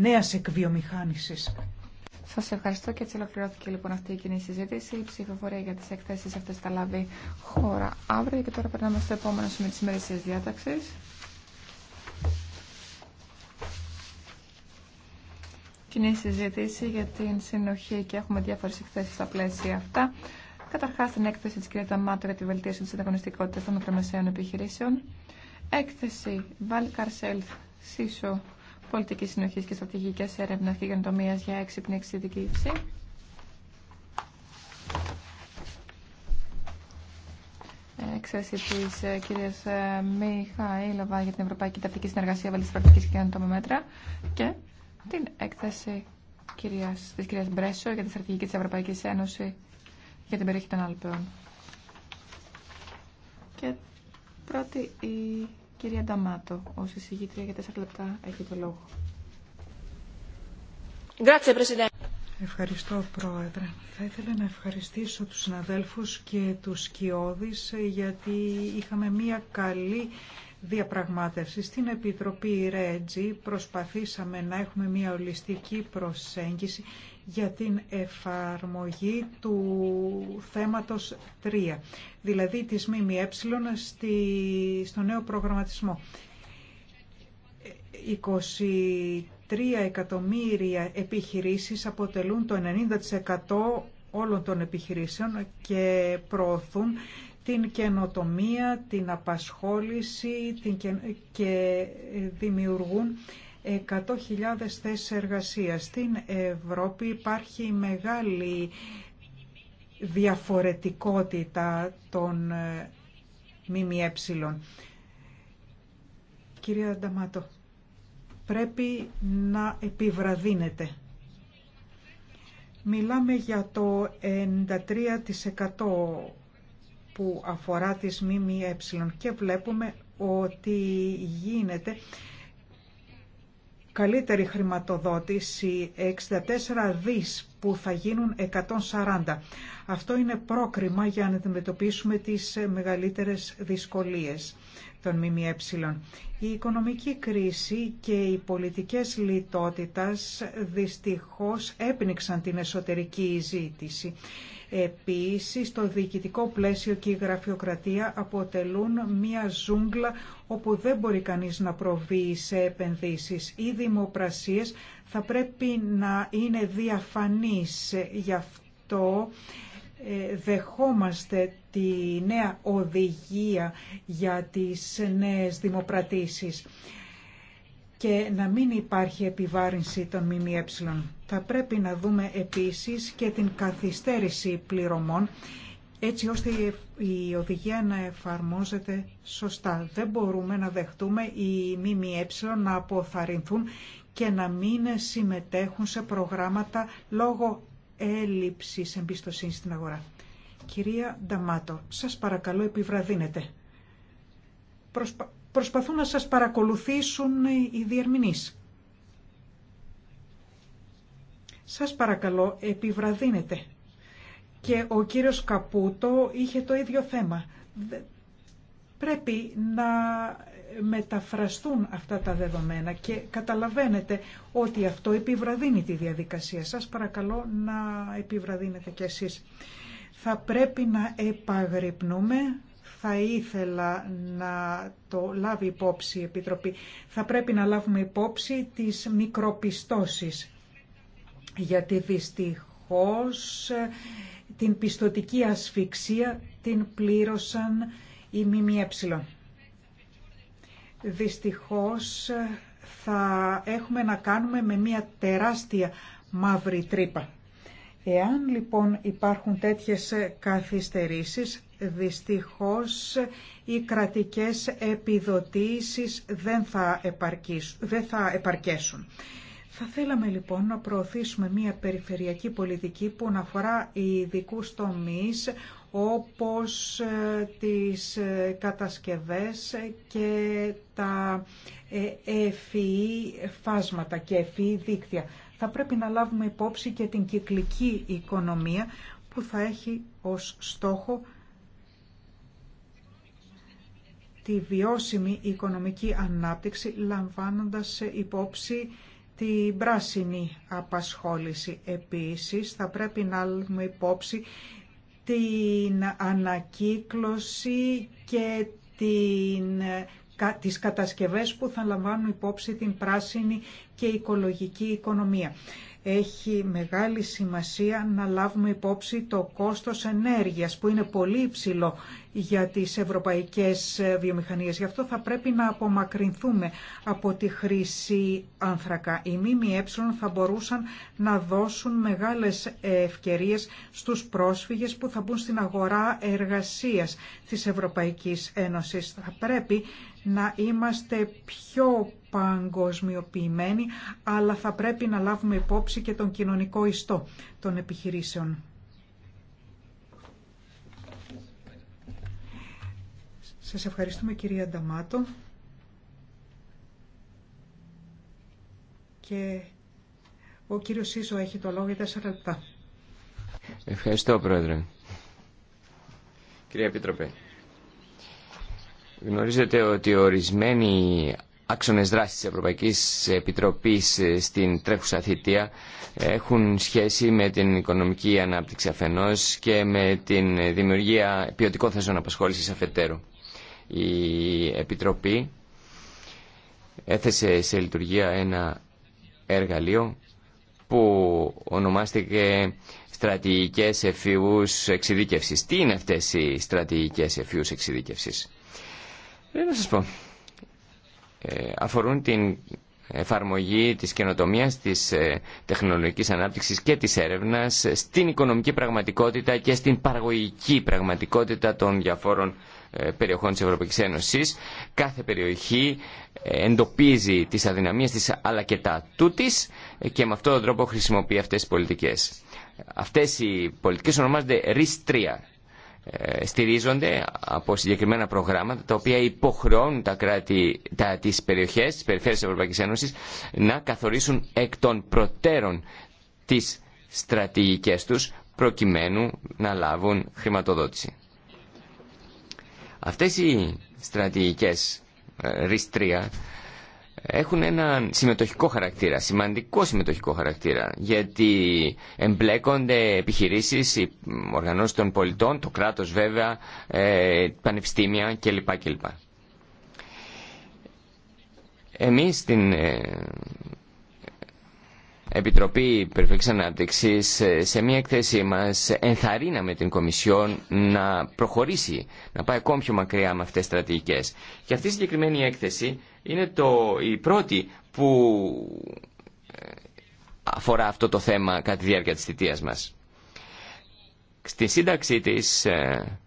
νέα εκβιομηχάνηση. Σα ευχαριστώ και έτσι ολοκληρώθηκε λοιπόν αυτή η κοινή συζήτηση. Η ψηφοφορία για τι εκθέσει αυτέ θα λάβει χώρα αύριο και τώρα περνάμε στο επόμενο σημείο τη ημερήσια διάταξη. Κοινή συζήτηση για την συνοχή και έχουμε διάφορε εκθέσει στα πλαίσια αυτά. Καταρχά την έκθεση τη κυρία Ταμάτου για τη βελτίωση τη ανταγωνιστικότητα των μικρομεσαίων επιχειρήσεων. Έκθεση Βάλκαρσελ Σίσο πολιτική συνοχή και στρατηγικέ έρευνα και γενοτομία για έξυπνη εξειδικεύση. Εξαίρεση τη ε, κυρία ε, Μιχαήλοβα για την Ευρωπαϊκή Ταυτική Συνεργασία Βαλή Πρακτική και και την έκθεση τη της κυρίας Μπρέσο για τη στρατηγική τη Ευρωπαϊκή Ένωση για την περιοχή των Αλπαιών. Και πρώτη η Κυρία Νταμάτο, ω εισηγήτρια για τέσσερα λεπτά έχει το λόγο. Ευχαριστώ Πρόεδρε. Θα ήθελα να ευχαριστήσω τους συναδέλφους και τους Σκιώδης ε, γιατί είχαμε μία καλή διαπραγμάτευση. Στην Επιτροπή Ρέτζι προσπαθήσαμε να έχουμε μία ολιστική προσέγγιση για την εφαρμογή του θέματος 3, δηλαδή της ΜΜΕ στη, στο νέο προγραμματισμό. 23 εκατομμύρια επιχειρήσεις αποτελούν το 90% όλων των επιχειρήσεων και προωθούν την καινοτομία, την απασχόληση την και δημιουργούν 100.000 θέσεις εργασίας. Στην Ευρώπη υπάρχει μεγάλη διαφορετικότητα των ε, ΜΜΕ. Κυρία Νταμάτο, πρέπει να επιβραδύνεται. Μιλάμε για το 93% που αφορά τις ΜΜΕ και βλέπουμε ότι γίνεται καλύτερη χρηματοδότηση 64 δις που θα γίνουν 140. Αυτό είναι πρόκριμα για να αντιμετωπίσουμε τις μεγαλύτερες δυσκολίες των ΜΜΕ. Η οικονομική κρίση και οι πολιτικές λιτότητας δυστυχώς έπνιξαν την εσωτερική ζήτηση Επίσης, το διοικητικό πλαίσιο και η γραφειοκρατία αποτελούν μια ζούγκλα όπου δεν μπορεί κανείς να προβεί σε επενδύσεις. Οι δημοπρασίες θα πρέπει να είναι διαφανής γι' αυτό ε, δεχόμαστε τη νέα οδηγία για τις νέες δημοπρατήσεις και να μην υπάρχει επιβάρυνση των ΜΜΕ. Θα πρέπει να δούμε επίσης και την καθυστέρηση πληρωμών έτσι ώστε η οδηγία να εφαρμόζεται σωστά. Δεν μπορούμε να δεχτούμε οι ΜΜΕ να αποθαρρυνθούν και να μην συμμετέχουν σε προγράμματα λόγω έλλειψης εμπιστοσύνης στην αγορά. Κυρία Νταμάτο, σας παρακαλώ επιβραδύνετε προσπαθούν να σας παρακολουθήσουν οι διερμηνείς. Σας παρακαλώ, επιβραδύνετε. Και ο κύριος Καπούτο είχε το ίδιο θέμα. Πρέπει να μεταφραστούν αυτά τα δεδομένα και καταλαβαίνετε ότι αυτό επιβραδύνει τη διαδικασία. Σας παρακαλώ να επιβραδύνετε κι εσείς. Θα πρέπει να επαγρυπνούμε θα ήθελα να το λάβει υπόψη η Επιτροπή. Θα πρέπει να λάβουμε υπόψη τις μικροπιστώσεις, γιατί δυστυχώς ε, την πιστοτική ασφυξία την πλήρωσαν οι ΜΜΕ. Δυστυχώς ε, θα έχουμε να κάνουμε με μια τεράστια μαύρη τρύπα. Εάν λοιπόν υπάρχουν τέτοιες καθυστερήσεις, δυστυχώς οι κρατικές επιδοτήσεις δεν θα, δεν θα επαρκέσουν. Θα θέλαμε λοιπόν να προωθήσουμε μια περιφερειακή πολιτική που να αφορά ειδικού τομείς όπως ε, τις ε, κατασκευές και τα ε, εφή φάσματα και εφή δίκτυα θα πρέπει να λάβουμε υπόψη και την κυκλική οικονομία που θα έχει ως στόχο τη βιώσιμη οικονομική ανάπτυξη λαμβάνοντας υπόψη την πράσινη απασχόληση. Επίσης θα πρέπει να λάβουμε υπόψη την ανακύκλωση και την τις κατασκευές που θα λαμβάνουν υπόψη την πράσινη και οικολογική οικονομία έχει μεγάλη σημασία να λάβουμε υπόψη το κόστος ενέργειας που είναι πολύ υψηλό για τις ευρωπαϊκές βιομηχανίες. Γι' αυτό θα πρέπει να απομακρυνθούμε από τη χρήση άνθρακα. Οι ΜΜΕ θα μπορούσαν να δώσουν μεγάλες ευκαιρίες στους πρόσφυγες που θα μπουν στην αγορά εργασίας της Ευρωπαϊκής Ένωσης. Θα πρέπει να είμαστε πιο παγκοσμιοποιημένη, αλλά θα πρέπει να λάβουμε υπόψη και τον κοινωνικό ιστό των επιχειρήσεων. Σας ευχαριστούμε κυρία Νταμάτο. Και ο κύριος Σίσο έχει το λόγο για τέσσερα λεπτά. Ευχαριστώ πρόεδρε. Κυρία Επίτροπε, γνωρίζετε ότι ορισμένοι άξονες δράσης της Ευρωπαϊκής Επιτροπής ε, στην τρέχουσα θητεία έχουν σχέση με την οικονομική ανάπτυξη αφενός και με την δημιουργία ποιοτικών θέσεων απασχόλησης αφετέρου. Η Επιτροπή έθεσε σε λειτουργία ένα εργαλείο που ονομάστηκε στρατηγικές εφηβούς εξειδίκευσης. Τι είναι αυτές οι στρατηγικές εφηβούς εξειδίκευσης. Ε, πω. Ε, αφορούν την εφαρμογή της καινοτομίας, της ε, τεχνολογικής ανάπτυξης και της έρευνας στην οικονομική πραγματικότητα και στην παραγωγική πραγματικότητα των διαφόρων ε, περιοχών της Ευρωπαϊκής Ένωσης. Κάθε περιοχή εντοπίζει τις αδυναμίες της αλλά και τα τούτης και με αυτόν τον τρόπο χρησιμοποιεί αυτές τις πολιτικές. Αυτές οι πολιτικές ονομάζονται RIS ε, στηρίζονται από συγκεκριμένα προγράμματα τα οποία υποχρεώνουν τα κράτη, τα, τις περιοχές, τις της Ευρωπαϊκής να καθορίσουν εκ των προτέρων τις στρατηγικές τους προκειμένου να λάβουν χρηματοδότηση. Αυτές οι στρατηγικές ε, ρίστρια έχουν ένα συμμετοχικό χαρακτήρα, σημαντικό συμμετοχικό χαρακτήρα, γιατί εμπλέκονται επιχειρήσεις, οι οργανώσεις των πολιτών, το κράτος βέβαια, ε, πανεπιστήμια κλπ. κλπ. Εμείς στην ε, Επιτροπή Περιφερειακής Ανάπτυξης ε, σε μια εκθέσή μας ενθαρρύναμε την Κομισιόν να προχωρήσει, να πάει ακόμη πιο μακριά με αυτές τις στρατηγικές. Και αυτή η συγκεκριμένη έκθεση είναι το, η πρώτη που ε, αφορά αυτό το θέμα κατά τη διάρκεια της θητείας μας. Στη σύνταξή της ε,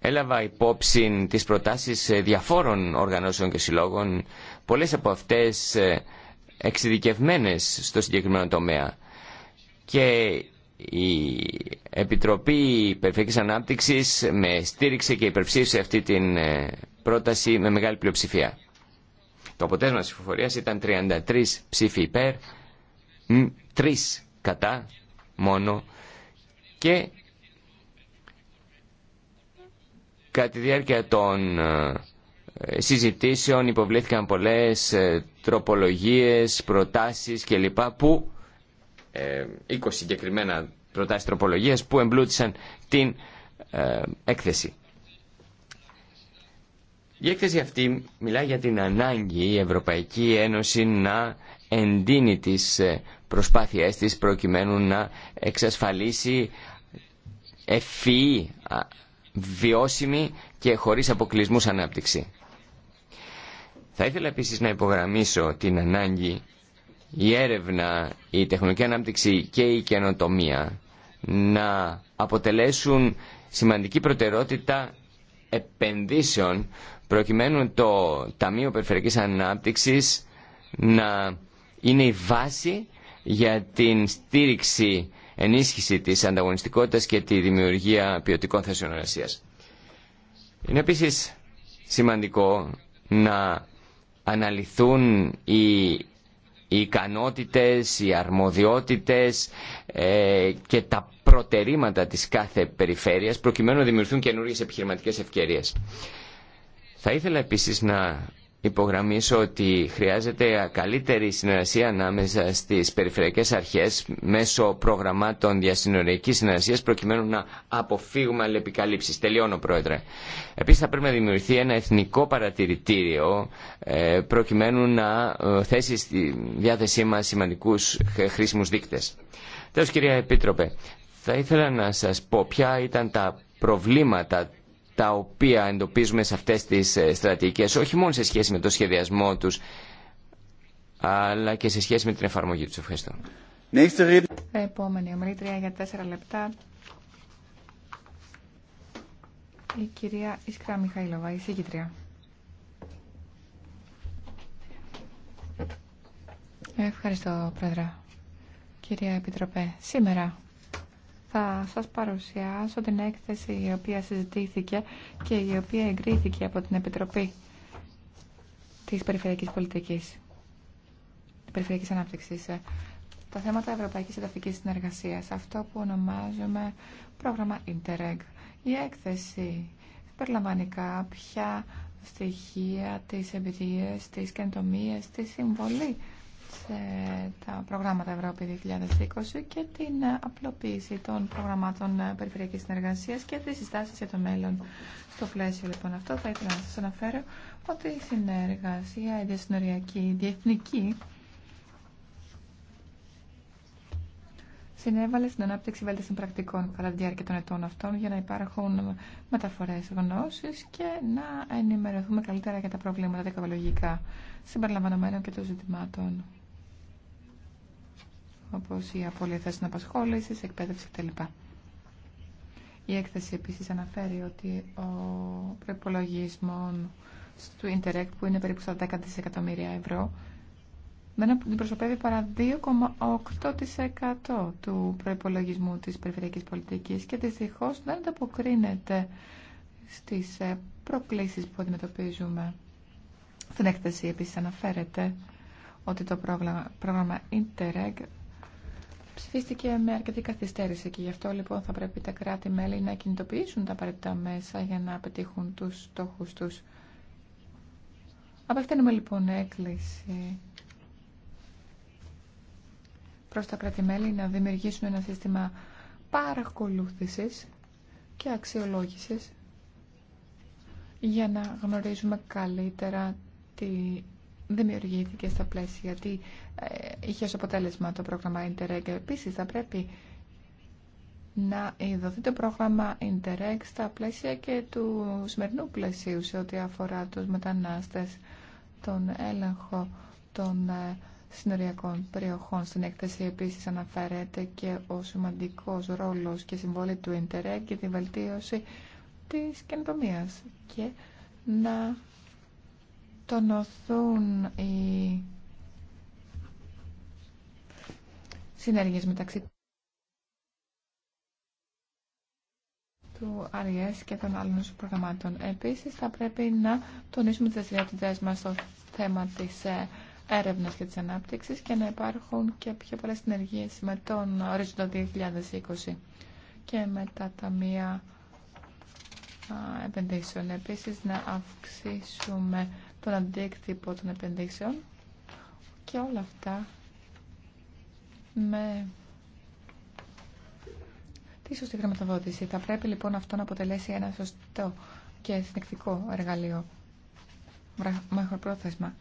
έλαβα υπόψη τις προτάσεις διαφόρων οργανώσεων και συλλόγων. Πολλές από αυτές εξειδικευμένες στο συγκεκριμένο τομέα. Και η Επιτροπή Περιφερειακής Ανάπτυξης με στήριξε και υπερψήφισε αυτή την ε, πρόταση με μεγάλη πλειοψηφία. Το αποτέλεσμα της υφοφορίας ήταν 33 ψήφοι υπέρ, 3 κατά μόνο και κατά τη διάρκεια των ε, συζητήσεων υποβλήθηκαν πολλές ε, τροπολογίες, προτάσεις κλπ. που 20 ε, συγκεκριμένα προτάσεις τροπολογίες που εμπλούτησαν την ε, έκθεση. Η έκθεση αυτή μιλά για την ανάγκη η Ευρωπαϊκή Ένωση να εντείνει τις ε, προσπάθειές της προκειμένου να εξασφαλίσει ευφυή, βιώσιμη και χωρίς αποκλεισμούς ανάπτυξη. Θα ήθελα επίσης να υπογραμμίσω την ανάγκη η έρευνα, η τεχνολογική ανάπτυξη και η καινοτομία να αποτελέσουν σημαντική προτεραιότητα επενδύσεων προκειμένου το Ταμείο Περιφερειακής Ανάπτυξης να είναι η βάση για την στήριξη, ενίσχυση της ανταγωνιστικότητας και τη δημιουργία ποιοτικών θέσεων εργασία. Είναι επίσης σημαντικό να αναλυθούν οι, οι ικανότητες, οι αρμοδιότητες ε, και τα προτερήματα της κάθε περιφέρειας προκειμένου να δημιουργηθούν καινούργιες επιχειρηματικές ευκαιρίες. Θα ήθελα επίσης να υπογραμμίσω ότι χρειάζεται καλύτερη συνεργασία ανάμεσα στις περιφερειακές αρχές μέσω προγραμμάτων διασυνοριακής συνεργασίας προκειμένου να αποφύγουμε αλληλεπικαλύψεις. Τελειώνω, Πρόεδρε. Επίσης θα πρέπει να δημιουργηθεί ένα εθνικό παρατηρητήριο ε, προκειμένου να ε, θέσει στη διάθεσή μας σημαντικούς χρήσιμους δείκτες. Τέλος, κυρία Επίτροπε, θα ήθελα να σας πω ποια ήταν τα προβλήματα τα οποία εντοπίζουμε σε αυτές τις ε, στρατηγικές, όχι μόνο σε σχέση με το σχεδιασμό τους, αλλά και σε σχέση με την εφαρμογή τους. Ευχαριστώ. Επόμενη ομιλήτρια για τέσσερα λεπτά. Η κυρία Ισκρά Μιχαήλοβα, η συγκήτρια. Ευχαριστώ, Πρόεδρε. Κυρία Επιτροπέ, σήμερα θα σας παρουσιάσω την έκθεση η οποία συζητήθηκε και η οποία εγκρίθηκε από την Επιτροπή της Περιφερειακής Πολιτικής, της Περιφερειακής Ανάπτυξης. Τα θέματα Ευρωπαϊκής Εδαφικής Συνεργασίας, αυτό που ονομάζουμε πρόγραμμα Interreg. Η έκθεση περιλαμβάνει κάποια στοιχεία, τις εμπειρίες, τις καινοτομίες, τη συμβολή σε τα προγράμματα Ευρώπη 2020 και την ε, απλοποίηση των προγραμμάτων ε, περιφερειακής συνεργασίας και τις συστάσεις για το μέλλον. Στο πλαίσιο λοιπόν αυτό θα ήθελα να σας αναφέρω ότι η συνεργασία, η διασυνοριακή, η διεθνική συνέβαλε στην ανάπτυξη βέλτιστων πρακτικών κατά τη διάρκεια των ετών αυτών για να υπάρχουν μεταφορές γνώσης και να ενημερωθούμε καλύτερα για τα προβλήματα δικαβολογικά συμπεριλαμβανομένων και των ζητημάτων όπως η απώλεια θέσεων απασχόλησης, εκπαίδευση κτλ. Η έκθεση επίσης αναφέρει ότι ο προπολογισμό του Ιντερεκ που είναι περίπου στα 10 δισεκατομμύρια ευρώ δεν αντιπροσωπεύει παρά 2,8% του προπολογισμού της περιφερειακής πολιτικής και δυστυχώ δεν ανταποκρίνεται στις ε, προκλήσεις που αντιμετωπίζουμε. Στην έκθεση επίσης αναφέρεται ότι το πρόγραμμα, πρόγραμμα Interreg ψηφίστηκε με αρκετή καθυστέρηση και γι' αυτό λοιπόν θα πρέπει τα κράτη-μέλη να κινητοποιήσουν τα απαραίτητα μέσα για να πετύχουν τους στόχους τους. Απευθύνουμε λοιπόν έκκληση προς τα κράτη-μέλη να δημιουργήσουν ένα σύστημα παρακολούθησης και αξιολόγησης για να γνωρίζουμε καλύτερα τι δημιουργήθηκε στα πλαίσια, ε, είχε ως αποτέλεσμα το πρόγραμμα Interreg. Επίσης θα πρέπει να δοθεί το πρόγραμμα Interreg στα πλαίσια και του σημερινού πλαισίου σε ό,τι αφορά τους μετανάστες, τον έλεγχο των ε, συνοριακών περιοχών. Στην έκθεση επίσης αναφέρεται και ο σημαντικός ρόλος και συμβόλη του Interreg και τη βελτίωση της καινοτομίας και να τονωθούν οι συνέργειες μεταξύ του ΑΡΙΕΣ e και των άλλων προγραμμάτων. Επίσης, θα πρέπει να τονίσουμε τις δραστηριότητε μας στο θέμα της ε, έρευνας και της ανάπτυξης και να υπάρχουν και πιο πολλές συνεργείες με τον ορίζοντα 2020 και με τα ταμεία επενδύσεων. Επίσης, να αυξήσουμε τον αντίκτυπο των επενδύσεων και όλα αυτά με τη σωστή χρηματοδότηση. Θα πρέπει λοιπόν αυτό να αποτελέσει ένα σωστό και συνεκτικό εργαλείο πρόθεσμα.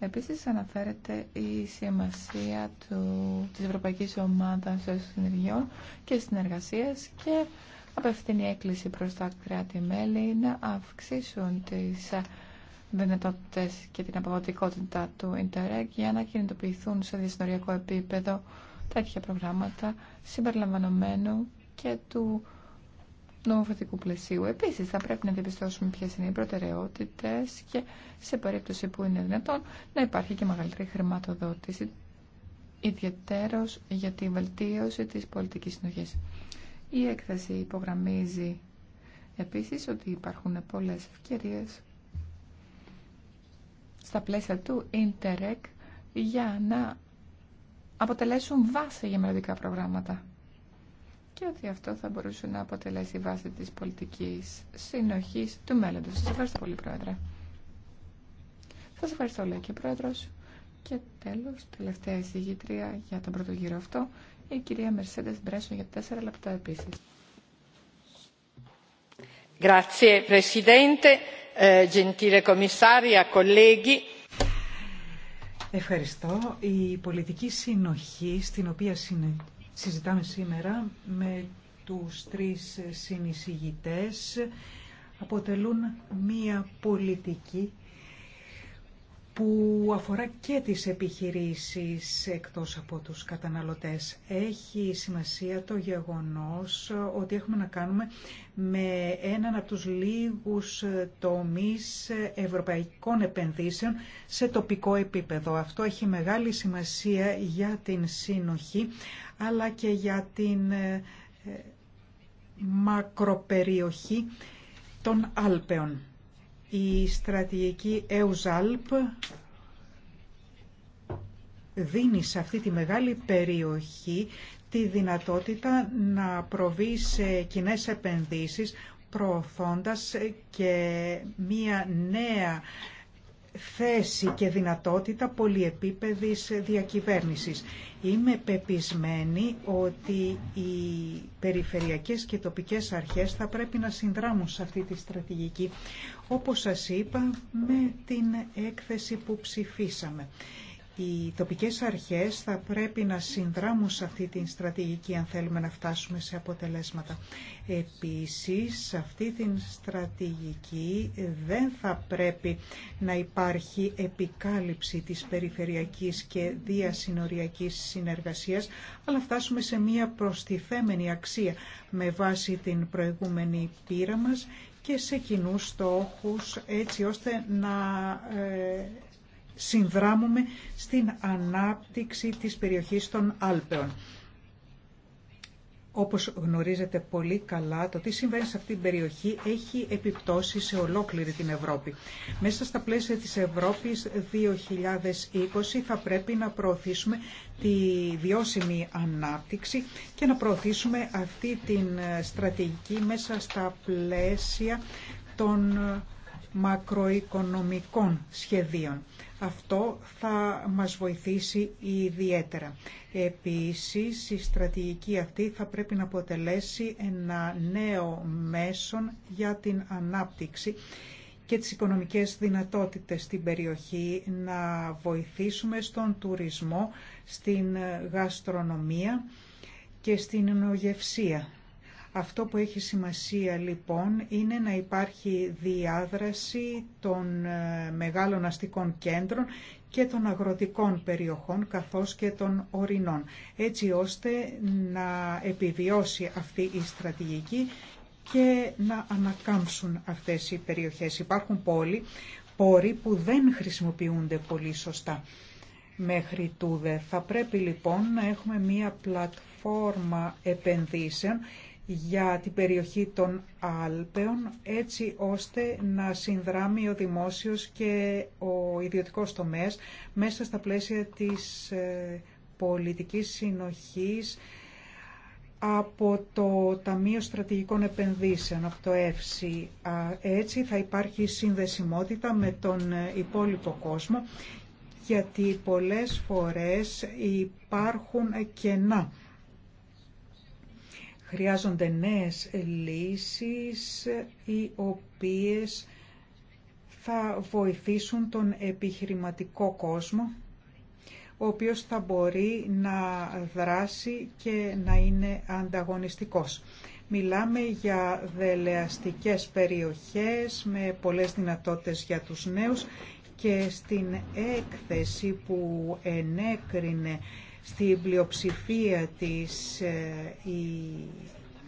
Επίσης αναφέρεται η σημασία του, της Ευρωπαϊκής Ομάδας Συνεργειών και Συνεργασίας και απευθύνει έκκληση προς τα κράτη-μέλη να αυξήσουν τις δυνατότητες και την αποδοτικότητα του Interreg για να κινητοποιηθούν σε διασυνοριακό επίπεδο τέτοια προγράμματα συμπεριλαμβανομένου και του νομοθετικού πλαισίου. Επίσης θα πρέπει να διαπιστώσουμε ποιε είναι οι προτεραιότητε και σε περίπτωση που είναι δυνατόν να υπάρχει και μεγαλύτερη χρηματοδότηση ιδιαίτερος για τη βελτίωση τη πολιτική συνοχή. Η έκθεση υπογραμμίζει επίση ότι υπάρχουν πολλέ ευκαιρίε στα πλαίσια του Interreg για να αποτελέσουν βάση για μελλοντικά προγράμματα. Και ότι αυτό θα μπορούσε να αποτελέσει βάση της πολιτικής συνοχής του μέλλοντος. Σας ευχαριστώ πολύ, Πρόεδρε. Σας ευχαριστώ, λέει και ο Και τέλος, τελευταία εισηγήτρια για τον πρώτο γύρο αυτό, η κυρία Μερσέντε Μπρέσο για τέσσερα λεπτά επίσης. Grazie Presidente, ε, gentile Commissaria, colleghi. Ευχαριστώ. Η πολιτική συνοχή στην οποία συζητάμε σήμερα με τους τρεις συνεισηγητές αποτελούν μία πολιτική που αφορά και τις επιχειρήσεις εκτός από τους καταναλωτές. Έχει σημασία το γεγονός ότι έχουμε να κάνουμε με έναν από τους λίγους τομείς ευρωπαϊκών επενδύσεων σε τοπικό επίπεδο. Αυτό έχει μεγάλη σημασία για την σύνοχη αλλά και για την ε, μακροπεριοχή των Άλπαιων. Η στρατηγική ΕΟΖΑΛΠ δίνει σε αυτή τη μεγάλη περιοχή τη δυνατότητα να προβεί σε κοινέ επενδύσεις προωθώντας και μία νέα θέση και δυνατότητα πολυεπίπεδης διακυβέρνησης. Είμαι πεπισμένη ότι οι περιφερειακές και τοπικές αρχές θα πρέπει να συνδράμουν σε αυτή τη στρατηγική, όπως σας είπα, με την έκθεση που ψηφίσαμε οι τοπικές αρχές θα πρέπει να συνδράμουν σε αυτή την στρατηγική αν θέλουμε να φτάσουμε σε αποτελέσματα. Επίσης, σε αυτή την στρατηγική δεν θα πρέπει να υπάρχει επικάλυψη της περιφερειακής και διασυνοριακής συνεργασίας, αλλά φτάσουμε σε μία προστιθέμενη αξία με βάση την προηγούμενη πείρα μας και σε κοινούς στόχους έτσι ώστε να ε, συνδράμουμε στην ανάπτυξη της περιοχής των Άλπαιων. Όπως γνωρίζετε πολύ καλά, το τι συμβαίνει σε αυτή την περιοχή έχει επιπτώσει σε ολόκληρη την Ευρώπη. Μέσα στα πλαίσια της Ευρώπης 2020 θα πρέπει να προωθήσουμε τη βιώσιμη ανάπτυξη και να προωθήσουμε αυτή την στρατηγική μέσα στα πλαίσια των μακροοικονομικών σχεδίων. Αυτό θα μας βοηθήσει ιδιαίτερα. Επίσης, η στρατηγική αυτή θα πρέπει να αποτελέσει ένα νέο μέσον για την ανάπτυξη και τις οικονομικές δυνατότητες στην περιοχή, να βοηθήσουμε στον τουρισμό, στην γαστρονομία και στην ογευσία. Αυτό που έχει σημασία λοιπόν είναι να υπάρχει διάδραση των ε, μεγάλων αστικών κέντρων και των αγροτικών περιοχών καθώς και των ορεινών, έτσι ώστε να επιβιώσει αυτή η στρατηγική και να ανακάμψουν αυτές οι περιοχές. Υπάρχουν πόλοι, πόροι που δεν χρησιμοποιούνται πολύ σωστά μέχρι τούδε. Θα πρέπει λοιπόν να έχουμε μία πλατφόρμα επενδύσεων για την περιοχή των Άλπαιων έτσι ώστε να συνδράμει ο δημόσιος και ο ιδιωτικός τομέας μέσα στα πλαίσια της ε, πολιτικής συνοχής από το Ταμείο Στρατηγικών Επενδύσεων, από το ΕΦΣΙ. Έτσι θα υπάρχει συνδεσιμότητα με τον ε, υπόλοιπο κόσμο γιατί πολλές φορές υπάρχουν κενά Χρειάζονται νέες λύσεις οι οποίες θα βοηθήσουν τον επιχειρηματικό κόσμο ο οποίος θα μπορεί να δράσει και να είναι ανταγωνιστικός. Μιλάμε για δελεαστικές περιοχές με πολλές δυνατότητες για τους νέους και στην έκθεση που ενέκρινε στην πλειοψηφία της ε, η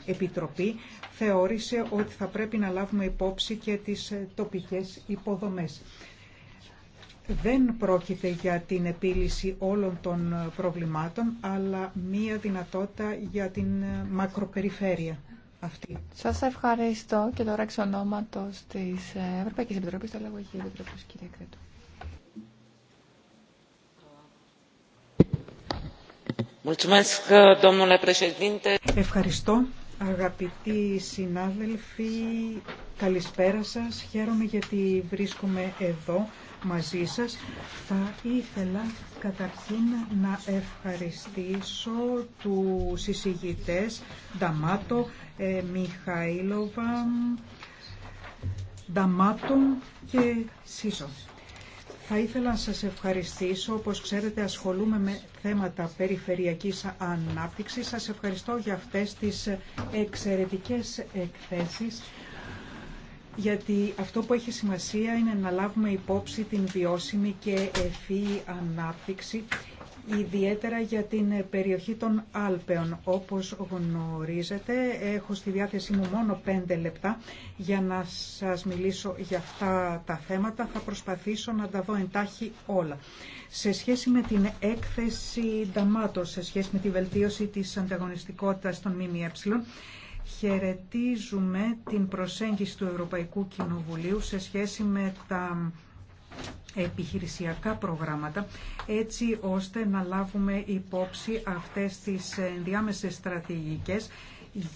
Επιτροπή θεώρησε ότι θα πρέπει να λάβουμε υπόψη και τις ε, τοπικές υποδομές. Δεν πρόκειται για την επίλυση όλων των ε, προβλημάτων, αλλά μία δυνατότητα για την μακροπεριφέρεια αυτή. Σας ευχαριστώ και τώρα εξ ονόματος της Ευρωπαϊκής Επιτροπής, το λέγω η Επιτροπής, κύριε Κρέτου. Ευχαριστώ. Αγαπητοί συνάδελφοι, καλησπέρα σας. Χαίρομαι γιατί βρίσκομαι εδώ μαζί σας. Θα ήθελα καταρχήν να ευχαριστήσω τους συζητητές Νταμάτο, ε, Μιχαήλοβα, Νταμάτο και Σίσο. Θα ήθελα να σας ευχαριστήσω. Όπως ξέρετε ασχολούμαι με θέματα περιφερειακής ανάπτυξης. Σας ευχαριστώ για αυτές τις εξαιρετικές εκθέσεις. Γιατί αυτό που έχει σημασία είναι να λάβουμε υπόψη την βιώσιμη και ευφύη ανάπτυξη ιδιαίτερα για την περιοχή των Άλπαιων. Όπως γνωρίζετε, έχω στη διάθεσή μου μόνο πέντε λεπτά για να σας μιλήσω για αυτά τα θέματα. Θα προσπαθήσω να τα δω εντάχει όλα. Σε σχέση με την έκθεση Νταμάτο, σε σχέση με τη βελτίωση της ανταγωνιστικότητας των ΜΜΕ, χαιρετίζουμε την προσέγγιση του Ευρωπαϊκού Κοινοβουλίου σε σχέση με τα επιχειρησιακά προγράμματα έτσι ώστε να λάβουμε υπόψη αυτές τις ενδιάμεσες στρατηγικές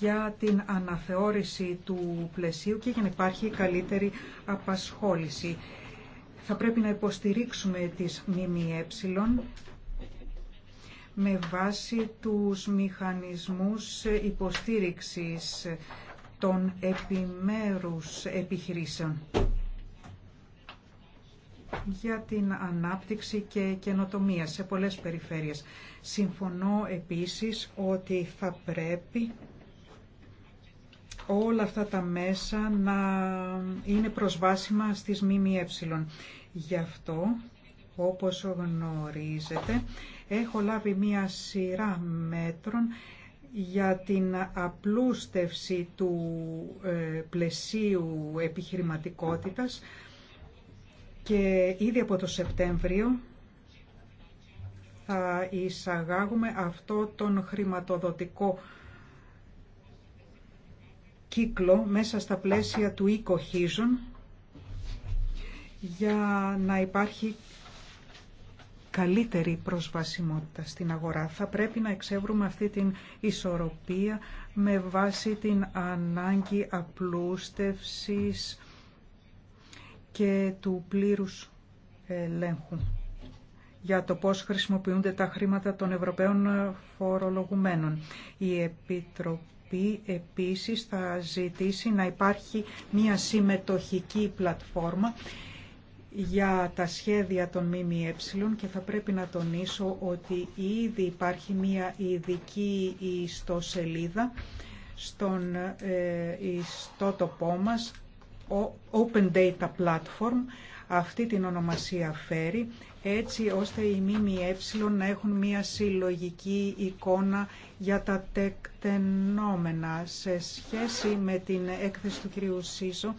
για την αναθεώρηση του πλαισίου και για να υπάρχει καλύτερη απασχόληση. Θα πρέπει να υποστηρίξουμε τις ΜΜΕ με βάση τους μηχανισμούς υποστήριξης των επιμέρους επιχειρήσεων για την ανάπτυξη και καινοτομία σε πολλές περιφέρειες. Συμφωνώ επίσης ότι θα πρέπει όλα αυτά τα μέσα να είναι προσβάσιμα στις ΜΜΕ. Γι' αυτό, όπως γνωρίζετε, έχω λάβει μία σειρά μέτρων για την απλούστευση του ε, πλαισίου επιχειρηματικότητας και ήδη από το Σεπτέμβριο θα εισαγάγουμε αυτό τον χρηματοδοτικό κύκλο μέσα στα πλαίσια του ecohesion για να υπάρχει καλύτερη προσβασιμότητα στην αγορά. Θα πρέπει να εξεύρουμε αυτή την ισορροπία με βάση την ανάγκη απλούστευσης και του πλήρους ελέγχου για το πώς χρησιμοποιούνται τα χρήματα των Ευρωπαίων φορολογουμένων. Η Επιτροπή επίσης θα ζητήσει να υπάρχει μια συμμετοχική πλατφόρμα για τα σχέδια των ΜΜΕ και θα πρέπει να τονίσω ότι ήδη υπάρχει μια ειδική ιστοσελίδα στον ε, ιστότοπό μας Open Data Platform, αυτή την ονομασία φέρει, έτσι ώστε οι ΜΜΕ να έχουν μία συλλογική εικόνα για τα τεκτενόμενα σε σχέση με την έκθεση του κυρίου Σίσο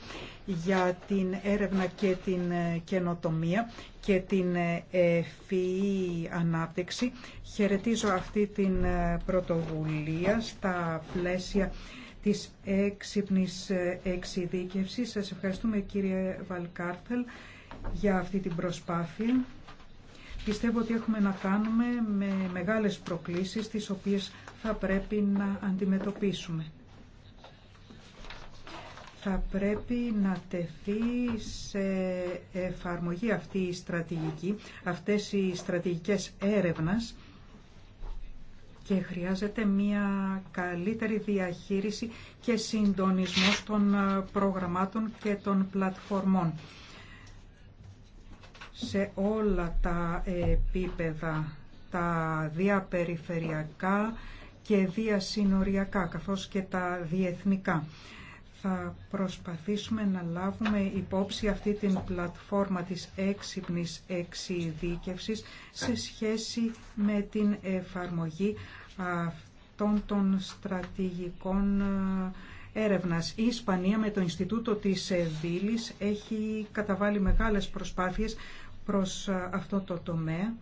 για την έρευνα και την ε, καινοτομία και την ευφυή e e ανάπτυξη. Χαιρετίζω αυτή την ε, πρωτοβουλία στα πλαίσια της έξυπνης ε, εξειδίκευσης. Σας ευχαριστούμε κύριε Βαλκάρθελ για αυτή την προσπάθεια. Πιστεύω ότι έχουμε να κάνουμε με μεγάλες προκλήσεις τις οποίες θα πρέπει να αντιμετωπίσουμε. Θα πρέπει να τεθεί σε εφαρμογή αυτή η στρατηγική, αυτές οι στρατηγικές έρευνας και χρειάζεται μια καλύτερη διαχείριση και συντονισμός των ε, προγραμμάτων και των πλατφορμών σε όλα τα επίπεδα, τα διαπεριφερειακά και διασυνοριακά καθώς και τα διεθνικά θα προσπαθήσουμε να λάβουμε υπόψη αυτή την πλατφόρμα της έξυπνης εξειδίκευσης σε σχέση με την εφαρμογή αυτών των στρατηγικών ε, έρευνας. Η Ισπανία με το Ινστιτούτο της Βίλης έχει καταβάλει μεγάλες προσπάθειες προς ε, αυτό το τομέα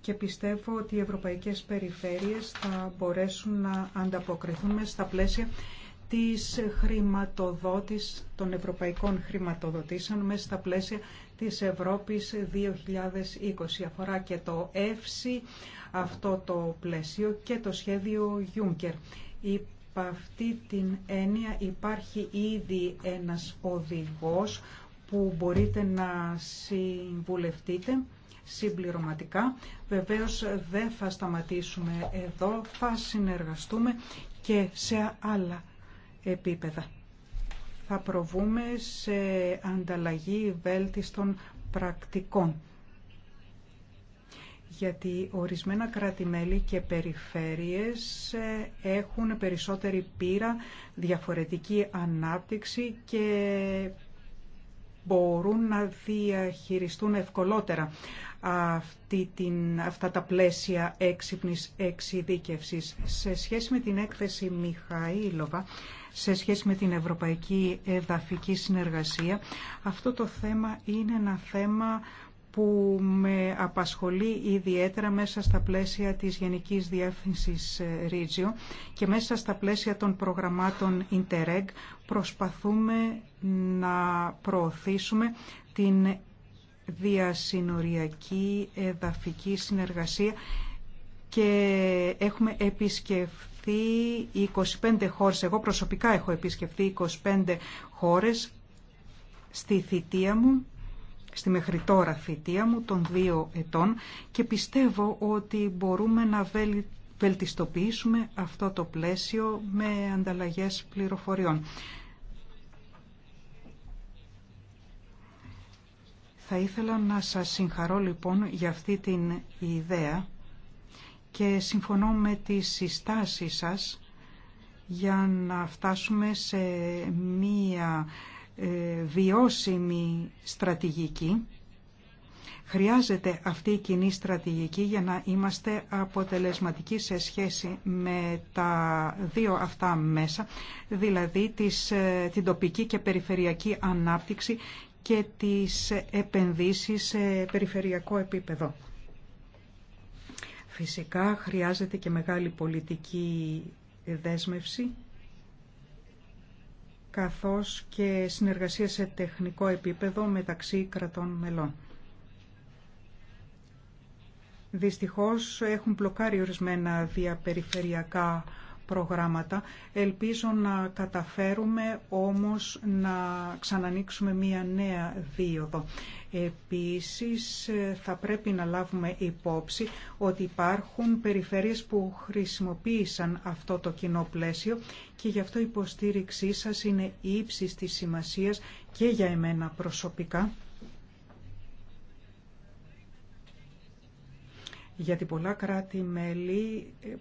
και πιστεύω ότι οι ευρωπαϊκές περιφέρειες θα μπορέσουν να ανταποκριθούν στα πλαίσια της χρηματοδότης, των ευρωπαϊκών χρηματοδοτήσεων μέσα στα πλαίσια της Ευρώπης 2020. Αφορά και το ΕΦΣΙ, αυτό το πλαίσιο και το σχέδιο Juncker. Υπ' αυτή την έννοια υπάρχει ήδη ένας οδηγός που μπορείτε να συμβουλευτείτε συμπληρωματικά. Βεβαίως δεν θα σταματήσουμε εδώ, θα συνεργαστούμε και σε άλλα επίπεδα. Θα προβούμε σε ανταλλαγή βέλτιστων πρακτικών γιατί ορισμένα κράτη-μέλη και περιφέρειες ε, έχουν περισσότερη πείρα, διαφορετική ανάπτυξη και μπορούν να διαχειριστούν ευκολότερα αυτή την, αυτά τα πλαίσια έξυπνης εξειδίκευσης. Σε σχέση με την έκθεση Μιχαήλοβα, σε σχέση με την Ευρωπαϊκή Εδαφική Συνεργασία. Αυτό το θέμα είναι ένα θέμα που με απασχολεί ιδιαίτερα μέσα στα πλαίσια της Γενικής Διεύθυνσης ε, Ρίτζιο και μέσα στα πλαίσια των προγραμμάτων Interreg προσπαθούμε να προωθήσουμε την διασυνοριακή εδαφική συνεργασία και έχουμε επισκεφθεί επισκεφθεί 25 χώρες. Εγώ προσωπικά έχω επισκεφθεί 25 χώρες στη θητεία μου, στη μέχρι τώρα θητεία μου των δύο ετών και πιστεύω ότι μπορούμε να βελτιστοποιήσουμε αυτό το πλαίσιο με ανταλλαγές πληροφοριών. Θα ήθελα να σας συγχαρώ λοιπόν για αυτή την ιδέα και συμφωνώ με τις συστάσεις σας για να φτάσουμε σε μία ε, βιώσιμη στρατηγική. Χρειάζεται αυτή η κοινή στρατηγική για να είμαστε αποτελεσματικοί σε σχέση με τα δύο αυτά μέσα, δηλαδή τις, ε, την τοπική και περιφερειακή ανάπτυξη και τις επενδύσεις σε περιφερειακό επίπεδο. Φυσικά χρειάζεται και μεγάλη πολιτική δέσμευση καθώς και συνεργασία σε τεχνικό επίπεδο μεταξύ κρατών μελών. Δυστυχώς έχουν μπλοκάρει ορισμένα διαπεριφερειακά προγράμματα. Ελπίζω να καταφέρουμε όμως να ξανανοίξουμε μία νέα δίωδο. Επίσης ε, θα πρέπει να λάβουμε υπόψη ότι υπάρχουν περιφέρειες που χρησιμοποίησαν αυτό το κοινό πλαίσιο και γι' αυτό η υποστήριξή σας είναι ύψης της σημασίας και για εμένα προσωπικά. γιατί πολλά κράτη-μέλη ε,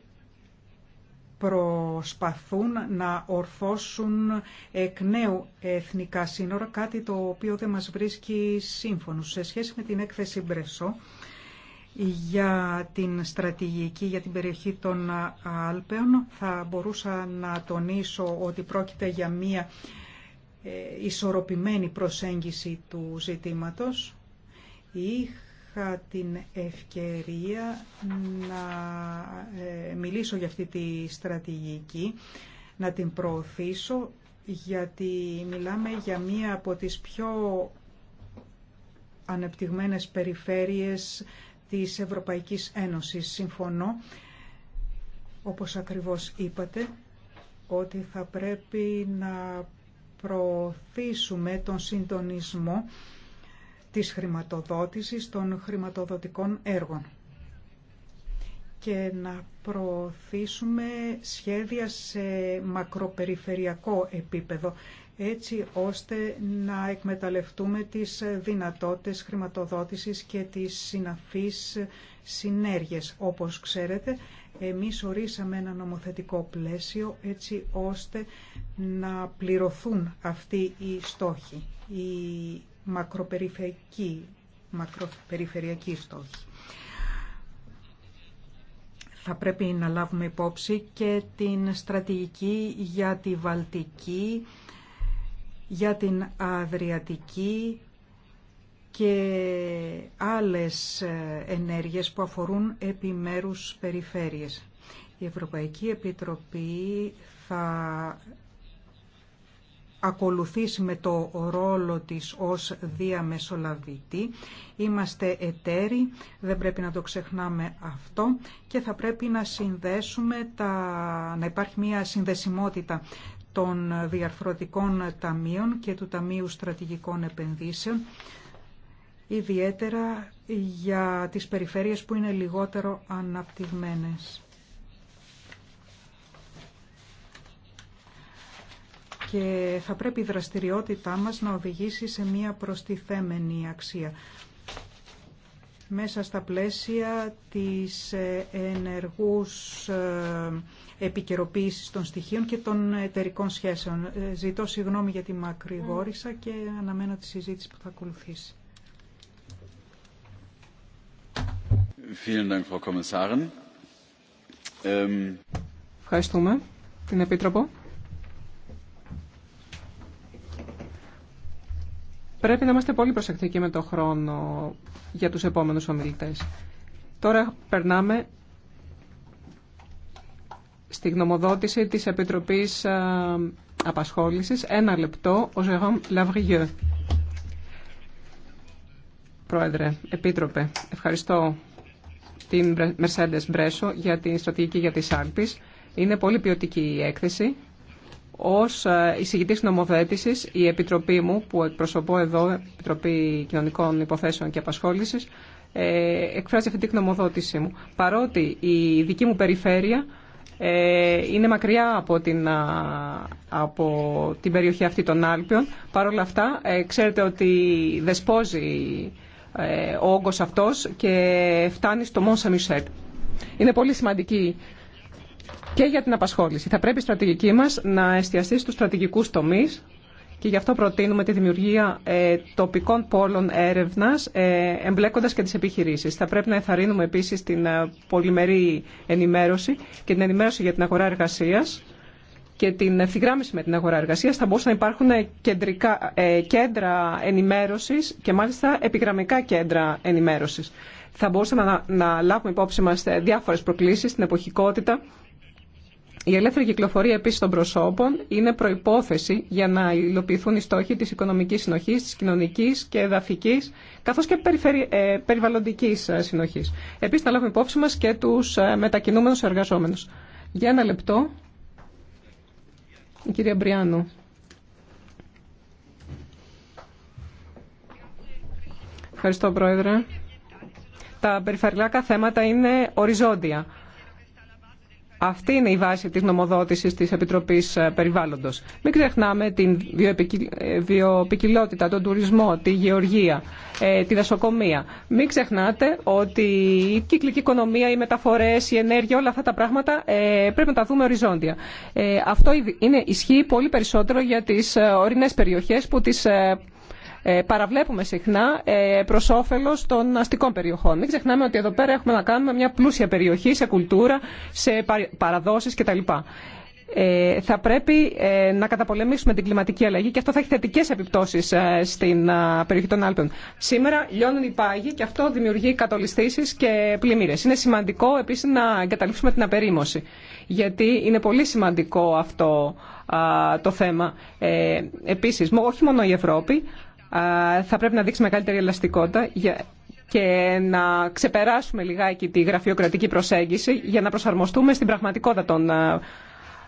προσπαθούν να ορθώσουν εκ νέου εθνικά σύνορα, κάτι το οποίο δεν μας βρίσκει σύμφωνο Σε σχέση με την έκθεση Μπρεσό για την στρατηγική για την περιοχή των Άλπαιων, θα μπορούσα να τονίσω ότι πρόκειται για μία ε, ισορροπημένη προσέγγιση του ζητήματος είχα την ευκαιρία να ε, μιλήσω για αυτή τη στρατηγική, να την προωθήσω, γιατί μιλάμε για μία από τις πιο ανεπτυγμένες περιφέρειες της Ευρωπαϊκής Ένωσης. Συμφωνώ, όπως ακριβώς είπατε, ότι θα πρέπει να προωθήσουμε τον συντονισμό της χρηματοδότησης των χρηματοδοτικών έργων και να προωθήσουμε σχέδια σε μακροπεριφερειακό επίπεδο έτσι ώστε να εκμεταλλευτούμε τις δυνατότητες χρηματοδότησης και τις συναφείς συνέργειες. Όπως ξέρετε, εμείς ορίσαμε ένα νομοθετικό πλαίσιο έτσι ώστε να πληρωθούν αυτοί οι στόχοι μακροπεριφερειακή, μακροπεριφερειακή στόχη. Θα πρέπει να λάβουμε υπόψη και την στρατηγική για τη Βαλτική, για την Αδριατική και άλλες ε, ενέργειες που αφορούν επιμέρους περιφέρειες. Η Ευρωπαϊκή Επιτροπή θα ακολουθήσει με το ρόλο της ως διαμεσολαβητή. Είμαστε εταίροι, δεν πρέπει να το ξεχνάμε αυτό και θα πρέπει να συνδέσουμε, τα, να υπάρχει μια συνδεσιμότητα των διαρθρωτικών ταμείων και του Ταμείου Στρατηγικών Επενδύσεων, ιδιαίτερα για τις περιφέρειες που είναι λιγότερο αναπτυγμένες. και θα πρέπει η δραστηριότητά μας να οδηγήσει σε μία προστιθέμενη αξία μέσα στα πλαίσια της ενεργούς ε, επικαιροποίησης των στοιχείων και των εταιρικών σχέσεων. Ε, ζητώ συγγνώμη για τη μακρηγόρησα mm. και αναμένω τη συζήτηση που θα ακολουθήσει. Ευχαριστούμε την Επίτροπο. Πρέπει να είμαστε πολύ προσεκτικοί με το χρόνο για τους επόμενους ομιλητές. Τώρα περνάμε στη γνωμοδότηση της Επιτροπής Απασχόλησης. Ένα λεπτό, ο Ζερόμ Λαβριγιέ. Πρόεδρε, Επίτροπε, ευχαριστώ την Mercedes Μπρέσο για την στρατηγική για τις Άλπεις. Είναι πολύ ποιοτική η έκθεση ως ε, εισηγητής νομοθέτησης, η Επιτροπή μου που εκπροσωπώ εδώ, Επιτροπή Κοινωνικών Υποθέσεων και Απασχόλησης, ε, εκφράζει αυτή την νομοδότησή μου. Παρότι η δική μου περιφέρεια ε, είναι μακριά από την, από την περιοχή αυτή των Άλπιων, παρόλα αυτά ξέρετε ότι δεσπόζει ο όγκος αυτός και φτάνει στο Μόνσα Μισελ. Είναι πολύ σημαντική και για την απασχόληση. Θα πρέπει η στρατηγική μας να εστιαστεί στους στρατηγικούς τομείς και γι' αυτό προτείνουμε τη δημιουργία ε, τοπικών πόλων έρευνας, ε, εμπλέκοντας και τις επιχειρήσεις. Θα πρέπει να εθαρρύνουμε επίσης την ε, πολυμερή ενημέρωση και την ενημέρωση για την αγορά εργασίας και την ευθυγράμμιση με την αγορά εργασίας. Θα μπορούσαν να υπάρχουν κεντρικά, ε, κέντρα ενημέρωσης και μάλιστα επιγραμμικά κέντρα ενημέρωσης. Θα μπορούσαμε να, να λάβουμε υπόψη μας διάφορες προκλήσεις, την εποχικότητα, η ελεύθερη κυκλοφορία επίση των προσώπων είναι προπόθεση για να υλοποιηθούν οι στόχοι τη οικονομική συνοχή, τη κοινωνική και εδαφική, καθώ και ε, περιβαλλοντικής περιβαλλοντική συνοχή. Επίση, να λάβουμε υπόψη μα και του ε, μετακινούμενου εργαζόμενου. Για ένα λεπτό, η κυρία Μπριάνου. Ευχαριστώ, Πρόεδρε. Τα περιφερειακά θέματα είναι οριζόντια αυτή είναι η βάση της νομοδότησης της Επιτροπής ε, Περιβάλλοντος. Μην ξεχνάμε την ε, βιοπικιλότητα, τον τουρισμό, τη γεωργία, ε, τη δασοκομεία. Μην ξεχνάτε ότι η κυκλική οικονομία, οι μεταφορές, η ενέργεια, όλα αυτά τα πράγματα πρέπει να τα δούμε οριζόντια. Αυτό είναι ισχύει πολύ περισσότερο για τις ορεινές περιοχές που τις ε, παραβλέπουμε συχνά ε, προ όφελο των αστικών περιοχών. Μην ξεχνάμε ότι εδώ πέρα έχουμε να κάνουμε μια πλούσια περιοχή σε κουλτούρα, σε παραδόσει κτλ. Ε, θα πρέπει να καταπολεμήσουμε την κλιματική αλλαγή και αυτό θα έχει θετικές επιπτώσεις στην περιοχή των Άλπων. Σήμερα λιώνουν οι πάγοι και αυτό δημιουργεί κατολιστήσεις και πλημμύρες. Είναι σημαντικό επίσης να εγκαταλείψουμε την απερίμωση γιατί είναι πολύ σημαντικό αυτό το θέμα. Επίση όχι μόνο η Ευρώπη θα πρέπει να δείξει μεγαλύτερη ελαστικότητα και να ξεπεράσουμε λιγάκι τη γραφειοκρατική προσέγγιση για να προσαρμοστούμε στην πραγματικότητα των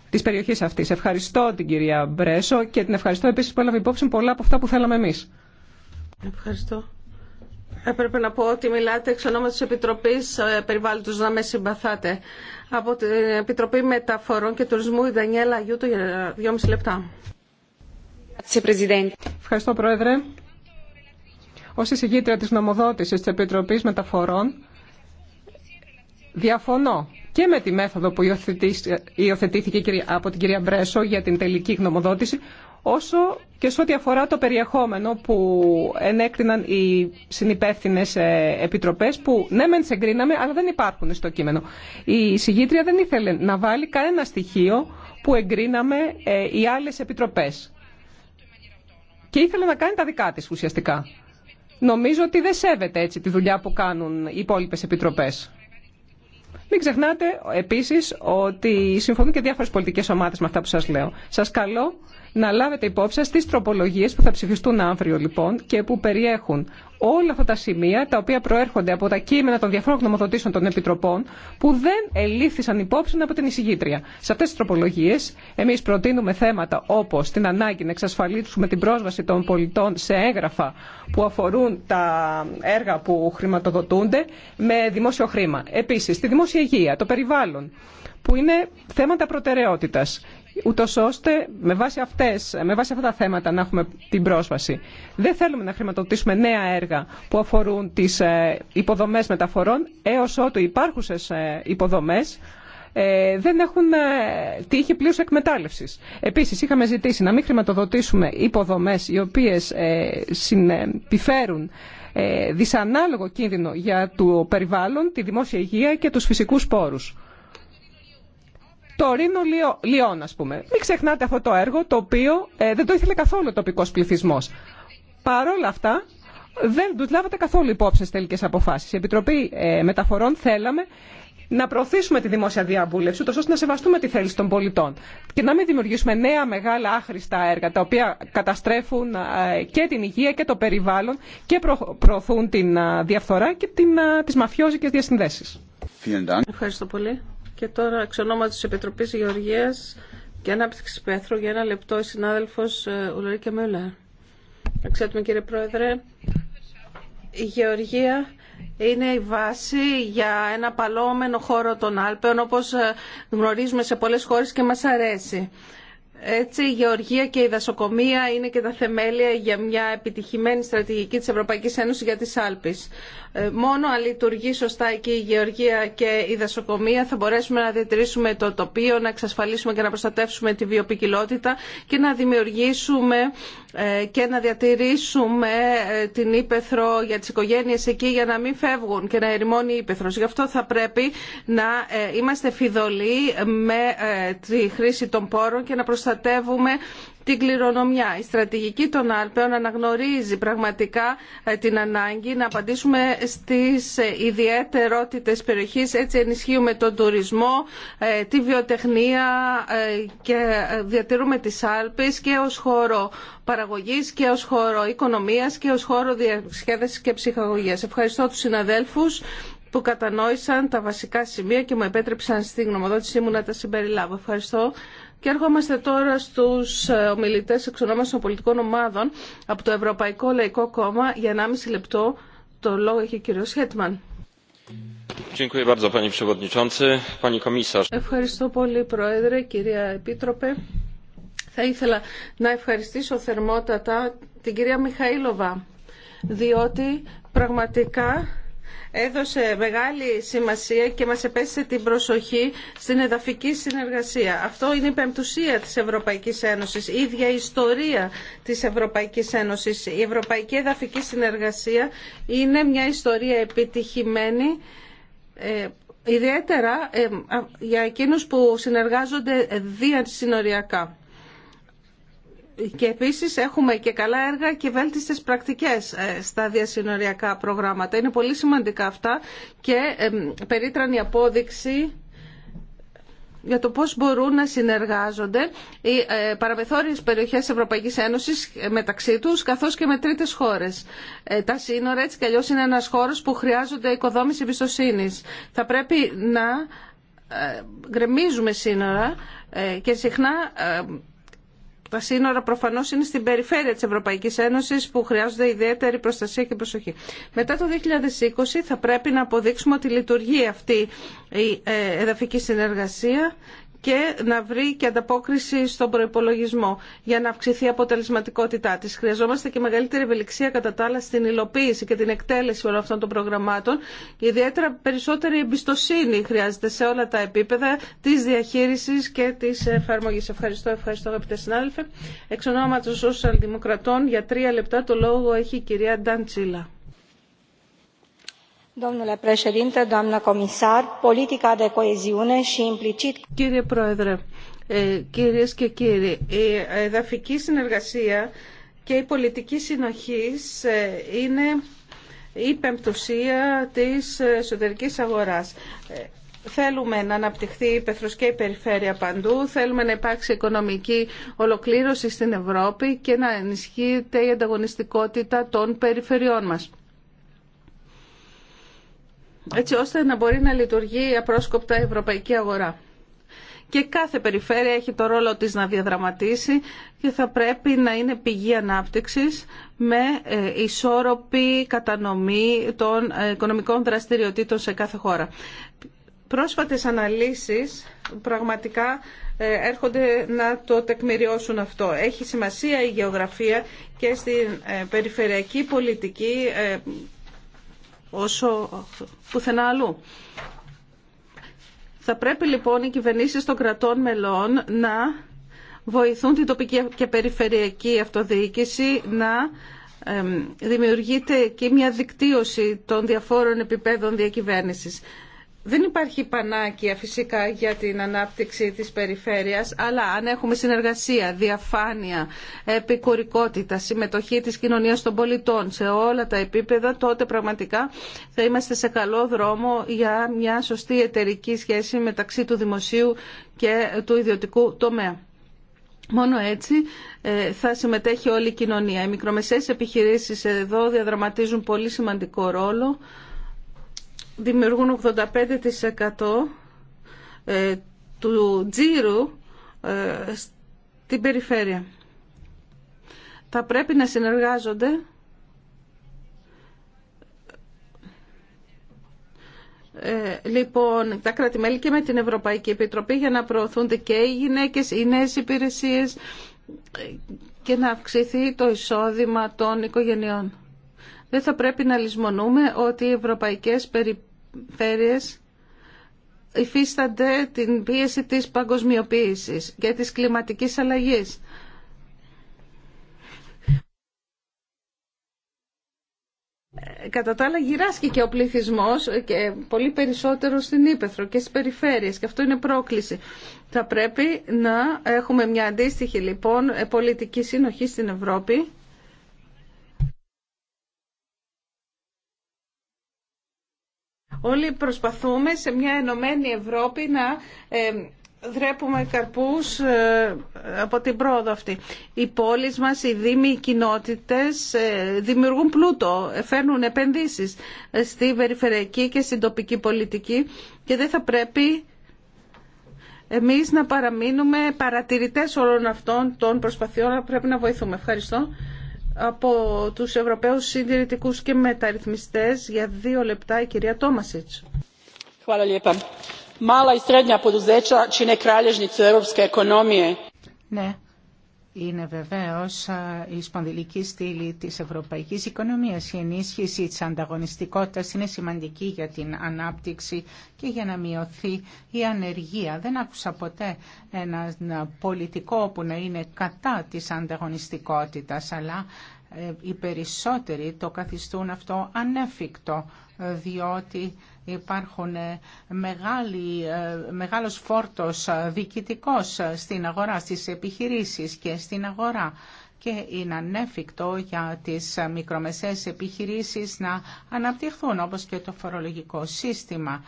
τη περιοχή αυτή. Ευχαριστώ την κυρία Μπρέσο και την ευχαριστώ επίση που έλαβε υπόψη πολλά από αυτά που θέλαμε εμεί. Ευχαριστώ. Έπρεπε να πω ότι μιλάτε εξ ονόματο τη Επιτροπή ε, Περιβάλλοντο, να με συμπαθάτε. Από την Επιτροπή Μεταφορών και Τουρισμού, η Δανιέλα Αγίου, για δυόμιση λεπτά. Ευχαριστώ, Πρόεδρε. Ως εισηγήτρια της νομοδότησης της Επιτροπής Μεταφορών, διαφωνώ και με τη μέθοδο που υιοθετήθηκε από την κυρία Μπρέσο για την τελική γνωμοδότηση, όσο και σε ό,τι αφορά το περιεχόμενο που ενέκριναν οι συνυπεύθυνες ε, επιτροπές που ναι μεν τις εγκρίναμε αλλά δεν υπάρχουν στο κείμενο. Η εισηγήτρια δεν ήθελε να βάλει κανένα στοιχείο που εγκρίναμε ε, οι άλλες επιτροπές και ήθελε να κάνει τα δικά της ουσιαστικά. Νομίζω ότι δεν σέβεται έτσι τη δουλειά που κάνουν οι υπόλοιπε επιτροπές. Μην ξεχνάτε επίση ότι συμφωνούν και διάφορε πολιτικέ ομάδε με αυτά που σα λέω. Σα καλώ να λάβετε υπόψη σα τι τροπολογίε που θα ψηφιστούν αύριο λοιπόν και που περιέχουν όλα αυτά τα σημεία τα οποία προέρχονται από τα κείμενα των διαφόρων γνωμοδοτήσεων των επιτροπών που δεν ελήφθησαν υπόψη από την εισηγήτρια. Σε αυτέ τι τροπολογίε, εμεί προτείνουμε θέματα όπω την ανάγκη να εξασφαλίσουμε την πρόσβαση των πολιτών σε έγγραφα που αφορούν τα έργα που χρηματοδοτούνται με δημόσιο χρήμα. τη υγεία, το περιβάλλον, που είναι θέματα προτεραιότητας, ούτω ώστε με βάση, αυτές, με βάση αυτά τα θέματα να έχουμε την πρόσβαση. Δεν θέλουμε να χρηματοδοτήσουμε νέα έργα που αφορούν τις ε, υποδομές μεταφορών, έω, ότου υπάρχουσες ε, υποδομές ε, δεν έχουν τύχη πλήρου εκμετάλλευσης. Επίσης, είχαμε ζητήσει να μην χρηματοδοτήσουμε υποδομέ οι οποίες επιφέρουν ε, δυσανάλογο κίνδυνο για το περιβάλλον, τη δημόσια υγεία και τους φυσικούς πόρους. Το Ρήνο Λιόν, ας πούμε. Μην ξεχνάτε αυτό το έργο, το οποίο ε, δεν το ήθελε καθόλου ο τοπικός πληθυσμός. Παρόλα αυτά, δεν του λάβατε καθόλου υπόψη στις τελικές αποφάσεις. Η Επιτροπή ε, Μεταφορών θέλαμε να προωθήσουμε τη δημόσια διαβούλευση, ούτω ώστε να σεβαστούμε τη θέληση των πολιτών και να μην δημιουργήσουμε νέα μεγάλα άχρηστα έργα τα οποία καταστρέφουν ε, και την υγεία και το περιβάλλον και προωθούν την ε, διαφθορά και ε, τι μαφιόζικε διασυνδέσει. Ευχαριστώ πολύ. Και τώρα, εξ ονόματο τη Επιτροπή Γεωργία και Ανάπτυξη Πέθρου, για ένα λεπτό, η συνάδελφο Ουλρίκε Μιούλα. Εξέτουμε, κύριε Πρόεδρε, η Γεωργία είναι η βάση για ένα παλόμενο χώρο των Άλπαιων όπως ε, γνωρίζουμε σε πολλές χώρες και μας αρέσει. Έτσι, η γεωργία και η δασοκομεία είναι και τα θεμέλια για μια επιτυχημένη στρατηγική της Ευρωπαϊκής Ένωσης για τις Άλπεις. Ε, μόνο αν λειτουργεί σωστά εκεί η γεωργία και η δασοκομεία θα μπορέσουμε να διατηρήσουμε το τοπίο, να εξασφαλίσουμε και να προστατεύσουμε τη βιοπικιλότητα και να δημιουργήσουμε ε, και να διατηρήσουμε ε, την ύπεθρο για τις οικογένειες εκεί για να μην φεύγουν και να ερημώνει η ύπεθρος. Γι' αυτό θα πρέπει να είμαστε φιδωλοί με τη χρήση των πόρων και να προστατεύσουμε προστατεύουμε την κληρονομιά. Η στρατηγική των Άλπαιων αναγνωρίζει πραγματικά ε, την ανάγκη να απαντήσουμε στις ε, ιδιαίτερότητες περιοχής. Έτσι ενισχύουμε τον τουρισμό, ε, τη βιοτεχνία και διατηρούμε τις Άλπες και ως χώρο παραγωγής και ως χώρο οικονομίας και ως χώρο διασκέδασης και ψυχαγωγίας. Ευχαριστώ τους συναδέλφους που κατανόησαν τα βασικά σημεία και μου επέτρεψαν στη γνωμοδότησή μου να τα συμπεριλάβω. Ευχαριστώ και έρχομαστε τώρα στους ε, ομιλητές εξ πολιτικών ομάδων από το Ευρωπαϊκό Λαϊκό Κόμμα για 1,5 λεπτό. Το λόγο έχει ο κύριο Χέτμαν. Ευχαριστώ πολύ Πρόεδρε, κυρία Επίτροπε. Θα ήθελα να ευχαριστήσω θερμότατα την κυρία Μιχαήλοβα, διότι πραγματικά έδωσε μεγάλη σημασία και μας επέστησε την προσοχή στην εδαφική συνεργασία. Αυτό είναι η πεμπτουσία της Ευρωπαϊκής Ένωσης, η ίδια ιστορία της Ευρωπαϊκής Ένωσης. Η Ευρωπαϊκή Εδαφική Συνεργασία είναι μια ιστορία επιτυχημένη ε, ιδιαίτερα ε, για εκείνους που συνεργάζονται διασυνοριακά. Και επίσης έχουμε και καλά έργα και βέλτιστες πρακτικές ε, στα διασυνοριακά προγράμματα. Είναι πολύ σημαντικά αυτά και περίτρανη απόδειξη για το πώς μπορούν να συνεργάζονται οι ε, παραμεθόριες περιοχές Ευρωπαϊκής Ένωσης μεταξύ τους, καθώς και με τρίτες χώρες. Ε, τα σύνορα έτσι κι αλλιώς είναι ένας χώρος που χρειάζονται οικοδόμηση εμπιστοσύνη. Θα πρέπει να γκρεμίζουμε σύνορα και συχνά τα σύνορα προφανώ είναι στην περιφέρεια της Ευρωπαϊκής Ένωσης που χρειάζονται ιδιαίτερη προστασία και προσοχή. Μετά το 2020 θα πρέπει να αποδείξουμε ότι λειτουργεί αυτή η ε, εδαφική συνεργασία και να βρει και ανταπόκριση στον προπολογισμό για να αυξηθεί η αποτελεσματικότητά τη. Χρειαζόμαστε και μεγαλύτερη ευελιξία κατά τα άλλα στην υλοποίηση και την εκτέλεση όλων αυτών των προγραμμάτων. ιδιαίτερα περισσότερη εμπιστοσύνη χρειάζεται σε όλα τα επίπεδα τη διαχείριση και τη εφαρμογή. Ευχαριστώ, ευχαριστώ αγαπητέ συνάδελφε. Εξ ονόματο Σοσιαλδημοκρατών για τρία λεπτά το λόγο έχει η κυρία Ντάντσίλα. Κύριε Πρόεδρε, ε, κυρίες και κύριοι, η εδαφική συνεργασία και η πολιτική συνοχής ε, είναι η πεμπτουσία της εσωτερική αγοράς. Ε, θέλουμε να αναπτυχθεί η πεθροσκέ περιφέρεια παντού, θέλουμε να υπάρξει οικονομική ολοκλήρωση στην Ευρώπη και να ενισχύεται η ανταγωνιστικότητα των περιφερειών μας έτσι ώστε να μπορεί να λειτουργεί απρόσκοπτα η ευρωπαϊκή αγορά. Και κάθε περιφέρεια έχει το ρόλο της να διαδραματίσει και θα πρέπει να είναι πηγή ανάπτυξης με ε, ισόρροπη κατανομή των ε, οικονομικών δραστηριοτήτων σε κάθε χώρα. Πρόσφατες αναλύσεις πραγματικά ε, έρχονται να το τεκμηριώσουν αυτό. Έχει σημασία η γεωγραφία και στην περιφερειακή πολιτική όσο πουθενά αλλού. Θα πρέπει λοιπόν οι κυβερνήσεις των κρατών μελών να βοηθούν την τοπική και περιφερειακή αυτοδιοίκηση να δημιουργείται και μια δικτύωση των διαφόρων επιπέδων διακυβέρνησης. Δεν υπάρχει πανάκια φυσικά για την ανάπτυξη της περιφέρειας, αλλά αν έχουμε συνεργασία, διαφάνεια, επικουρικότητα, συμμετοχή της κοινωνίας των πολιτών σε όλα τα επίπεδα, τότε πραγματικά θα είμαστε σε καλό δρόμο για μια σωστή εταιρική σχέση μεταξύ του δημοσίου και του ιδιωτικού τομέα. Μόνο έτσι ε, θα συμμετέχει όλη η κοινωνία. Οι μικρομεσαίες επιχειρήσεις εδώ διαδραματίζουν πολύ σημαντικό ρόλο δημιουργούν 85% ε, του τζίρου ε, στην περιφέρεια. Θα πρέπει να συνεργάζονται ε, λοιπόν, τα κρατημέλη και με την Ευρωπαϊκή Επιτροπή για να προωθούνται και οι γυναίκες, οι νέες υπηρεσίες και να αυξηθεί το εισόδημα των οικογενειών δεν θα πρέπει να λησμονούμε ότι οι ευρωπαϊκές περιφέρειες υφίστανται την πίεση της παγκοσμιοποίησης και της κλιματικής αλλαγής. Κατά τα άλλα γυράσκει και ο πληθυσμός και πολύ περισσότερο στην Ήπεθρο και στις περιφέρειες και αυτό είναι πρόκληση. Θα πρέπει να έχουμε μια αντίστοιχη λοιπόν πολιτική συνοχή στην Ευρώπη Όλοι προσπαθούμε σε μια ενωμένη Ευρώπη να ε, δρέπουμε καρπούς ε, από την πρόοδο αυτή. Οι πόλεις μας, οι δήμοι, οι κοινότητες ε, δημιουργούν πλούτο, φέρνουν επενδύσεις στη περιφερειακή και στην τοπική πολιτική και δεν θα πρέπει εμείς να παραμείνουμε παρατηρητές όλων αυτών των προσπαθειών, πρέπει να βοηθούμε. Ευχαριστώ από τους Ευρωπαίους Συντηρητικούς και Μεταρρυθμιστές για δύο λεπτά η κυρία Τόμασιτς. Μάλα η στρέντια από τους δέτσα, τσινε κράλεσνη της Ευρωπαϊκής οικονομίας. Ναι, είναι βεβαίως η σπονδυλική στήλη της ευρωπαϊκής οικονομίας. Η ενίσχυση της ανταγωνιστικότητας είναι σημαντική για την ανάπτυξη και για να μειωθεί η ανεργία. Δεν άκουσα ποτέ έναν πολιτικό που να είναι κατά της ανταγωνιστικότητας, αλλά ε, οι περισσότεροι το καθιστούν αυτό ανέφικτο, διότι Υπάρχουν ε, μεγάλη, ε, μεγάλος φόρτος ε, διοικητικός στην αγορά, στις επιχειρήσεις και στην αγορά και είναι ανέφικτο για τις μικρομεσαίες επιχειρήσεις να αναπτυχθούν όπως και το φορολογικό σύστημα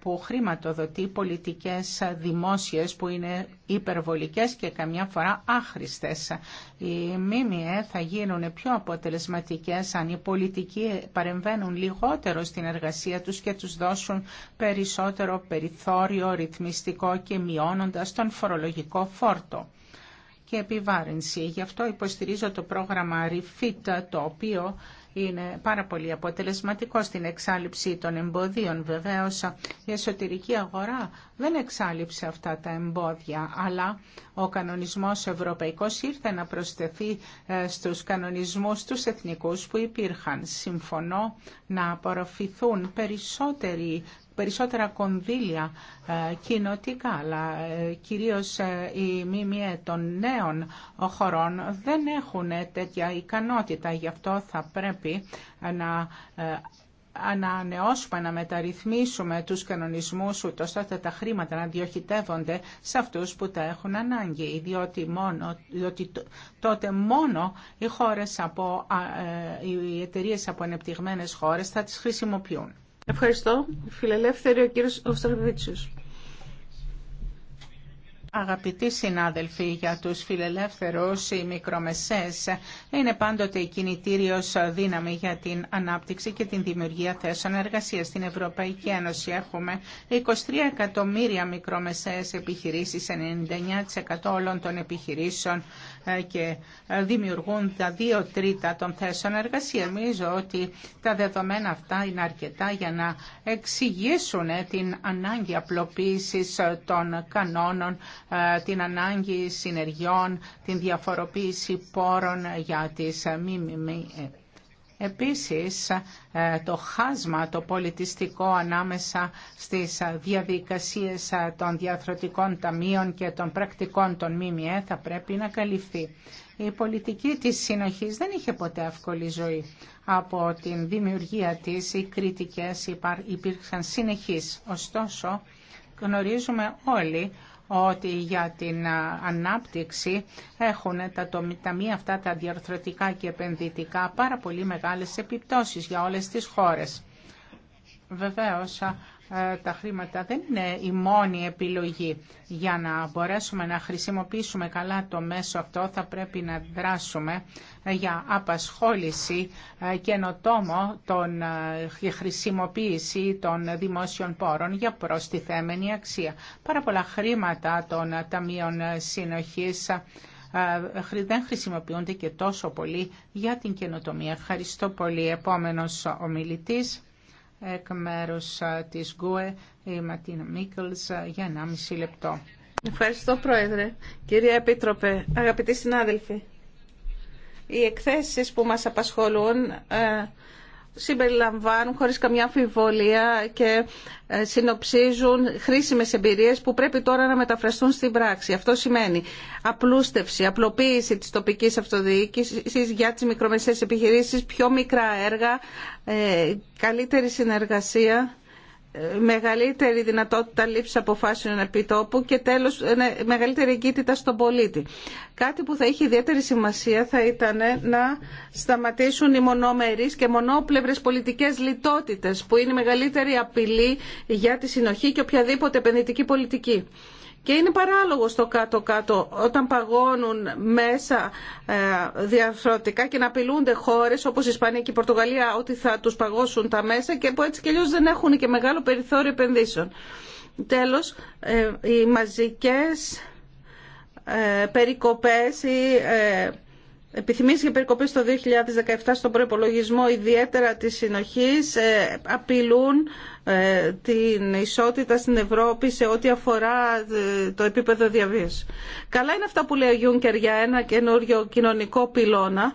που χρηματοδοτεί πολιτικές δημόσιες που είναι υπερβολικές και καμιά φορά άχρηστες. Οι ΜΜΕ θα γίνουν πιο αποτελεσματικές αν οι πολιτικοί παρεμβαίνουν λιγότερο στην εργασία τους και τους δώσουν περισσότερο περιθώριο ρυθμιστικό και μειώνοντας τον φορολογικό φόρτο και επιβάρυνση. Γι' αυτό υποστηρίζω το πρόγραμμα REFIT, το οποίο είναι πάρα πολύ αποτελεσματικό στην εξάλληψη των εμποδίων. Βεβαίως η εσωτερική αγορά δεν εξάλληψε αυτά τα εμπόδια, αλλά ο κανονισμός ευρωπαϊκός ήρθε να προσθεθεί ε, στους κανονισμούς τους εθνικούς που υπήρχαν. Συμφωνώ να απορροφηθούν περισσότεροι περισσότερα κονδύλια ε, κοινοτικά, αλλά ε, κυρίως ε, οι ΜΜΕ των νέων χωρών δεν έχουν τέτοια ικανότητα. Γι' αυτό θα πρέπει να ανανεώσουμε, να μεταρρυθμίσουμε τους κανονισμούς ούτω ώστε τα χρήματα να διοχητεύονται σε αυτούς που τα έχουν ανάγκη, διότι, μόνο, διότι τότε μόνο οι, χώρες από, οι εταιρείες από ανεπτυγμένες χώρες θα τις χρησιμοποιούν. Ευχαριστώ. Φιλελεύθερη ο κύριος Οστραβίτσιος. Αγαπητοί συνάδελφοι, για τους φιλελεύθερους οι μικρομεσές είναι πάντοτε η κινητήριος δύναμη για την ανάπτυξη και την δημιουργία θέσεων εργασίας. Στην Ευρωπαϊκή Ένωση έχουμε 23 εκατομμύρια μικρομεσαίες επιχειρήσεις, 99% όλων των επιχειρήσεων ε, και ε, δημιουργούν τα δύο τρίτα των θέσεων εργασία. Νομίζω ότι τα δεδομένα αυτά είναι αρκετά για να εξηγήσουν ε, την ανάγκη απλοποίησης των κανόνων ε, την ανάγκη συνεργειών, την διαφοροποίηση πόρων για τις ΜΜΕ. Ε. Επίσης, ε, το χάσμα το πολιτιστικό ανάμεσα στις διαδικασίες των διαθροτικών ταμείων και των πρακτικών των ΜΜΕ θα πρέπει να καλυφθεί. Η πολιτική της συνοχής δεν είχε ποτέ εύκολη ζωή. Από την δημιουργία της οι κριτικές υπήρξαν συνεχείς. Ωστόσο, γνωρίζουμε όλοι ότι για την ανάπτυξη έχουν τα ταμεία αυτά τα διαρθρωτικά και επενδυτικά πάρα πολύ μεγάλες επιπτώσεις για όλες τις χώρες. Βεβαίως ε, τα χρήματα δεν είναι η μόνη επιλογή. Για να μπορέσουμε να χρησιμοποιήσουμε καλά το μέσο αυτό θα πρέπει να δράσουμε ε, για απασχόληση ε, καινοτόμο των χρησιμοποίηση των δημόσιων πόρων για προστιθέμενη αξία. Πάρα πολλά χρήματα των ταμείων συνοχής δεν χρησιμοποιούνται και τόσο πολύ για την καινοτομία. Ευχαριστώ πολύ. Επόμενος ομιλητής εκ μέρους της ΓΟΕ, η Ματίνα Μίκελς, για 1,5 λεπτό. Ευχαριστώ Πρόεδρε. Κυρία Επίτροπε, αγαπητοί συνάδελφοι, οι εκθέσεις που μας απασχολούν ε, συμπεριλαμβάνουν χωρίς καμιά αμφιβολία και ε, συνοψίζουν χρήσιμες εμπειρίες που πρέπει τώρα να μεταφραστούν στην πράξη. Αυτό σημαίνει απλούστευση, απλοποίηση της τοπικής αυτοδιοίκησης για τις μικρομεσαίες επιχειρήσεις, πιο μικρά έργα, ε, καλύτερη συνεργασία μεγαλύτερη δυνατότητα λήψη αποφάσεων τόπου και τέλος ναι, μεγαλύτερη εγκύτητα στον πολίτη. Κάτι που θα είχε ιδιαίτερη σημασία θα ήταν να σταματήσουν οι μονομερείς και μονόπλευρες πολιτικές λιτότητες που είναι η μεγαλύτερη απειλή για τη συνοχή και οποιαδήποτε επενδυτική πολιτική. Και είναι παράλογο στο κάτω-κάτω όταν παγώνουν μέσα ε, διαφορετικά και να απειλούνται χώρες όπως η Ισπανία και η Πορτογαλία ότι θα τους παγώσουν τα μέσα και που έτσι και αλλιώ δεν έχουν και μεγάλο περιθώριο επενδύσεων. Τέλος, ε, οι μαζικές ε, περικοπέ ή Επιθυμίσει για περικοπές το 2017 στον προπολογισμό ιδιαίτερα της συνοχής ε, απειλούν ε, την ισότητα στην Ευρώπη σε ό,τι αφορά ε, το επίπεδο διαβίωσης. Καλά είναι αυτά που λέει ο Γιούνκερ για ένα καινούριο κοινωνικό πυλώνα.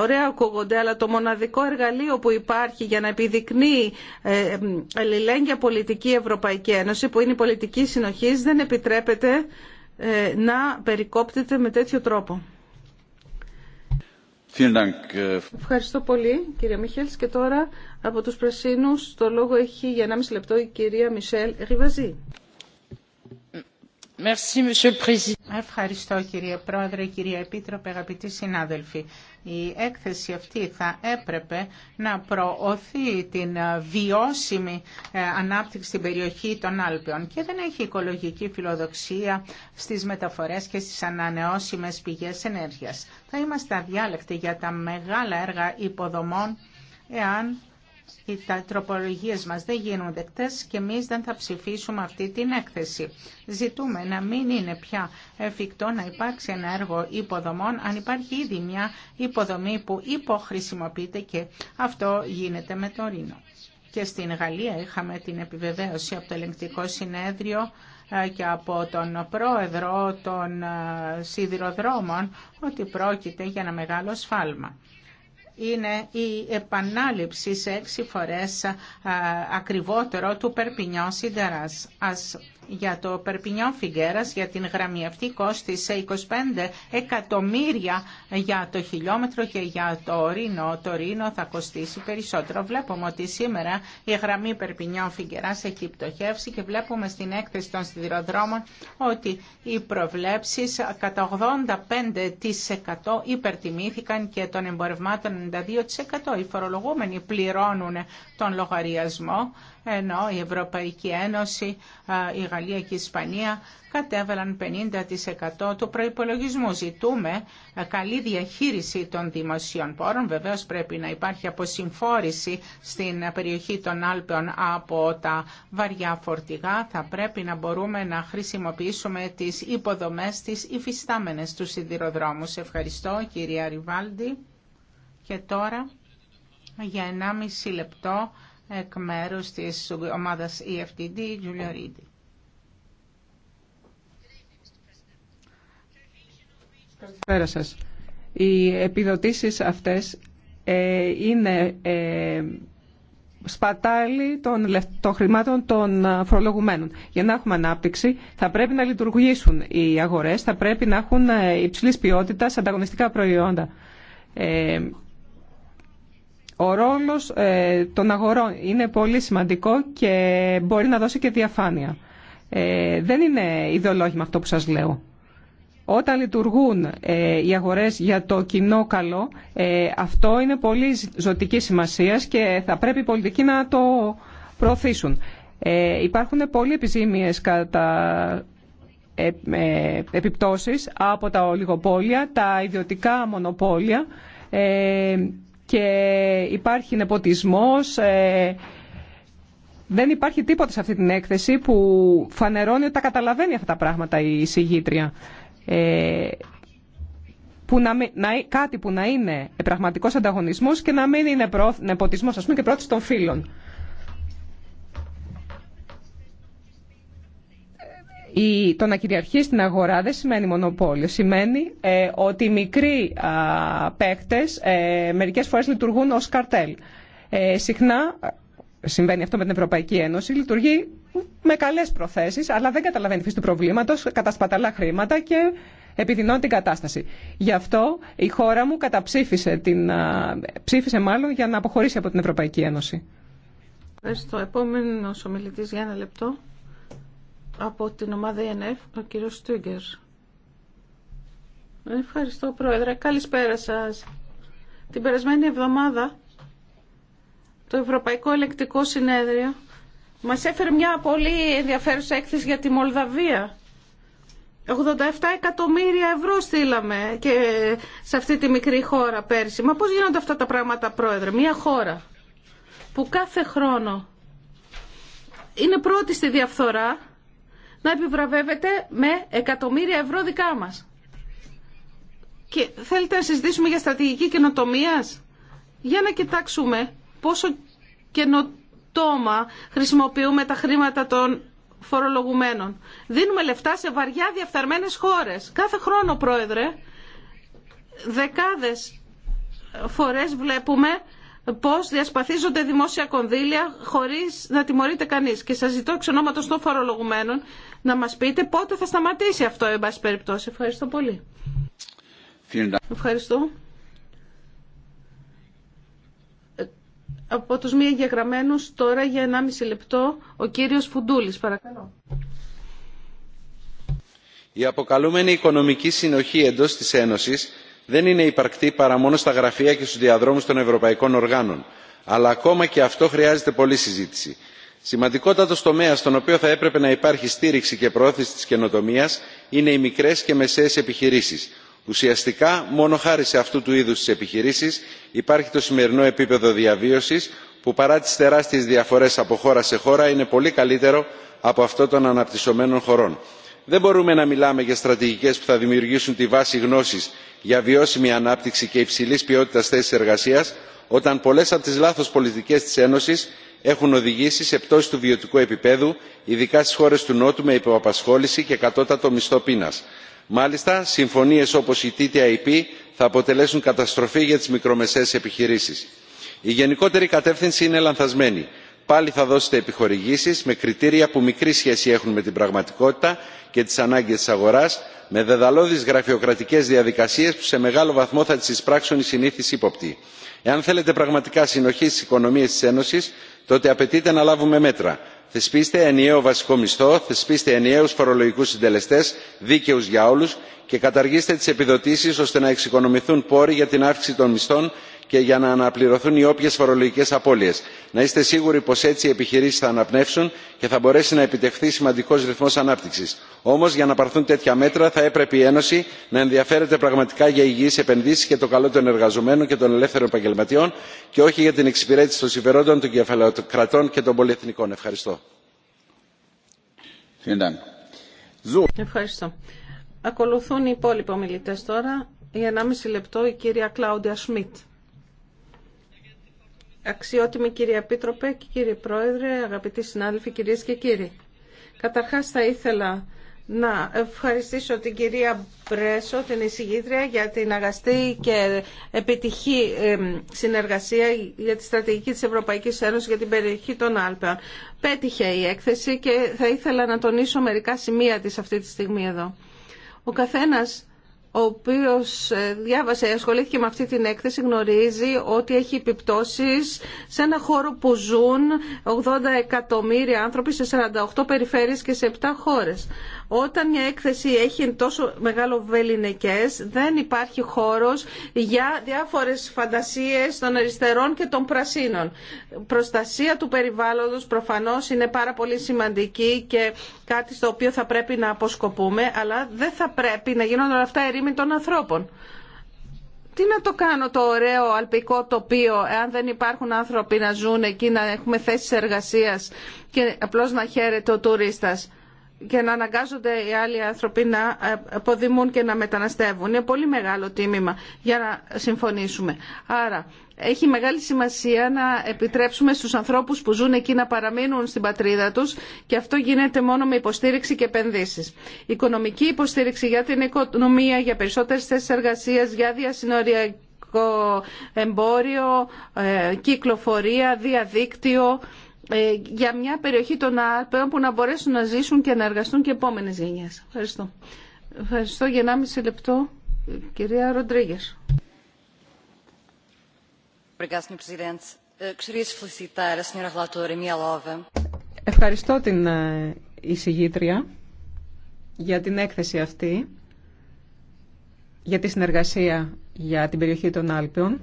Ωραία ακούγονται, αλλά το μοναδικό εργαλείο που υπάρχει για να επιδεικνύει αλληλέγγυα πολιτική Ευρωπαϊκή Ένωση, που είναι η πολιτική συνοχής, δεν επιτρέπεται να περικόπτεται με τέτοιο τρόπο. Äh, Ευχαριστώ πολύ κύριε Μίχελ, και τώρα από του Πρασίνους το λόγο έχει για 1,5 λεπτό η κυρία Μισελ Ριβαζή. Ευχαριστώ κύριε Πρόεδρε, κύριε Επίτροπε, αγαπητοί συνάδελφοι. Η έκθεση αυτή θα έπρεπε να προωθεί την ε, βιώσιμη ε, ανάπτυξη στην περιοχή των Άλπαιων και δεν έχει οικολογική φιλοδοξία στις μεταφορές και στις ανανεώσιμες πηγές ενέργειας. Θα είμαστε αδιάλεκτοι για τα μεγάλα έργα υποδομών εάν οι τροπολογίε μα δεν γίνουν δεκτές και εμεί δεν θα ψηφίσουμε αυτή την έκθεση. Ζητούμε να μην είναι πια εφικτό να υπάρξει ένα έργο υποδομών αν υπάρχει ήδη μια υποδομή που υποχρησιμοποιείται και αυτό γίνεται με το ρήνο. Και στην Γαλλία είχαμε την επιβεβαίωση από το ελεγκτικό συνέδριο ε, και από τον πρόεδρο των ε, σιδηροδρόμων ότι πρόκειται για ένα μεγάλο σφάλμα είναι η επανάληψη σε έξι φορές ακριβότερο του Περπινιό Σιντεράς. Ας για το Περπινιό Φιγκέρας, για την γραμμή αυτή κόστισε 25 εκατομμύρια για το χιλιόμετρο και για το Ρήνο. Το Ρήνο θα κοστίσει περισσότερο. Βλέπουμε ότι σήμερα η γραμμή Περπινιό Φιγκέρας έχει πτωχεύσει και βλέπουμε στην έκθεση των σιδηροδρόμων ότι οι προβλέψεις κατά 85% υπερτιμήθηκαν και των εμπορευμάτων οι φορολογούμενοι πληρώνουν τον λογαριασμό, ενώ η Ευρωπαϊκή Ένωση, η Γαλλία και η Ισπανία κατέβαλαν 50% του προϋπολογισμού. Ζητούμε καλή διαχείριση των δημοσίων πόρων. Βεβαίως πρέπει να υπάρχει αποσυμφόρηση στην περιοχή των Άλπαιων από τα βαριά φορτηγά. Θα πρέπει να μπορούμε να χρησιμοποιήσουμε τις υποδομές, τις υφιστάμενες του Σε Ευχαριστώ κυρία Ριβάλντι. Και τώρα για 1,5 λεπτό εκ μέρους της ομάδας EFTD, Καλησπέρα σας. Οι επιδοτήσεις αυτές ε, είναι ε, σπατάλη των, χρημάτων των ε, φορολογουμένων. Για να έχουμε ανάπτυξη θα πρέπει να λειτουργήσουν οι αγορές, θα πρέπει να έχουν υψηλής ποιότητας ανταγωνιστικά προϊόντα. Ο ρόλος ε, των αγορών είναι πολύ σημαντικό και μπορεί να δώσει και διαφάνεια. Ε, δεν είναι ιδεολόγημα αυτό που σας λέω. Όταν λειτουργούν ε, οι αγορές για το κοινό καλό, αυτό είναι πολύ ζωτική σημασία και θα πρέπει οι πολιτικοί να το προωθήσουν. Υπάρχουν πολλοί επιζήμιες κατά επιπτώσεις από τα ολιγοπόλια, τα ιδιωτικά μονοπόλια και υπάρχει νεποτισμός, ε, δεν υπάρχει τίποτα σε αυτή την έκθεση που φανερώνει ότι τα καταλαβαίνει αυτά τα πράγματα η συγγήτρια. Ε, που κάτι που να είναι πραγματικός ανταγωνισμός και να μην είναι νεποτισμός, ας πούμε, και πρόθεση των φίλων. Η, το να κυριαρχεί στην αγορά δεν σημαίνει μονοπόλιο. Σημαίνει ε, ότι οι μικροί α, ε, μερικές φορές λειτουργούν ως καρτέλ. Ε, συχνά, συμβαίνει αυτό με την Ευρωπαϊκή Ένωση, λειτουργεί με καλές προθέσεις, αλλά δεν καταλαβαίνει φύση του προβλήματος, κατασπαταλά χρήματα και επιδεινώνει την κατάσταση. Γι' αυτό η χώρα μου καταψήφισε την, ψήφισε μάλλον για να αποχωρήσει από την Ευρωπαϊκή Ένωση. Ευχαριστώ. για ένα λεπτό από την ομάδα ΕΝΕΦ, ο κύριος Στούγκερ. Ευχαριστώ, Πρόεδρε. Καλησπέρα σας. Την περασμένη εβδομάδα το Ευρωπαϊκό Ελεκτικό Συνέδριο μας έφερε μια πολύ ενδιαφέρουσα έκθεση για τη Μολδαβία. 87 εκατομμύρια ευρώ στείλαμε και σε αυτή τη μικρή χώρα πέρσι. Μα πώς γίνονται αυτά τα πράγματα, Πρόεδρε. Μια χώρα που κάθε χρόνο είναι πρώτη στη διαφθορά να επιβραβεύεται με εκατομμύρια ευρώ δικά μας. Και θέλετε να συζητήσουμε για στρατηγική καινοτομία. Για να κοιτάξουμε πόσο καινοτόμα χρησιμοποιούμε τα χρήματα των φορολογουμένων. Δίνουμε λεφτά σε βαριά διαφθαρμένες χώρες. Κάθε χρόνο, Πρόεδρε, δεκάδες φορές βλέπουμε πώς διασπαθίζονται δημόσια κονδύλια χωρίς να τιμωρείται κανείς. Και σας ζητώ εξ των φορολογουμένων να μας πείτε πότε θα σταματήσει αυτό, εν πάση περιπτώσει. Ευχαριστώ πολύ. Ευχαριστώ. Ε, από τους μη εγγεγραμμένους τώρα για 1,5 λεπτό ο κύριος Φουντούλης, παρακαλώ. Η αποκαλούμενη οικονομική συνοχή εντός της Ένωσης δεν είναι υπαρκτή παρά μόνο στα γραφεία και στους διαδρόμους των ευρωπαϊκών οργάνων. Αλλά ακόμα και αυτό χρειάζεται πολλή συζήτηση σημαντικότατο τομέα στον οποίο θα έπρεπε να υπάρχει στήριξη και προώθηση τη καινοτομία είναι οι μικρέ και μεσαίε επιχειρήσει. ουσιαστικά μόνο χάρη σε αυτού του είδου τι επιχειρήσει υπάρχει το σημερινό επίπεδο διαβίωση που παρά τι τεράστιε διαφορέ από χώρα σε χώρα είναι πολύ καλύτερο από αυτό των αναπτυσσομένων χωρών. δεν μπορούμε να μιλάμε για στρατηγικέ που θα δημιουργήσουν τη βάση γνώση για βιώσιμη ανάπτυξη και υψηλή ποιότητα θέσει εργασία, όταν πολλέ από τι λάθο πολιτικέ τη Ένωση έχουν οδηγήσει σε πτώση του βιωτικού επίπεδου ειδικά στις χώρες του νότου με υποαπασχόληση και κατώτατο μισθό πείνας. μάλιστα συμφωνίες όπως η ttip θα αποτελέσουν καταστροφή για τις μικρομεσαίες επιχειρήσεις. η γενικότερη κατεύθυνση είναι λανθασμένη πάλι θα δώσετε επιχορηγήσεις με κριτήρια που μικρή σχέση έχουν με την πραγματικότητα και τις ανάγκες της αγοράς με δεδαλώδεις γραφειοκρατικές διαδικασίες που σε μεγάλο βαθμό θα τις εισπράξουν οι συνήθεις ύποπτοι. εάν θέλετε πραγματικά συνοχή στις οικονομίες της ένωσης τότε απαιτείται να λάβουμε μέτρα θεσπίστε ενιαίο βασικό μισθό θεσπίστε ενιαίους φορολογικούς συντελεστές δίκαιους για όλους και καταργήστε τις επιδοτήσεις ώστε να εξοικονομηθούν πόροι για την αύξηση των μισθών και για να αναπληρωθούν οι όποιες φορολογικές απώλειες. να είστε σίγουροι πως έτσι οι επιχειρήσεις θα αναπνεύσουν και θα μπορέσει να επιτευχθεί σημαντικός ρυθμός ανάπτυξης. όμως για να πάρθουν τέτοια μέτρα θα έπρεπε η ένωση να ενδιαφέρεται πραγματικά για υγιείς επενδύσεις και το καλό των εργαζομένων και των ελεύθερων επαγγελματιών και όχι για την εξυπηρέτηση των συμφερόντων των κεφαλαιοκρατών και των πολυεθνικών. ευχαριστώ. Ακολουθούν οι υπόλοιποι τώρα. Για 1,5 λεπτό η κυρία Κλάουντια Σμιτ. Αξιότιμη κυρία Πίτροπε και κύριε Πρόεδρε, αγαπητοί συνάδελφοι, κυρίες και κύριοι. Καταρχάς θα ήθελα να ευχαριστήσω την κυρία Μπρέσο, την εισηγήτρια, για την αγαστή και επιτυχή συνεργασία για τη στρατηγική της Ευρωπαϊκής Ένωσης για την περιοχή των Άλπαιων. Πέτυχε η έκθεση και θα ήθελα να τονίσω μερικά σημεία της αυτή τη στιγμή εδώ. Ο καθένας ο οποίος ε, διάβασε, ασχολήθηκε με αυτή την έκθεση, γνωρίζει ότι έχει επιπτώσεις σε ένα χώρο που ζουν 80 εκατομμύρια άνθρωποι σε 48 περιφέρειες και σε 7 χώρες. Όταν μια έκθεση έχει τόσο μεγάλο βεληνικέ, δεν υπάρχει χώρος για διάφορες φαντασίε των αριστερών και των πρασίνων. Προστασία του περιβάλλοντος προφανώ είναι πάρα πολύ σημαντική και κάτι στο οποίο θα πρέπει να αποσκοπούμε, αλλά δεν θα πρέπει να γίνονται όλα αυτά ερήμην των ανθρώπων. Τι να το κάνω το ωραίο αλπικό τοπίο, εάν δεν υπάρχουν άνθρωποι να ζουν εκεί, να έχουμε θέσεις εργασίας και απλώς να χαίρεται ο τουρίστας και να αναγκάζονται οι άλλοι άνθρωποι να ε, αποδημούν και να μεταναστεύουν. Είναι πολύ μεγάλο τίμημα για να συμφωνήσουμε. Άρα έχει μεγάλη σημασία να επιτρέψουμε στους ανθρώπους που ζουν εκεί να παραμείνουν στην πατρίδα τους και αυτό γίνεται μόνο με υποστήριξη και επενδύσεις. Οικονομική υποστήριξη για την οικονομία, για περισσότερες θέσεις εργασίας, για διασυνοριακό εμπόριο, ε, κυκλοφορία, διαδίκτυο ε, για μια περιοχή των Άλπαιων που να μπορέσουν να ζήσουν και να εργαστούν και επόμενες γενιές. Ευχαριστώ. Ευχαριστώ για μισή λεπτό. Κυρία Ροντρίγκες. Eh, Ευχαριστώ την ε, εισηγήτρια για την έκθεση αυτή, για τη συνεργασία για την περιοχή των Άλπαιων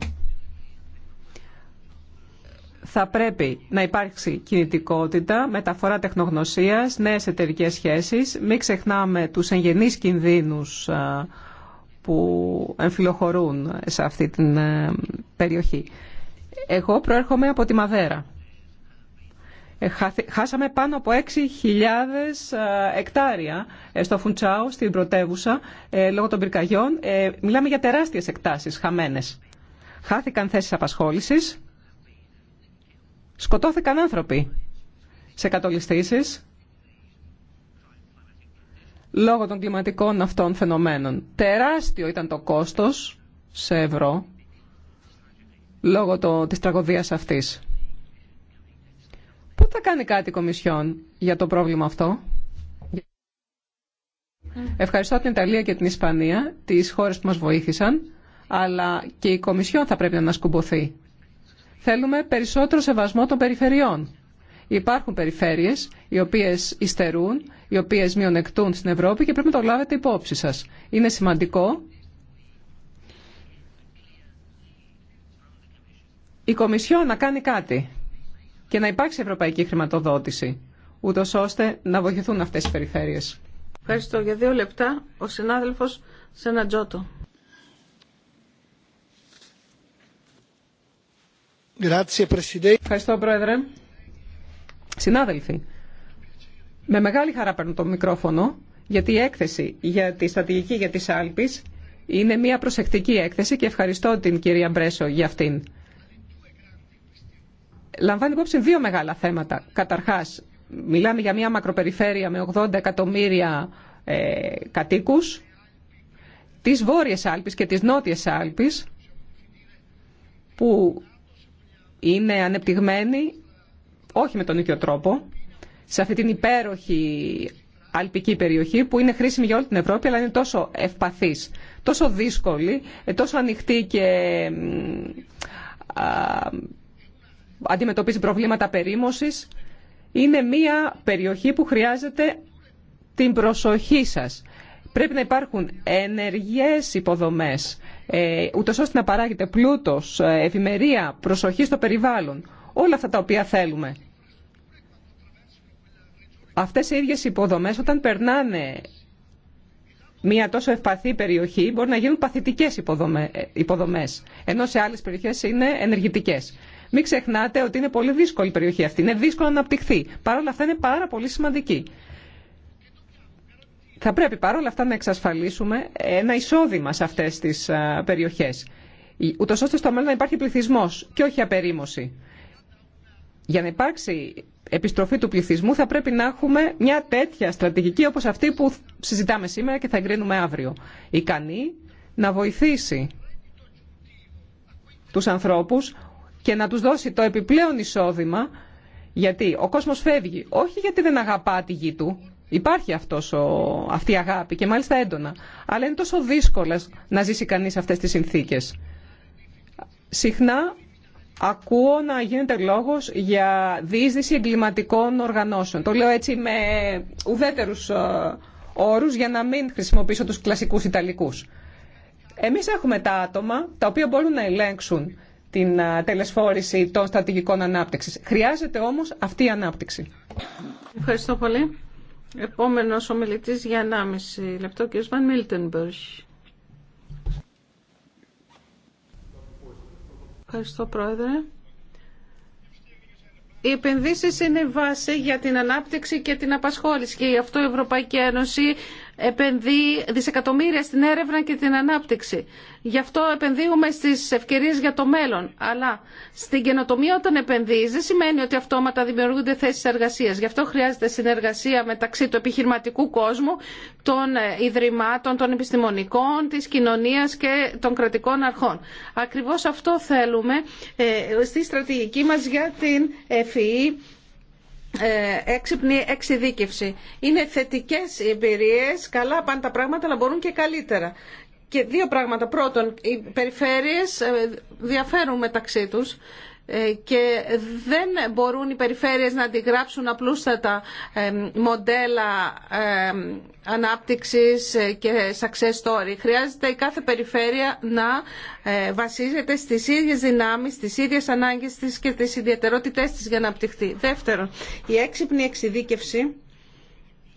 θα πρέπει να υπάρξει κινητικότητα, μεταφορά τεχνογνωσίας, νέες εταιρικές σχέσεις. Μην ξεχνάμε τους εγγενείς κινδύνους που εμφυλοχωρούν σε αυτή την ε, περιοχή. Εγώ προέρχομαι από τη Μαδέρα. Ε, χάσαμε πάνω από 6.000 εκτάρια ε, στο Φουντσάου, στην πρωτεύουσα, λόγω των πυρκαγιών. Μιλάμε για τεράστιες εκτάσεις χαμένες. Χάθηκαν θέσεις απασχόλησης Σκοτώθηκαν άνθρωποι σε κατολιστήσεις λόγω των κλιματικών αυτών φαινομένων. Τεράστιο ήταν το κόστος σε ευρώ λόγω το, της τραγωδίας αυτής. Πού θα κάνει κάτι η Κομισιόν για το πρόβλημα αυτό. Ευχαριστώ την Ιταλία και την Ισπανία, τις χώρες που μας βοήθησαν, αλλά και η Κομισιόν θα πρέπει να ανασκουμποθεί Θέλουμε περισσότερο σεβασμό των περιφερειών. Υπάρχουν περιφέρειες οι οποίες υστερούν, οι οποίες μειονεκτούν στην Ευρώπη και πρέπει να το λάβετε υπόψη σας. Είναι σημαντικό η Κομισιό να κάνει κάτι και να υπάρξει ευρωπαϊκή χρηματοδότηση, ούτω ώστε να βοηθηθούν αυτές οι περιφέρειες. Ευχαριστώ. Για δύο λεπτά ο συνάδελφος Σενατζότο. Ευχαριστώ, Πρόεδρε. Συνάδελφοι, με μεγάλη χαρά παίρνω το μικρόφωνο, γιατί η έκθεση για τη στρατηγική για τις Άλπεις είναι μια προσεκτική έκθεση και ευχαριστώ την κυρία Μπρέσο για αυτήν. Λαμβάνει υπόψη δύο μεγάλα θέματα. Καταρχάς, μιλάμε για μια μακροπεριφέρεια με 80 εκατομμύρια ε, κατοίκους, τις Βόρειες Άλπεις και τις Νότιες Άλπεις, που είναι ανεπτυγμένη όχι με τον ίδιο τρόπο σε αυτή την υπέροχη αλπική περιοχή που είναι χρήσιμη για όλη την Ευρώπη αλλά είναι τόσο ευπαθής, τόσο δύσκολη, ε, τόσο ανοιχτή και αντιμετωπίζει προβλήματα περίμωσης. Είναι μία περιοχή που χρειάζεται την προσοχή σας. Πρέπει να υπάρχουν ενεργές υποδομές, ε, ούτως ώστε να παράγεται πλούτος, ε, ευημερία, προσοχή στο περιβάλλον, όλα αυτά τα οποία θέλουμε. Αυτές οι ίδιες υποδομές όταν περνάνε μια τόσο ευπαθή περιοχή μπορεί να γίνουν παθητικές ε, υποδομές, ενώ σε άλλες περιοχές είναι ενεργητικές. Μην ξεχνάτε ότι είναι πολύ δύσκολη η περιοχή αυτή, είναι δύσκολο να αναπτυχθεί. Παρ' όλα αυτά είναι πάρα πολύ σημαντική. Θα πρέπει παρόλα αυτά να εξασφαλίσουμε ένα εισόδημα σε αυτές τις περιοχές, ούτω ώστε στο μέλλον να υπάρχει πληθυσμό και όχι απερίμωση. Για να υπάρξει επιστροφή του πληθυσμού θα πρέπει να έχουμε μια τέτοια στρατηγική όπως αυτή που συζητάμε σήμερα και θα εγκρίνουμε αύριο. Ικανή να βοηθήσει τους ανθρώπους και να τους δώσει το επιπλέον εισόδημα γιατί ο κόσμος φεύγει όχι γιατί δεν αγαπά τη γη του Υπάρχει αυτός ο, αυτή η αγάπη και μάλιστα έντονα. Αλλά είναι τόσο δύσκολες να ζήσει κανείς αυτές τις συνθήκες. Συχνά ακούω να γίνεται λόγος για διείσδυση εγκληματικών οργανώσεων. Το λέω έτσι με ουδέτερους ε, όρους για να μην χρησιμοποιήσω τους κλασικούς Ιταλικούς. Εμείς έχουμε τα άτομα τα οποία μπορούν να ελέγξουν την ε, τελεσφόρηση των στρατηγικών ανάπτυξης. Χρειάζεται όμως αυτή η ανάπτυξη. Ευχαριστώ πολύ. Επόμενος ομιλητής για 1,5 λεπτό, κ. Βαν Μίλτενμπεργκ. Ευχαριστώ, Πρόεδρε. Οι επενδύσεις είναι βάση για την ανάπτυξη και την απασχόληση και γι' αυτό η Ευρωπαϊκή Ένωση επενδύει δισεκατομμύρια στην έρευνα και την ανάπτυξη. Γι' αυτό επενδύουμε στις ευκαιρίε για το μέλλον. Αλλά στην καινοτομία όταν επενδύει δεν σημαίνει ότι αυτόματα δημιουργούνται θέσεις εργασία. Γι' αυτό χρειάζεται συνεργασία μεταξύ του επιχειρηματικού κόσμου, των ε, ιδρυμάτων, των επιστημονικών, τη κοινωνία και των κρατικών αρχών. Ακριβώ αυτό θέλουμε ε, στη στρατηγική μα για την ΕΦΗ ε, έξυπνη εξειδίκευση. Είναι θετικές οι εμπειρίες, καλά πάνε τα πράγματα, αλλά μπορούν και καλύτερα. Και δύο πράγματα. Πρώτον, οι περιφέρειες ε, διαφέρουν μεταξύ τους ε, και δεν μπορούν οι περιφέρειες να αντιγράψουν απλούστατα ε, μοντέλα ε, ανάπτυξης και success story. Χρειάζεται η κάθε περιφέρεια να βασίζεται στις ίδιες δυνάμεις, στις ίδιες ανάγκες της και τις ιδιαιτερότητές της για να απτυχθεί. Δεύτερον, η έξυπνη εξειδίκευση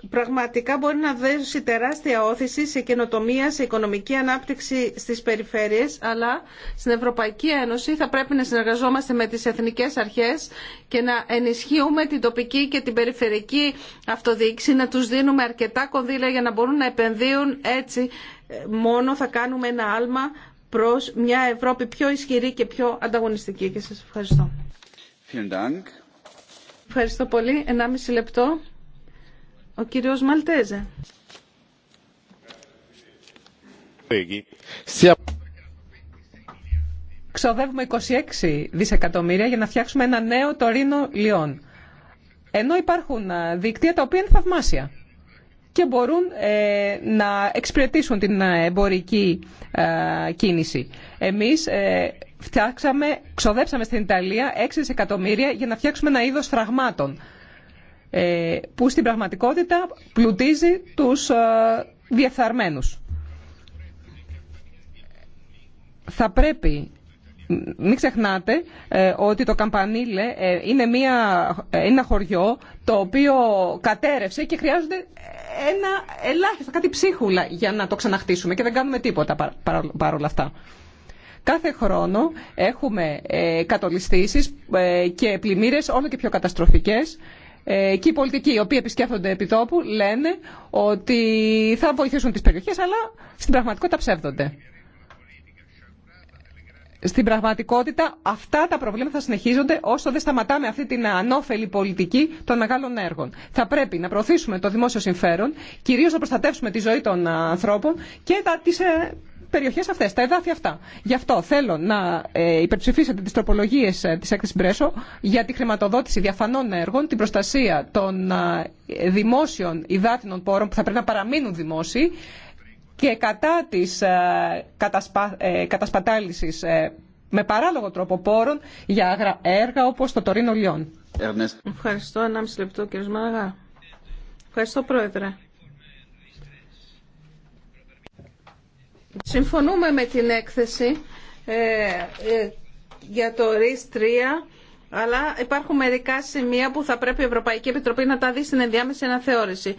πραγματικά μπορεί να δέσει τεράστια όθηση σε καινοτομία, σε οικονομική ανάπτυξη στις περιφέρειες, αλλά στην Ευρωπαϊκή Ένωση θα πρέπει να συνεργαζόμαστε με τις εθνικές αρχές και να ενισχύουμε την τοπική και την περιφερική αυτοδιοίκηση, να τους δίνουμε αρκετά κονδύλια για να μπορούν να επενδύουν έτσι ε, μόνο θα κάνουμε ένα άλμα προς μια Ευρώπη πιο ισχυρή και πιο ανταγωνιστική. Και σας ευχαριστώ. Ευχαριστώ πολύ. Ενάμιση λεπτό. Ο κύριος Μαλτέζε. Ξοδεύουμε 26 δισεκατομμύρια για να φτιάξουμε ένα νέο τωρίνο λιόν. Ενώ υπάρχουν ε, δίκτυα τα οποία είναι θαυμάσια και μπορούν ε, να εξυπηρετήσουν την ε, εμπορική κίνηση. Εμείς φτιάξαμε, ξοδέψαμε στην Ιταλία 6 δισεκατομμύρια για να φτιάξουμε ένα είδος φραγμάτων ε, που στην πραγματικότητα πλουτίζει τους ε, διεφθαρμένους. Θα πρέπει μην ξεχνάτε ε, ότι το Καμπανίλε είναι, μια, ένα χωριό το οποίο κατέρευσε και χρειάζονται ένα ελάχιστο, κάτι ψίχουλα για να το ξαναχτίσουμε και δεν κάνουμε τίποτα παρόλα αυτά. Κάθε χρόνο έχουμε ε, και πλημμύρες όλο και πιο καταστροφικές ε, και οι πολιτικοί οι οποίοι επισκέφτονται τόπου λένε ότι θα βοηθήσουν τις περιοχές, αλλά στην πραγματικότητα ψεύδονται. Στην πραγματικότητα αυτά τα προβλήματα θα συνεχίζονται όσο δεν σταματάμε αυτή την ανώφελη πολιτική των μεγάλων έργων. Θα πρέπει να προωθήσουμε το δημόσιο συμφέρον, κυρίως να προστατεύσουμε τη ζωή των ανθρώπων και τα, τις, ε, περιοχές αυτές, τα εδάφια αυτά. Γι' αυτό θέλω να ε, υπερψηφίσετε τις τροπολογίες ε, της έκθεσης Μπρέσο για τη χρηματοδότηση διαφανών έργων, την προστασία των ε, δημόσιων υδάτινων πόρων που θα πρέπει να παραμείνουν δημόσιοι και κατά της κατασπα... κατασπατάλησης με παράλογο τρόπο πόρων για έργα όπως το Τωρίνο Λιόν. Ευχαριστώ. Ένα μισή λεπτό, κύριε Μαραγά. Ευχαριστώ, Πρόεδρε. Συμφωνούμε με την έκθεση ε, ε, για το RIS 3, αλλά υπάρχουν μερικά σημεία που θα πρέπει η Ευρωπαϊκή Επιτροπή να τα δει στην ενδιάμεση αναθεώρηση.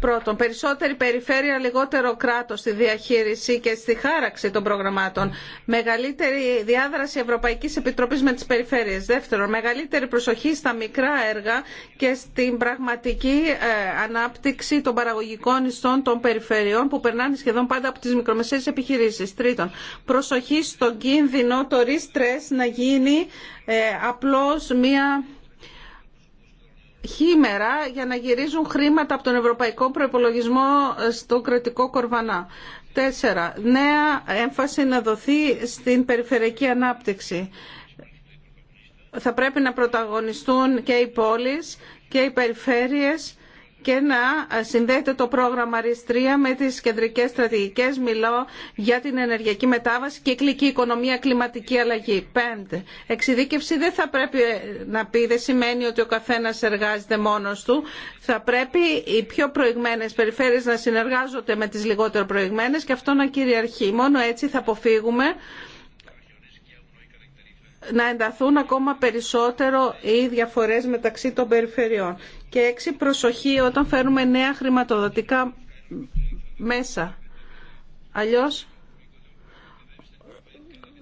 Πρώτον, περισσότερη περιφέρεια, λιγότερο κράτος στη διαχείριση και στη χάραξη των προγραμμάτων. Μεγαλύτερη διάδραση Ευρωπαϊκής Επιτροπής με τις περιφέρειες. Δεύτερον, μεγαλύτερη προσοχή στα μικρά έργα και στην πραγματική ε, ανάπτυξη των παραγωγικών ιστών των περιφερειών που περνάνε σχεδόν πάντα από τις μικρομεσαίες επιχειρήσεις. Τρίτον, προσοχή στον κίνδυνο το να γίνει ε, απλώς μία χήμερα για να γυρίζουν χρήματα από τον ευρωπαϊκό προπολογισμό στο κρατικό κορβανά. Τέσσερα, νέα έμφαση να δοθεί στην περιφερειακή ανάπτυξη. Θα πρέπει να πρωταγωνιστούν και οι πόλεις και οι περιφέρειες και να συνδέεται το πρόγραμμα RIS3 με τις κεντρικές στρατηγικές. Μιλώ για την ενεργειακή μετάβαση, και κυκλική οικονομία, κλιματική αλλαγή. Πέντε. Εξειδίκευση δεν θα πρέπει να πει, δεν σημαίνει ότι ο καθένας εργάζεται μόνος του. Θα πρέπει οι πιο προηγμένες περιφέρειες να συνεργάζονται με τις λιγότερο προηγμένες και αυτό να κυριαρχεί. Μόνο έτσι θα αποφύγουμε να ενταθούν ακόμα περισσότερο οι διαφορές μεταξύ των περιφερειών. Και έξι, προσοχή όταν φέρνουμε νέα χρηματοδοτικά μέσα. Αλλιώς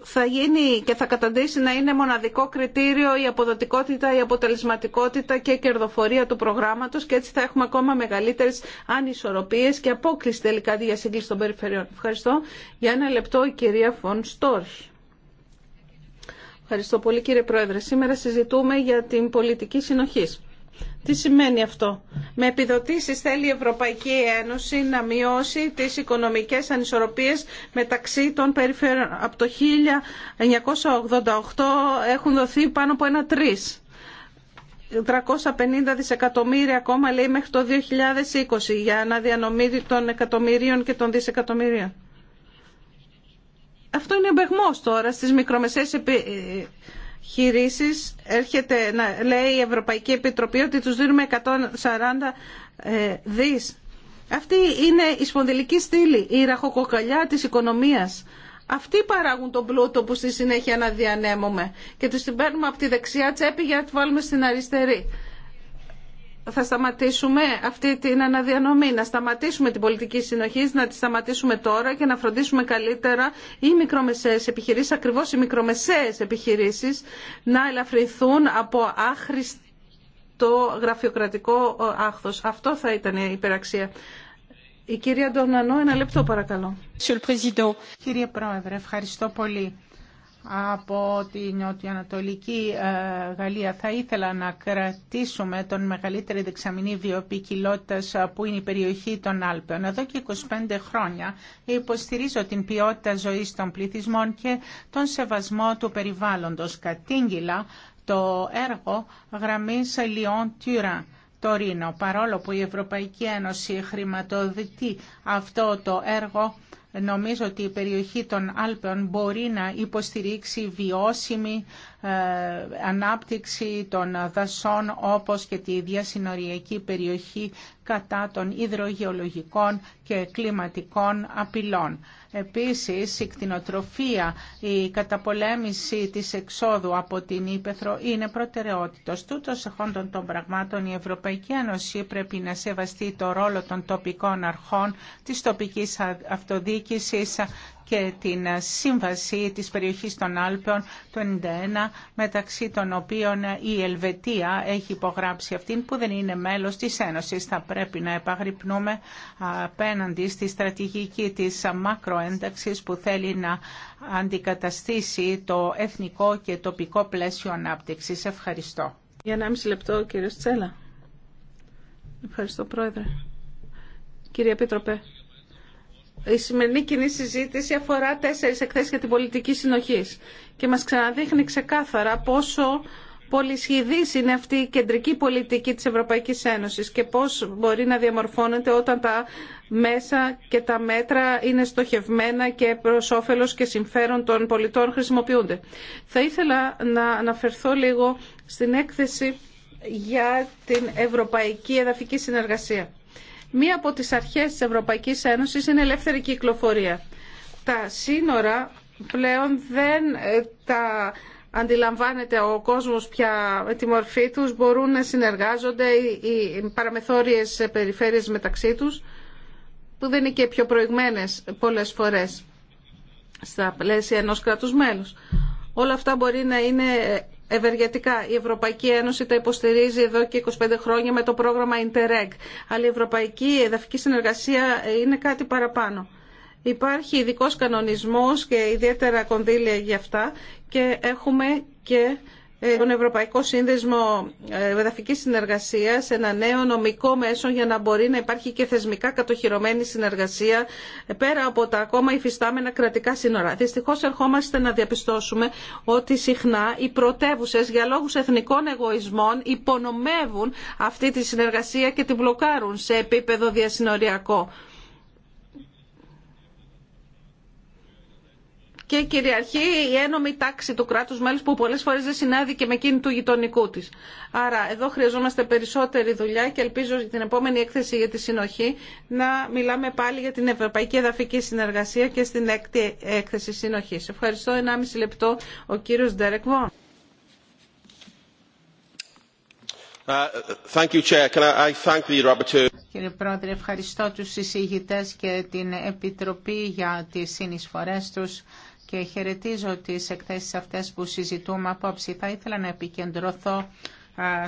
θα γίνει και θα καταντήσει να είναι μοναδικό κριτήριο η αποδοτικότητα, η αποτελεσματικότητα και η κερδοφορία του προγράμματος και έτσι θα έχουμε ακόμα μεγαλύτερες ανισορροπίες και απόκληση τελικά για σύγκληση των περιφερειών. Ευχαριστώ. Για ένα λεπτό η κυρία Φων Στόρχ. Ευχαριστώ πολύ κύριε Πρόεδρε. Σήμερα συζητούμε για την πολιτική συνοχής. Τι σημαίνει αυτό. Με επιδοτήσεις θέλει η Ευρωπαϊκή Ένωση να μειώσει τις οικονομικές ανισορροπίες μεταξύ των περιφέρειων. Από το 1988 έχουν δοθεί πάνω από ένα τρεις. 350 δισεκατομμύρια ακόμα λέει μέχρι το 2020 για αναδιανομή των εκατομμυρίων και των δισεκατομμυρίων. Αυτό είναι ο τώρα στις μικρομεσαίες έρχεται να λέει η Ευρωπαϊκή Επιτροπή ότι τους δίνουμε 140 ε, δις. Αυτή είναι η σπονδυλική στήλη, η ραχοκοκαλιά της οικονομίας. Αυτοί παράγουν τον πλούτο που στη συνέχεια αναδιανέμουμε και τους την παίρνουμε από τη δεξιά τσέπη για να τη βάλουμε στην αριστερή θα σταματήσουμε αυτή την αναδιανομή, να σταματήσουμε την πολιτική συνοχή, να τη σταματήσουμε τώρα και να φροντίσουμε καλύτερα οι μικρομεσαίε επιχειρήσεις, ακριβώς οι μικρομεσαίες επιχειρήσεις, να ελαφρυθούν από άχρηστο γραφειοκρατικό ε, άχθο. Αυτό θα ήταν η υπεραξία. Η κυρία Ντονανό, ένα λεπτό παρακαλώ. Κύριε Πρόεδρε, ευχαριστώ πολύ από την νοτιοανατολική ε, Γαλλία. Θα ήθελα να κρατήσουμε τον μεγαλύτερη δεξαμενή βιοποικιλότητα ε, που είναι η περιοχή των Άλπαιων. Εδώ και 25 χρόνια υποστηρίζω την ποιότητα ζωής των πληθυσμών και τον σεβασμό του περιβάλλοντος. Κατήγγυλα το έργο γραμμής Τύρα, Το Ρήνο. Παρόλο που η Ευρωπαϊκή Ένωση χρηματοδοτεί αυτό το έργο, Νομίζω ότι η περιοχή των Άλπαιων μπορεί να υποστηρίξει βιώσιμη ε, ανάπτυξη των δασών όπως και τη διασυνοριακή περιοχή κατά των υδρογεωλογικών και κλιματικών απειλών. Επίσης, η κτηνοτροφία, η καταπολέμηση της εξόδου από την Ήπεθρο είναι προτεραιότητος. Τούτος εχόντων των πραγμάτων η Ευρωπαϊκή Ένωση πρέπει να σεβαστεί το ρόλο των τοπικών αρχών, της τοπικής αυτοδιοίκησης, και την σύμβαση της περιοχής των Άλπαιων του 1991, μεταξύ των οποίων η Ελβετία έχει υπογράψει αυτήν που δεν είναι μέλος της Ένωσης. Θα πρέπει να επαγρυπνούμε απέναντι στη στρατηγική της μακροένταξης που θέλει να αντικαταστήσει το εθνικό και τοπικό πλαίσιο ανάπτυξης. Ευχαριστώ. Για μισή λεπτό, κύριο Τσέλα. Ευχαριστώ, Πρόεδρε. Κύριε Επίτροπε, η σημερινή κοινή συζήτηση αφορά τέσσερις εκθέσεις για την πολιτική συνοχή και μας ξαναδείχνει ξεκάθαρα πόσο πολυσχηδής είναι αυτή η κεντρική πολιτική της Ευρωπαϊκής Ένωσης και πώς μπορεί να διαμορφώνεται όταν τα μέσα και τα μέτρα είναι στοχευμένα και προς όφελος και συμφέρον των πολιτών χρησιμοποιούνται. Θα ήθελα να αναφερθώ λίγο στην έκθεση για την Ευρωπαϊκή Εδαφική Συνεργασία. Μία από τις αρχές της Ευρωπαϊκής Ένωσης είναι ελεύθερη κυκλοφορία. Τα σύνορα πλέον δεν ε, τα αντιλαμβάνεται ο κόσμος πια τη μορφή τους, μπορούν να συνεργάζονται οι παραμεθόριες περιφέρειες μεταξύ τους, που δεν είναι και πιο προηγμένες πολλές φορές στα πλαίσια ενός κράτους μέλους. Όλα αυτά μπορεί να είναι ευεργετικά. Η Ευρωπαϊκή Ένωση τα υποστηρίζει εδώ και 25 χρόνια με το πρόγραμμα Interreg. Αλλά η Ευρωπαϊκή Εδαφική Συνεργασία είναι κάτι παραπάνω. Υπάρχει ειδικό κανονισμός και ιδιαίτερα κονδύλια για αυτά και έχουμε και ε, τον Ευρωπαϊκό Σύνδεσμο Συνεργασία Συνεργασίας ένα νέο νομικό μέσο για να μπορεί να υπάρχει και θεσμικά κατοχυρωμένη συνεργασία ε, πέρα από τα ακόμα υφιστάμενα κρατικά σύνορα. Δυστυχώ ερχόμαστε να διαπιστώσουμε ότι συχνά οι πρωτεύουσε για λόγου εθνικών εγωισμών υπονομεύουν αυτή τη συνεργασία και την μπλοκάρουν σε επίπεδο διασυνοριακό. και κυριαρχεί η ένομη τάξη του κράτου μέλου που πολλέ φορέ δεν συνάδει και με εκείνη του γειτονικού τη. Άρα εδώ χρειαζόμαστε περισσότερη δουλειά και ελπίζω στην την επόμενη έκθεση για τη συνοχή να μιλάμε πάλι για την Ευρωπαϊκή Εδαφική Συνεργασία και στην έκτη έκθεση συνοχή. Ευχαριστώ. 1,5 λεπτό ο κύριο Ντέρεκ uh, Thank you, Κύριε Πρόεδρε, ευχαριστώ τους συζητητές και την Επιτροπή για τις συνεισφορές τους και χαιρετίζω τις εκθέσεις αυτές που συζητούμε απόψη. Θα ήθελα να επικεντρωθώ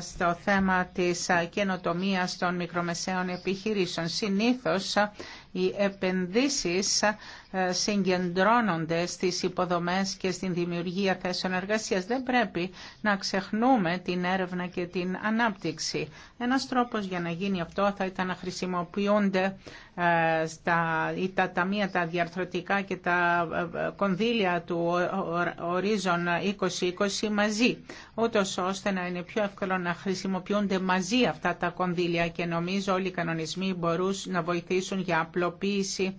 στο θέμα της καινοτομίας των μικρομεσαίων επιχειρήσεων. Συνήθως οι επενδύσεις ε, συγκεντρώνονται στις υποδομές και στην δημιουργία θέσεων εργασίας. Δεν πρέπει να ξεχνούμε την έρευνα και την ανάπτυξη. Ένας τρόπος για να γίνει αυτό θα ήταν να χρησιμοποιούνται ε, στα, τα ταμεία, τα διαρθρωτικά και τα ε, κονδύλια του ορίζον 2020 μαζί, ούτως ώστε να είναι πιο εύκολο να χρησιμοποιούνται μαζί αυτά τα κονδύλια και νομίζω όλοι οι κανονισμοί μπορούν να βοηθήσουν για απλό υλοποίηση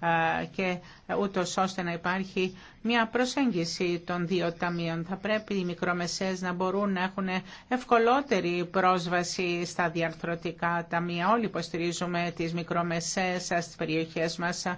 ε, και ούτω ώστε να υπάρχει μια προσέγγιση των δύο ταμείων. Θα πρέπει οι μικρομεσαίες να μπορούν να έχουν ευκολότερη πρόσβαση στα διαρθρωτικά ταμεία. Όλοι υποστηρίζουμε τις μικρομεσαίες στις περιοχές μας. Ε,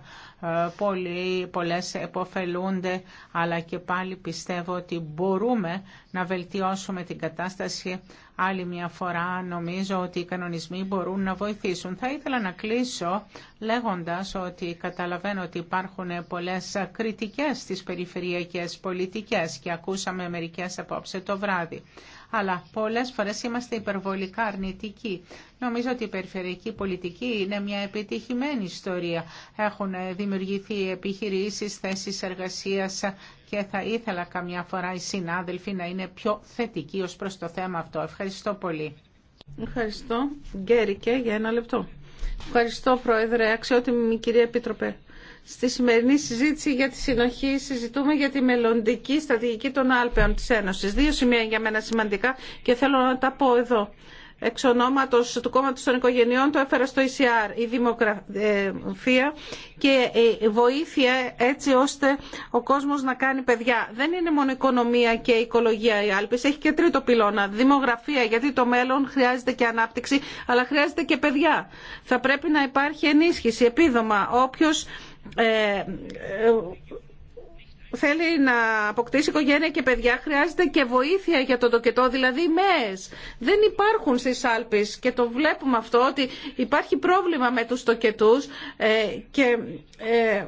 πολλοί, πολλές εποφελούνται, αλλά και πάλι πιστεύω ότι μπορούμε να βελτιώσουμε την κατάσταση άλλη μια φορά νομίζω ότι οι κανονισμοί μπορούν να βοηθήσουν. Θα ήθελα να κλείσω λέγοντας ότι καταλαβαίνω ότι υπάρχουν πολλές κριτικές στις περιοχές περιφερειακές πολιτικές και ακούσαμε μερικές απόψε το βράδυ. Αλλά πολλές φορές είμαστε υπερβολικά αρνητικοί. Νομίζω ότι η περιφερειακή πολιτική είναι μια επιτυχημένη ιστορία. Έχουν δημιουργηθεί επιχειρήσεις, θέσεις εργασίας και θα ήθελα καμιά φορά οι συνάδελφοι να είναι πιο θετικοί ως προς το θέμα αυτό. Ευχαριστώ πολύ. Ευχαριστώ. Γκέρικε για ένα λεπτό. Ευχαριστώ Πρόεδρε, αξιότιμη κυρία Επίτροπε. Στη σημερινή συζήτηση για τη συνοχή συζητούμε για τη μελλοντική στρατηγική των Άλπαιων της Ένωσης. Δύο σημεία για μένα σημαντικά και θέλω να τα πω εδώ. Εξ ονόματος του κόμματος των οικογενειών το έφερα στο ECR, η δημοκρατία και η βοήθεια έτσι ώστε ο κόσμος να κάνει παιδιά. Δεν είναι μόνο οικονομία και οικολογία η Άλπης, έχει και τρίτο πυλώνα, δημογραφία, γιατί το μέλλον χρειάζεται και ανάπτυξη, αλλά χρειάζεται και παιδιά. Θα πρέπει να υπάρχει ενίσχυση, επίδομα, όποιος ε, ε θέλει να αποκτήσει οικογένεια και παιδιά χρειάζεται και βοήθεια για το τοκετό, δηλαδή μέε. Δεν υπάρχουν στις Άλπε και το βλέπουμε αυτό ότι υπάρχει πρόβλημα με τους τοκετούς ε, και ε,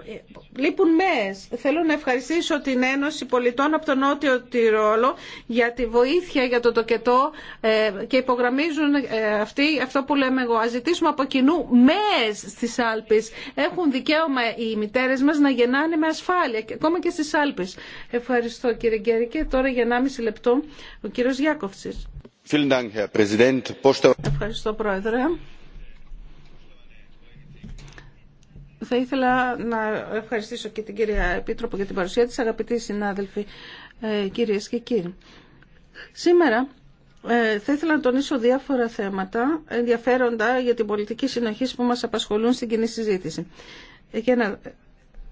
λείπουν μέε. Θέλω να ευχαριστήσω την Ένωση Πολιτών από τον Νότιο Τυρόλο για τη βοήθεια για το τοκετό ε, και υπογραμμίζουν αυτοί, αυτό που λέμε εγώ. α ζητήσουμε από κοινού Μεε στι Άλπε. Έχουν δικαίωμα οι μητέρε μα να γεννάνε με ασφάλεια και ακόμα και Ευχαριστώ κύριε Γκέρι και τώρα για 1,5 λεπτό ο κύριος Γιάκοφτσης. Ευχαριστώ πρόεδρε. Θα ήθελα να ευχαριστήσω και την κυρία Επίτροπο για την παρουσία της, αγαπητοί συνάδελφοι, ε, κυρίες και κύριοι. Σήμερα ε, θα ήθελα να τονίσω διάφορα θέματα ενδιαφέροντα για την πολιτική συνοχή που μας απασχολούν στην κοινή συζήτηση. Για ε, να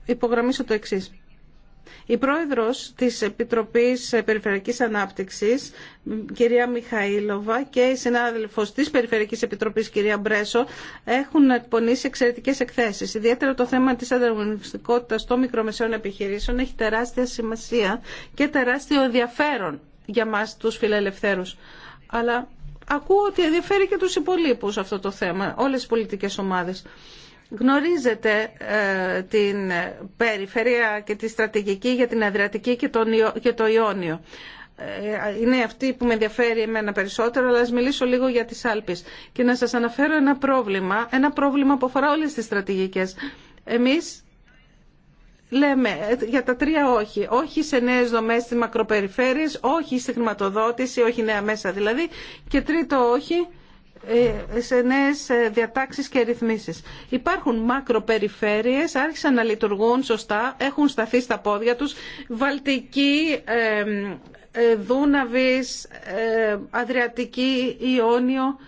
υπογραμμίσω το εξής. Η πρόεδρος της Επιτροπής Περιφερειακής Ανάπτυξης, κυρία Μιχαήλοβα, και η συνάδελφος της Περιφερειακής Επιτροπής, κυρία Μπρέσο, έχουν εκπονήσει εξαιρετικές εκθέσεις. Ιδιαίτερα το θέμα της ανταγωνιστικότητας των μικρομεσαίων επιχειρήσεων έχει τεράστια σημασία και τεράστιο ενδιαφέρον για μας τους φιλελευθέρους. Αλλά ακούω ότι ενδιαφέρει και τους υπολείπους αυτό το θέμα, όλες οι πολιτικές ομάδες. Γνωρίζετε ε, την περιφέρεια και τη στρατηγική για την Αδριατική και, τον, και το Ιόνιο. Ε, είναι αυτή που με ενδιαφέρει εμένα περισσότερο, αλλά ας μιλήσω λίγο για τις Άλπεις. Και να σας αναφέρω ένα πρόβλημα, ένα πρόβλημα που αφορά όλες τις στρατηγικές. Εμείς Λέμε ε, για τα τρία όχι. Όχι σε νέε δομέ στι μακροπεριφέρειε, όχι στη χρηματοδότηση, όχι νέα μέσα δηλαδή. Και τρίτο όχι ε, σε νέε ε, διατάξεις και ρυθμίσεις. Υπάρχουν μακροπεριφέρειες, άρχισαν να λειτουργούν σωστά, έχουν σταθεί στα πόδια τους. Βαλτική, ε, Δούναβης, Αδριατική, Ιόνιο.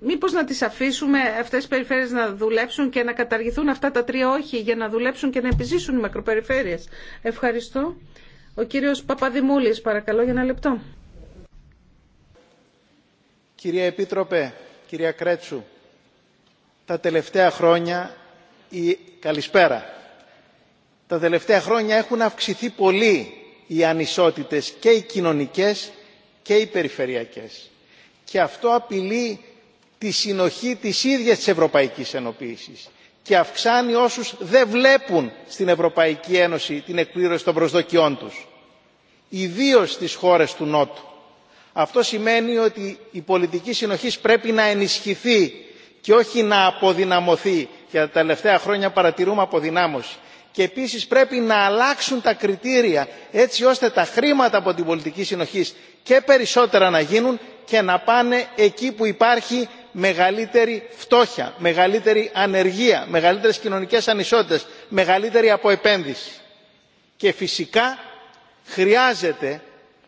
Μήπως να τις αφήσουμε αυτές τις περιφέρειες να δουλέψουν και να καταργηθούν αυτά τα τρία όχι για να δουλέψουν και να επιζήσουν οι μακροπεριφέρειες. Ευχαριστώ. Ο κύριος Παπαδημούλης, παρακαλώ για ένα λεπτό. Κυρία Επίτροπε, κυρία Κρέτσου, τα τελευταία χρόνια η καλησπέρα. Τα τελευταία χρόνια έχουν αυξηθεί πολύ οι ανισότητες και οι κοινωνικές και οι περιφερειακές. Και αυτό απειλεί τη συνοχή της ίδιας της Ευρωπαϊκής Ενοποίησης και αυξάνει όσους δεν βλέπουν στην Ευρωπαϊκή Ένωση την εκπλήρωση των προσδοκιών τους. Ιδίως στις χώρες του Νότου αυτό σημαίνει ότι η πολιτική συνοχή πρέπει να ενισχυθεί και όχι να αποδυναμωθεί Για τα τελευταία χρόνια παρατηρούμε αποδυνάμωση. Και επίσης πρέπει να αλλάξουν τα κριτήρια έτσι ώστε τα χρήματα από την πολιτική συνοχή και περισσότερα να γίνουν και να πάνε εκεί που υπάρχει μεγαλύτερη φτώχεια, μεγαλύτερη ανεργία, μεγαλύτερες κοινωνικές ανισότητες, μεγαλύτερη αποεπένδυση. Και φυσικά χρειάζεται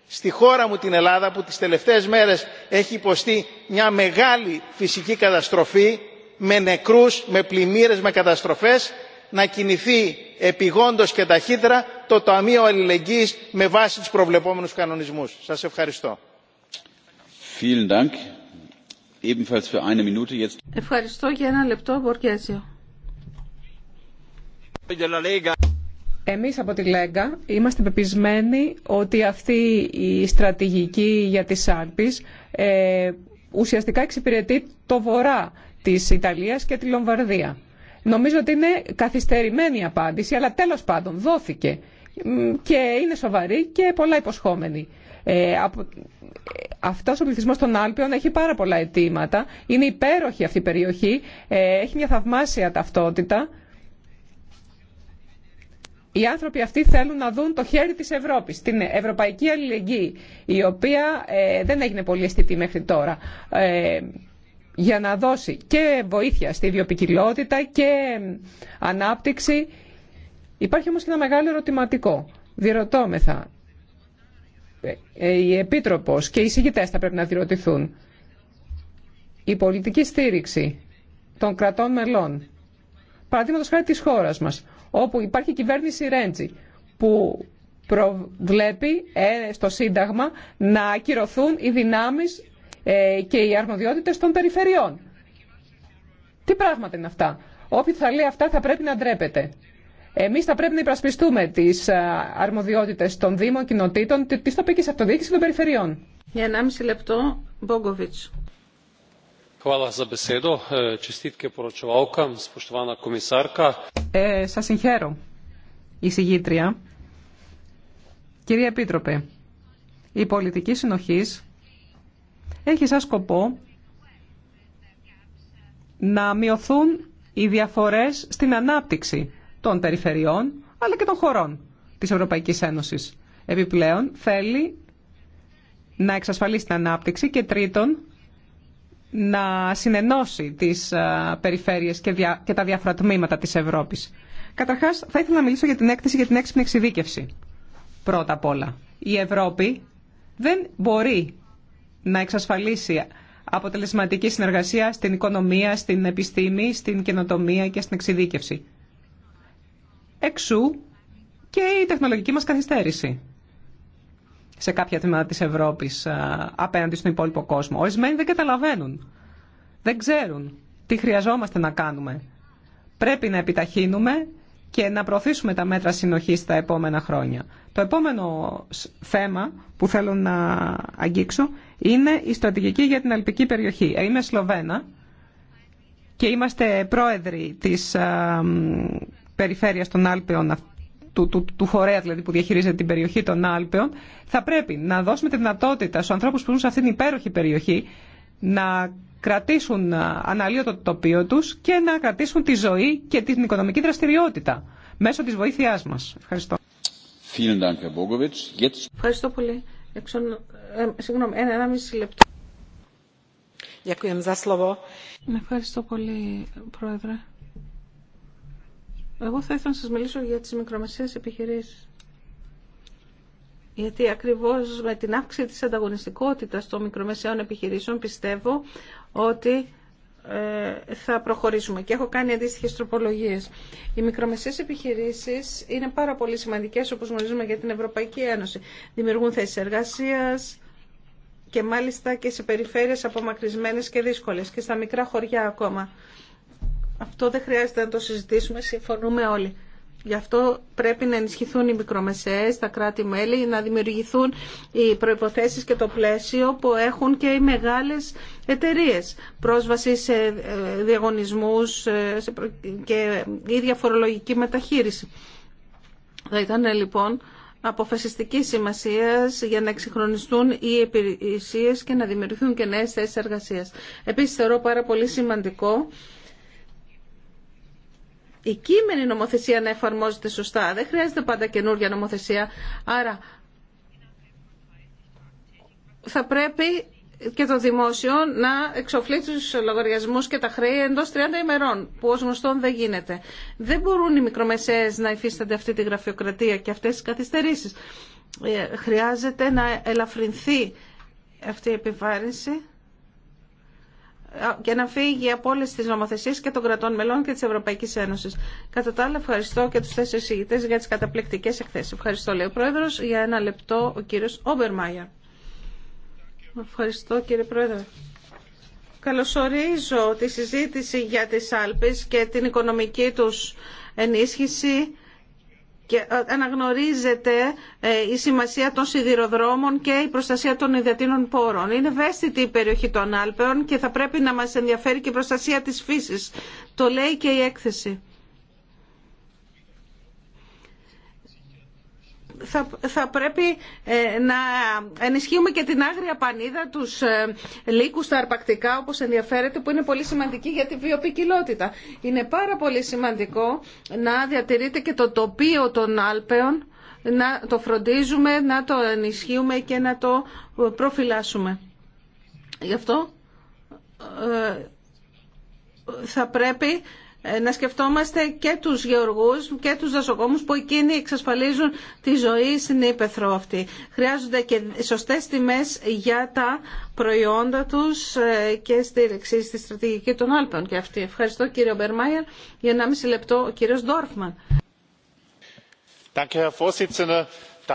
στη χώρα μου την Ελλάδα που τις τελευταίες μέρες έχει υποστεί μια μεγάλη φυσική καταστροφή με νεκρούς, με πλημμύρες, με καταστροφές να κινηθεί επιγόντως και ταχύτερα το Ταμείο Αλληλεγγύης με βάση τους προβλεπόμενους κανονισμούς. Σας ευχαριστώ. Ευχαριστώ για ένα λεπτό, εμείς από τη Λέγκα είμαστε πεπισμένοι ότι αυτή η στρατηγική για τις Άλπεις ε, ουσιαστικά εξυπηρετεί το βορρά της Ιταλίας και τη Λομβαρδία. Νομίζω ότι είναι καθυστερημένη η απάντηση, αλλά τέλος πάντων δόθηκε και είναι σοβαρή και πολλά υποσχόμενη. Ε, από... Αυτό ο πληθυσμό των Άλπιων έχει πάρα πολλά αιτήματα. Είναι υπέροχη αυτή η περιοχή. Ε, έχει μια θαυμάσια ταυτότητα οι άνθρωποι αυτοί θέλουν να δουν το χέρι της Ευρώπης, την ευρωπαϊκή αλληλεγγύη, η οποία ε, δεν έγινε πολύ αισθητή μέχρι τώρα, ε, για να δώσει και βοήθεια στη βιοπικιλότητα και ανάπτυξη. Υπάρχει όμως και ένα μεγάλο ερωτηματικό. Διερωτώμεθα, ε, η Επίτροπος και οι συγκητές θα πρέπει να διερωτηθούν. Η πολιτική στήριξη των κρατών μελών, παραδείγματος χάρη της χώρας μας, όπου υπάρχει η κυβέρνηση Ρέντζη, που προβλέπει ε, στο Σύνταγμα να ακυρωθούν οι δυνάμεις ε, και οι αρμοδιότητες των περιφερειών. Τι πράγματα είναι αυτά. Όποιοι θα λέει αυτά θα πρέπει να ντρέπεται. Εμείς θα πρέπει να υπρασπιστούμε τις ε, αρμοδιότητες των Δήμων, κοινοτήτων, τη τοπική αυτοδιοίκηση και των περιφερειών. Για 1,5 λεπτό, Μπόγκοβιτς. Σα σας Η εισηγήτρια. Κυρία Επίτροπε, η πολιτική συνοχής έχει σαν σκοπό να μειωθούν οι διαφορές στην ανάπτυξη των περιφερειών αλλά και των χωρών της Ευρωπαϊκής Ένωσης. Επιπλέον θέλει να εξασφαλίσει την ανάπτυξη και τρίτον να συνενώσει τις περιφέρειες και τα διάφορα τμήματα της Ευρώπης. Καταρχάς, θα ήθελα να μιλήσω για την έκθεση για την έξυπνη εξειδίκευση. Πρώτα απ' όλα, η Ευρώπη δεν μπορεί να εξασφαλίσει αποτελεσματική συνεργασία στην οικονομία, στην επιστήμη, στην καινοτομία και στην εξειδίκευση. Εξού και η τεχνολογική μας καθυστέρηση σε κάποια τμήματα της Ευρώπης απέναντι στον υπόλοιπο κόσμο. Ορισμένοι δεν καταλαβαίνουν, δεν ξέρουν τι χρειαζόμαστε να κάνουμε. Πρέπει να επιταχύνουμε και να προωθήσουμε τα μέτρα συνοχής τα επόμενα χρόνια. Το επόμενο θέμα που θέλω να αγγίξω είναι η στρατηγική για την αλπική περιοχή. Ε, είμαι Σλοβένα και είμαστε πρόεδροι της περιφέρειας των Άλπαιων του, του, του φορέα δηλαδή, που διαχειρίζεται την περιοχή των Άλπαιων, θα πρέπει να δώσουμε τη δυνατότητα στου ανθρώπου που ζουν σε αυτήν την υπέροχη περιοχή να κρατήσουν αναλύωτο το τοπίο του και να κρατήσουν τη ζωή και την οικονομική δραστηριότητα μέσω τη βοήθειά μα. Ευχαριστώ. Ευχαριστώ πολύ. Ε, συγγνώμη, ένα, Ευχαριστώ πολύ, Πρόεδρε. Εγώ θα ήθελα να σας μιλήσω για τις μικρομεσαίες επιχειρήσεις. Γιατί ακριβώς με την αύξηση της ανταγωνιστικότητας των μικρομεσαίων επιχειρήσεων πιστεύω ότι ε, θα προχωρήσουμε και έχω κάνει αντίστοιχες τροπολογίες. Οι μικρομεσαίες επιχειρήσεις είναι πάρα πολύ σημαντικές όπως γνωρίζουμε για την Ευρωπαϊκή Ένωση. Δημιουργούν θέσεις εργασίας και μάλιστα και σε περιφέρειες απομακρυσμένες και δύσκολες και στα μικρά χωριά ακόμα. Αυτό δεν χρειάζεται να το συζητήσουμε, συμφωνούμε όλοι. Γι' αυτό πρέπει να ενισχυθούν οι μικρομεσαίες, τα κράτη-μέλη, να δημιουργηθούν οι προϋποθέσεις και το πλαίσιο που έχουν και οι μεγάλες εταιρείες. Πρόσβαση σε ε, διαγωνισμούς ε, και ίδια φορολογική μεταχείριση. Θα ήταν λοιπόν αποφασιστική σημασία για να εξυγχρονιστούν οι υπηρεσίε και να δημιουργηθούν και νέε θέσει εργασία. Επίση, θεωρώ πάρα πολύ σημαντικό η κείμενη νομοθεσία να εφαρμόζεται σωστά. Δεν χρειάζεται πάντα καινούργια νομοθεσία. Άρα θα πρέπει και το δημόσιο να εξοφλεί τους λογαριασμούς και τα χρέη εντός 30 ημερών, που ως γνωστόν δεν γίνεται. Δεν μπορούν οι μικρομεσαίες να υφίστανται αυτή τη γραφειοκρατία και αυτές τις καθυστερήσεις. Ε, χρειάζεται να ελαφρυνθεί αυτή η επιβάρυνση και να φύγει από όλε τι νομοθεσίε και των κρατών μελών και τη Ευρωπαϊκή Ένωση. Κατά τα άλλα, ευχαριστώ και του τέσσερι ηγητέ για τι καταπληκτικέ εκθέσει. Ευχαριστώ, λέει ο Πρόεδρο. Για ένα λεπτό, ο κύριο Όμπερ Ευχαριστώ, κύριε Πρόεδρε. Καλωσορίζω τη συζήτηση για τις Άλπες και την οικονομική τους ενίσχυση και ε, αναγνωρίζεται ε, η σημασία των σιδηροδρόμων και η προστασία των ιδιαίτερων πόρων. Είναι ευαίσθητη η περιοχή των Άλπαιων και θα πρέπει να μας ενδιαφέρει και η προστασία της φύσης. Το λέει και η έκθεση. θα, πρέπει ε, να ενισχύουμε και την άγρια πανίδα, τους ε, λύκους, τα αρπακτικά όπως ενδιαφέρεται που είναι πολύ σημαντική για τη βιοπικιλότητα. Είναι πάρα πολύ σημαντικό να διατηρείται και το τοπίο των Άλπαιων, να το φροντίζουμε, να το ενισχύουμε και να το προφυλάσσουμε. Γι' αυτό ε, θα πρέπει ε, να σκεφτόμαστε και τους γεωργούς και τους δασοκόμους που εκείνοι εξασφαλίζουν τη ζωή στην ύπεθρο αυτή. Χρειάζονται και σωστές τιμές για τα προϊόντα τους ε, και στήριξη στη στρατηγική των Άλπων και αυτή. Ευχαριστώ κύριο Μπερμάιερ. Για 1,5 λεπτό ο κύριος Ντόρφμαν.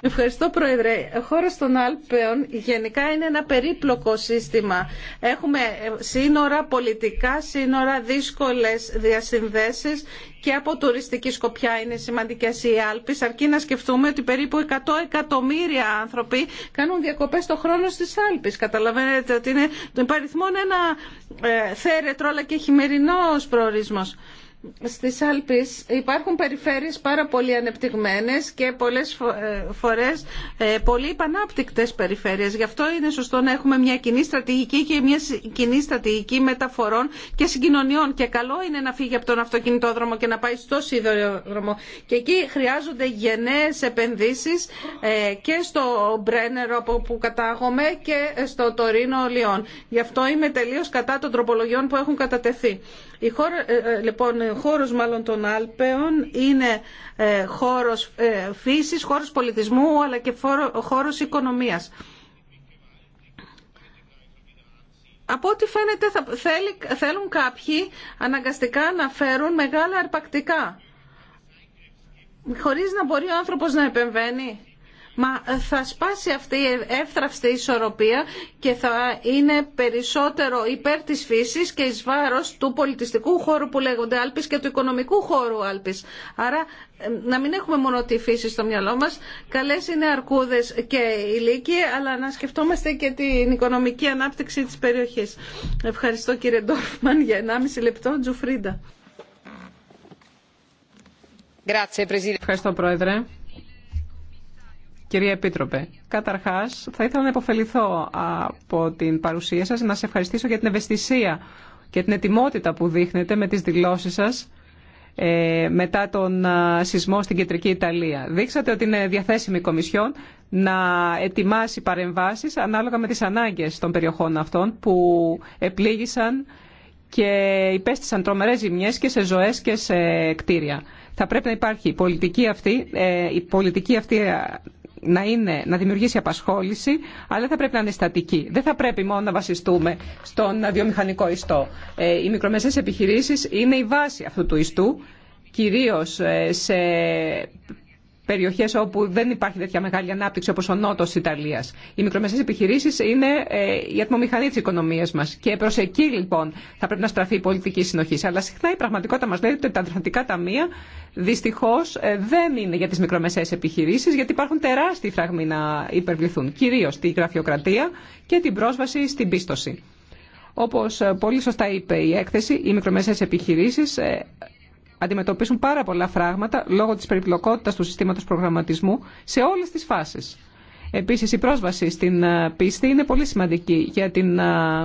Ευχαριστώ Πρόεδρε. Ο χώρος των Άλπαιων γενικά είναι ένα περίπλοκο σύστημα. Έχουμε σύνορα, πολιτικά σύνορα, δύσκολες διασυνδέσεις και από τουριστική σκοπιά είναι σημαντικέ οι Άλπεις αρκεί να σκεφτούμε ότι περίπου 100 εκατομμύρια άνθρωποι κάνουν διακοπές το χρόνο στις Άλπεις. Καταλαβαίνετε ότι είναι το είναι ένα ε, θέρετρο αλλά και χειμερινό προορισμό στις Άλπεις υπάρχουν περιφέρειες πάρα πολύ ανεπτυγμένες και πολλές ε, φορές ε, πολύ υπανάπτυκτες περιφέρειες. Γι' αυτό είναι σωστό να έχουμε μια κοινή στρατηγική και μια κοινή στρατηγική μεταφορών και συγκοινωνιών. Και καλό είναι να φύγει από τον αυτοκινητόδρομο και να πάει στο δρόμο. Και εκεί χρειάζονται γενναίες επενδύσεις ε, και στο Μπρένερο από που κατάγομαι και στο Τωρίνο Λιόν. Γι' αυτό είμαι τελείως κατά των τροπολογιών που έχουν κατατεθεί. Ε, ε, λοιπόν, ο χώρα, λοιπόν, χώρος μάλλον των Άλπαιων είναι ε, χώρος φύσης, χώρος πολιτισμού αλλά και χώρος οικονομίας. Από ό,τι φαίνεται θα, θέλει, θέλουν κάποιοι αναγκαστικά να φέρουν μεγάλα αρπακτικά χωρίς να μπορεί ο άνθρωπος να επεμβαίνει. Μα θα σπάσει αυτή η εύθραυστη ισορροπία και θα είναι περισσότερο υπέρ της φύσης και εις βάρος του πολιτιστικού χώρου που λέγονται Άλπης και του οικονομικού χώρου Άλπης. Άρα να μην έχουμε μόνο τη φύση στο μυαλό μας. Καλές είναι αρκούδες και ηλίκοι, αλλά να σκεφτόμαστε και την οικονομική ανάπτυξη της περιοχής. Ευχαριστώ κύριε Ντόρφμαν για 1,5 λεπτό. Τζουφρίντα. Ευχαριστώ πρόεδρε. Κυρία Επίτροπε, καταρχά θα ήθελα να υποφεληθώ από την παρουσία σα να σε ευχαριστήσω για την ευαισθησία και την ετοιμότητα που δείχνετε με τις δηλώσεις σας ε, μετά τον σεισμό στην Κεντρική Ιταλία. Δείξατε ότι είναι διαθέσιμη η Κομισιόν να ετοιμάσει παρεμβάσει ανάλογα με τι ανάγκε των περιοχών αυτών που επλήγησαν και υπέστησαν τρομερές ζημιές και σε ζωές και σε κτίρια. Θα πρέπει να υπάρχει η πολιτική αυτή, ε, η πολιτική αυτή να, είναι, να δημιουργήσει απασχόληση, αλλά θα πρέπει να είναι στατική. Δεν θα πρέπει μόνο να βασιστούμε στον βιομηχανικό ιστό. Ε, οι μικρομεσαίες επιχειρήσεις είναι η βάση αυτού του ιστού, κυρίως ε, σε Περιοχέ όπου δεν υπάρχει τέτοια μεγάλη ανάπτυξη όπω ο τη Ιταλία. Οι μικρομεσαίες επιχειρήσει είναι ε, η ατμομηχανή τη οικονομία μα. και προ εκεί λοιπόν θα πρέπει να στραφεί η πολιτική συνοχή. Αλλά συχνά η πραγματικότητα μα λέει ότι τα αντιδραστικά ταμεία δυστυχώς ε, δεν είναι για τι μικρομεσαίες επιχειρήσει, γιατί υπάρχουν τεράστιοι φραγμοί να υπερβληθούν, κυρίω τη γραφειοκρατία και την πρόσβαση στην πίστοση. Όπως ε, πολύ σωστά είπε η έκθεση, οι μικρομεσαίες επιχειρήσεις αντιμετωπίσουν πάρα πολλά φράγματα λόγω της περιπλοκότητας του συστήματος προγραμματισμού σε όλες τις φάσεις. Επίσης, η πρόσβαση στην ε, πίστη είναι πολύ σημαντική για την, ε,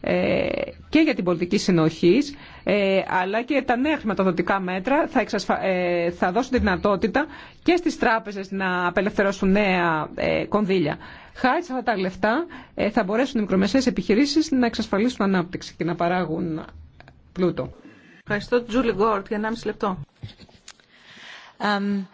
ε και για την πολιτική συνοχή, ε, αλλά και τα νέα χρηματοδοτικά μέτρα θα, θα δώσουν τη δυνατότητα και στις τράπεζες να απελευθερώσουν νέα κονδύλια. Χάρη σε αυτά τα λεφτά θα μπορέσουν οι μικρομεσαίες επιχειρήσεις να εξασφαλίσουν ανάπτυξη και να παράγουν πλούτο. Ευχαριστώ, Τζούλι Γκόρτ, για 1,5 λεπτό. Um,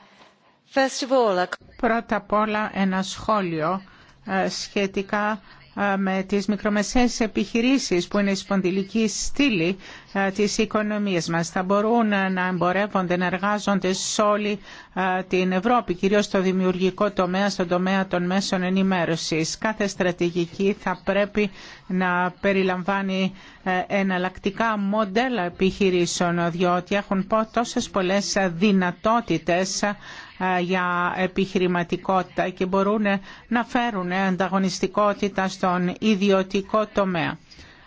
first of all... Πρώτα απ' όλα ένα σχόλιο ε, σχετικά ε, με τις μικρομεσαίες επιχειρήσεις που είναι η σπονδυλική στήλη ε, της οικονομίας μας. Θα μπορούν ε, να εμπορεύονται, να εργάζονται σε όλη την Ευρώπη, κυρίως στο δημιουργικό τομέα, στον τομέα των μέσων ενημέρωσης. Κάθε στρατηγική θα πρέπει να περιλαμβάνει εναλλακτικά μοντέλα επιχειρήσεων, διότι έχουν τόσες πολλές δυνατότητες ε, για επιχειρηματικότητα και μπορούν να φέρουν ανταγωνιστικότητα στον ιδιωτικό τομέα.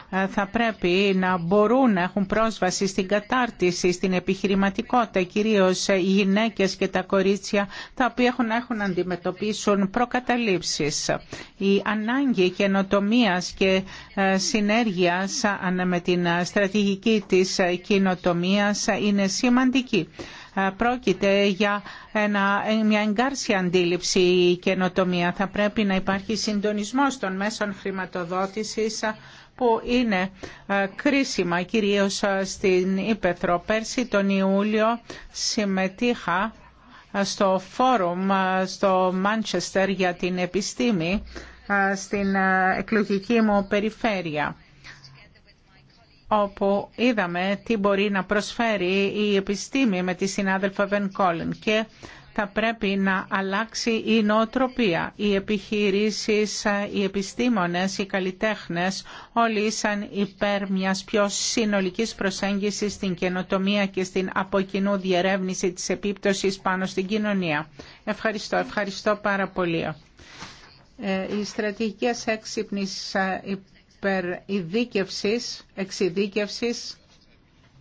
Ε, θα πρέπει να μπορούν να έχουν πρόσβαση στην κατάρτιση, στην επιχειρηματικότητα, κυρίως οι γυναίκες και τα κορίτσια, τα οποία έχουν αντιμετωπίσουν προκαταλήψεις. Η ανάγκη καινοτομία και ε, συνέργειας με την στρατηγική της κοινοτομίας είναι σημαντική. Ε, πρόκειται για μια εγκάρσια αντίληψη η καινοτομία. Θα πρέπει να υπάρχει συντονισμός των μέσων χρηματοδότησης που είναι ε, κρίσιμα κυρίως ε, στην Ήπεθρο. Πέρσι τον Ιούλιο συμμετείχα στο φόρουμ στο Μάντσεστερ για την επιστήμη στην εκλογική μου περιφέρεια όπου είδαμε τι μπορεί να προσφέρει η επιστήμη με τη συνάδελφα Βεν και θα πρέπει να αλλάξει η νοοτροπία. Οι επιχειρήσεις, οι επιστήμονες, οι καλλιτέχνες όλοι ήσαν υπέρ μιας πιο συνολικής προσέγγισης στην καινοτομία και στην αποκοινού διερεύνηση της επίπτωσης πάνω στην κοινωνία. Ευχαριστώ, ευχαριστώ πάρα πολύ. Ε, υπέρ ειδίκευσης, εξειδίκευσης.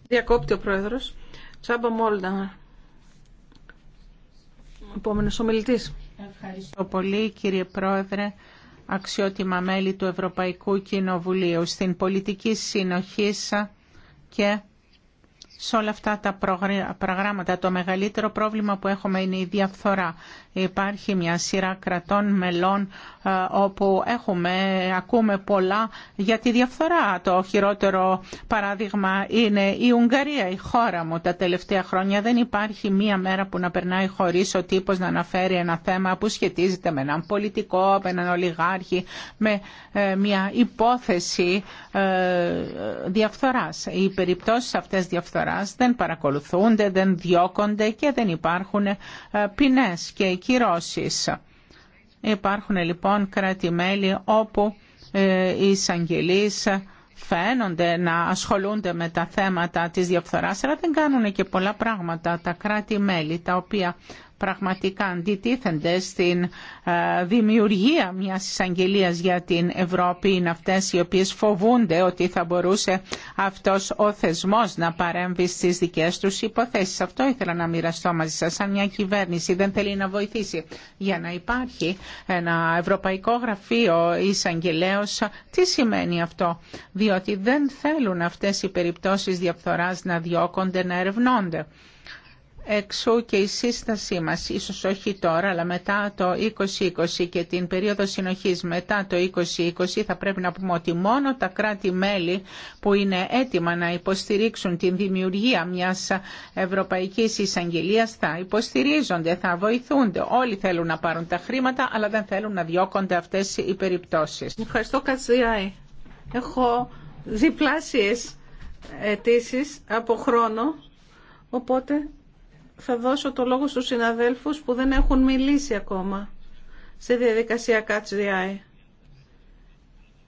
Διακόπτει ο Πρόεδρος. Τσάμπα Μόλντα. Επόμενος ομιλητής. Ευχαριστώ πολύ κύριε Πρόεδρε αξιότιμα μέλη του Ευρωπαϊκού Κοινοβουλίου στην πολιτική συνοχή και σε όλα αυτά τα προγράμματα το μεγαλύτερο πρόβλημα που έχουμε είναι η διαφθορά. Υπάρχει μια σειρά κρατών μελών ε, όπου έχουμε, ακούμε πολλά για τη διαφθορά. Το χειρότερο παράδειγμα είναι η Ουγγαρία, η χώρα μου. Τα τελευταία χρόνια δεν υπάρχει μία μέρα που να περνάει χωρίς ο τύπος να αναφέρει ένα θέμα που σχετίζεται με έναν πολιτικό, με έναν ολιγάρχη, με ε, μια υπόθεση ε, διαφθοράς. Οι περιπτώσεις αυτές διαφθοράς δεν παρακολουθούνται, δεν διώκονται και δεν υπάρχουν ε, πίνες και κυρώσεις. Υπάρχουν λοιπόν κράτη-μέλη όπου ε, οι εισαγγελείς φαίνονται να ασχολούνται με τα θέματα της διαφθοράς, αλλά δεν κάνουν και πολλά πράγματα. Τα κράτη-μέλη τα οποία πραγματικά αντιτίθενται στην ε, δημιουργία μιας εισαγγελία για την Ευρώπη είναι αυτές οι οποίες φοβούνται ότι θα μπορούσε αυτός ο θεσμός να παρέμβει στις δικές τους υποθέσεις. Αυτό ήθελα να μοιραστώ μαζί σας. Αν μια κυβέρνηση δεν θέλει να βοηθήσει για να υπάρχει ένα ευρωπαϊκό γραφείο εισαγγελέως, τι σημαίνει αυτό. Διότι δεν θέλουν αυτές οι περιπτώσεις διαφθοράς να διώκονται, να ερευνώνται. Εξού και η σύστασή μας, ίσως όχι τώρα, αλλά μετά το 2020 και την περίοδο συνοχής μετά το 2020 θα πρέπει να πούμε ότι μόνο τα κράτη-μέλη που είναι έτοιμα να υποστηρίξουν την δημιουργία μιας Ευρωπαϊκής Εισαγγελίας θα υποστηρίζονται, θα βοηθούνται. Όλοι θέλουν να πάρουν τα χρήματα, αλλά δεν θέλουν να διώκονται αυτές οι περιπτώσεις. Ευχαριστώ Κατζιάη. Έχω διπλάσιες αιτήσει από χρόνο, οπότε θα δώσω το λόγο στους συναδέλφους που δεν έχουν μιλήσει ακόμα στη διαδικασία Catch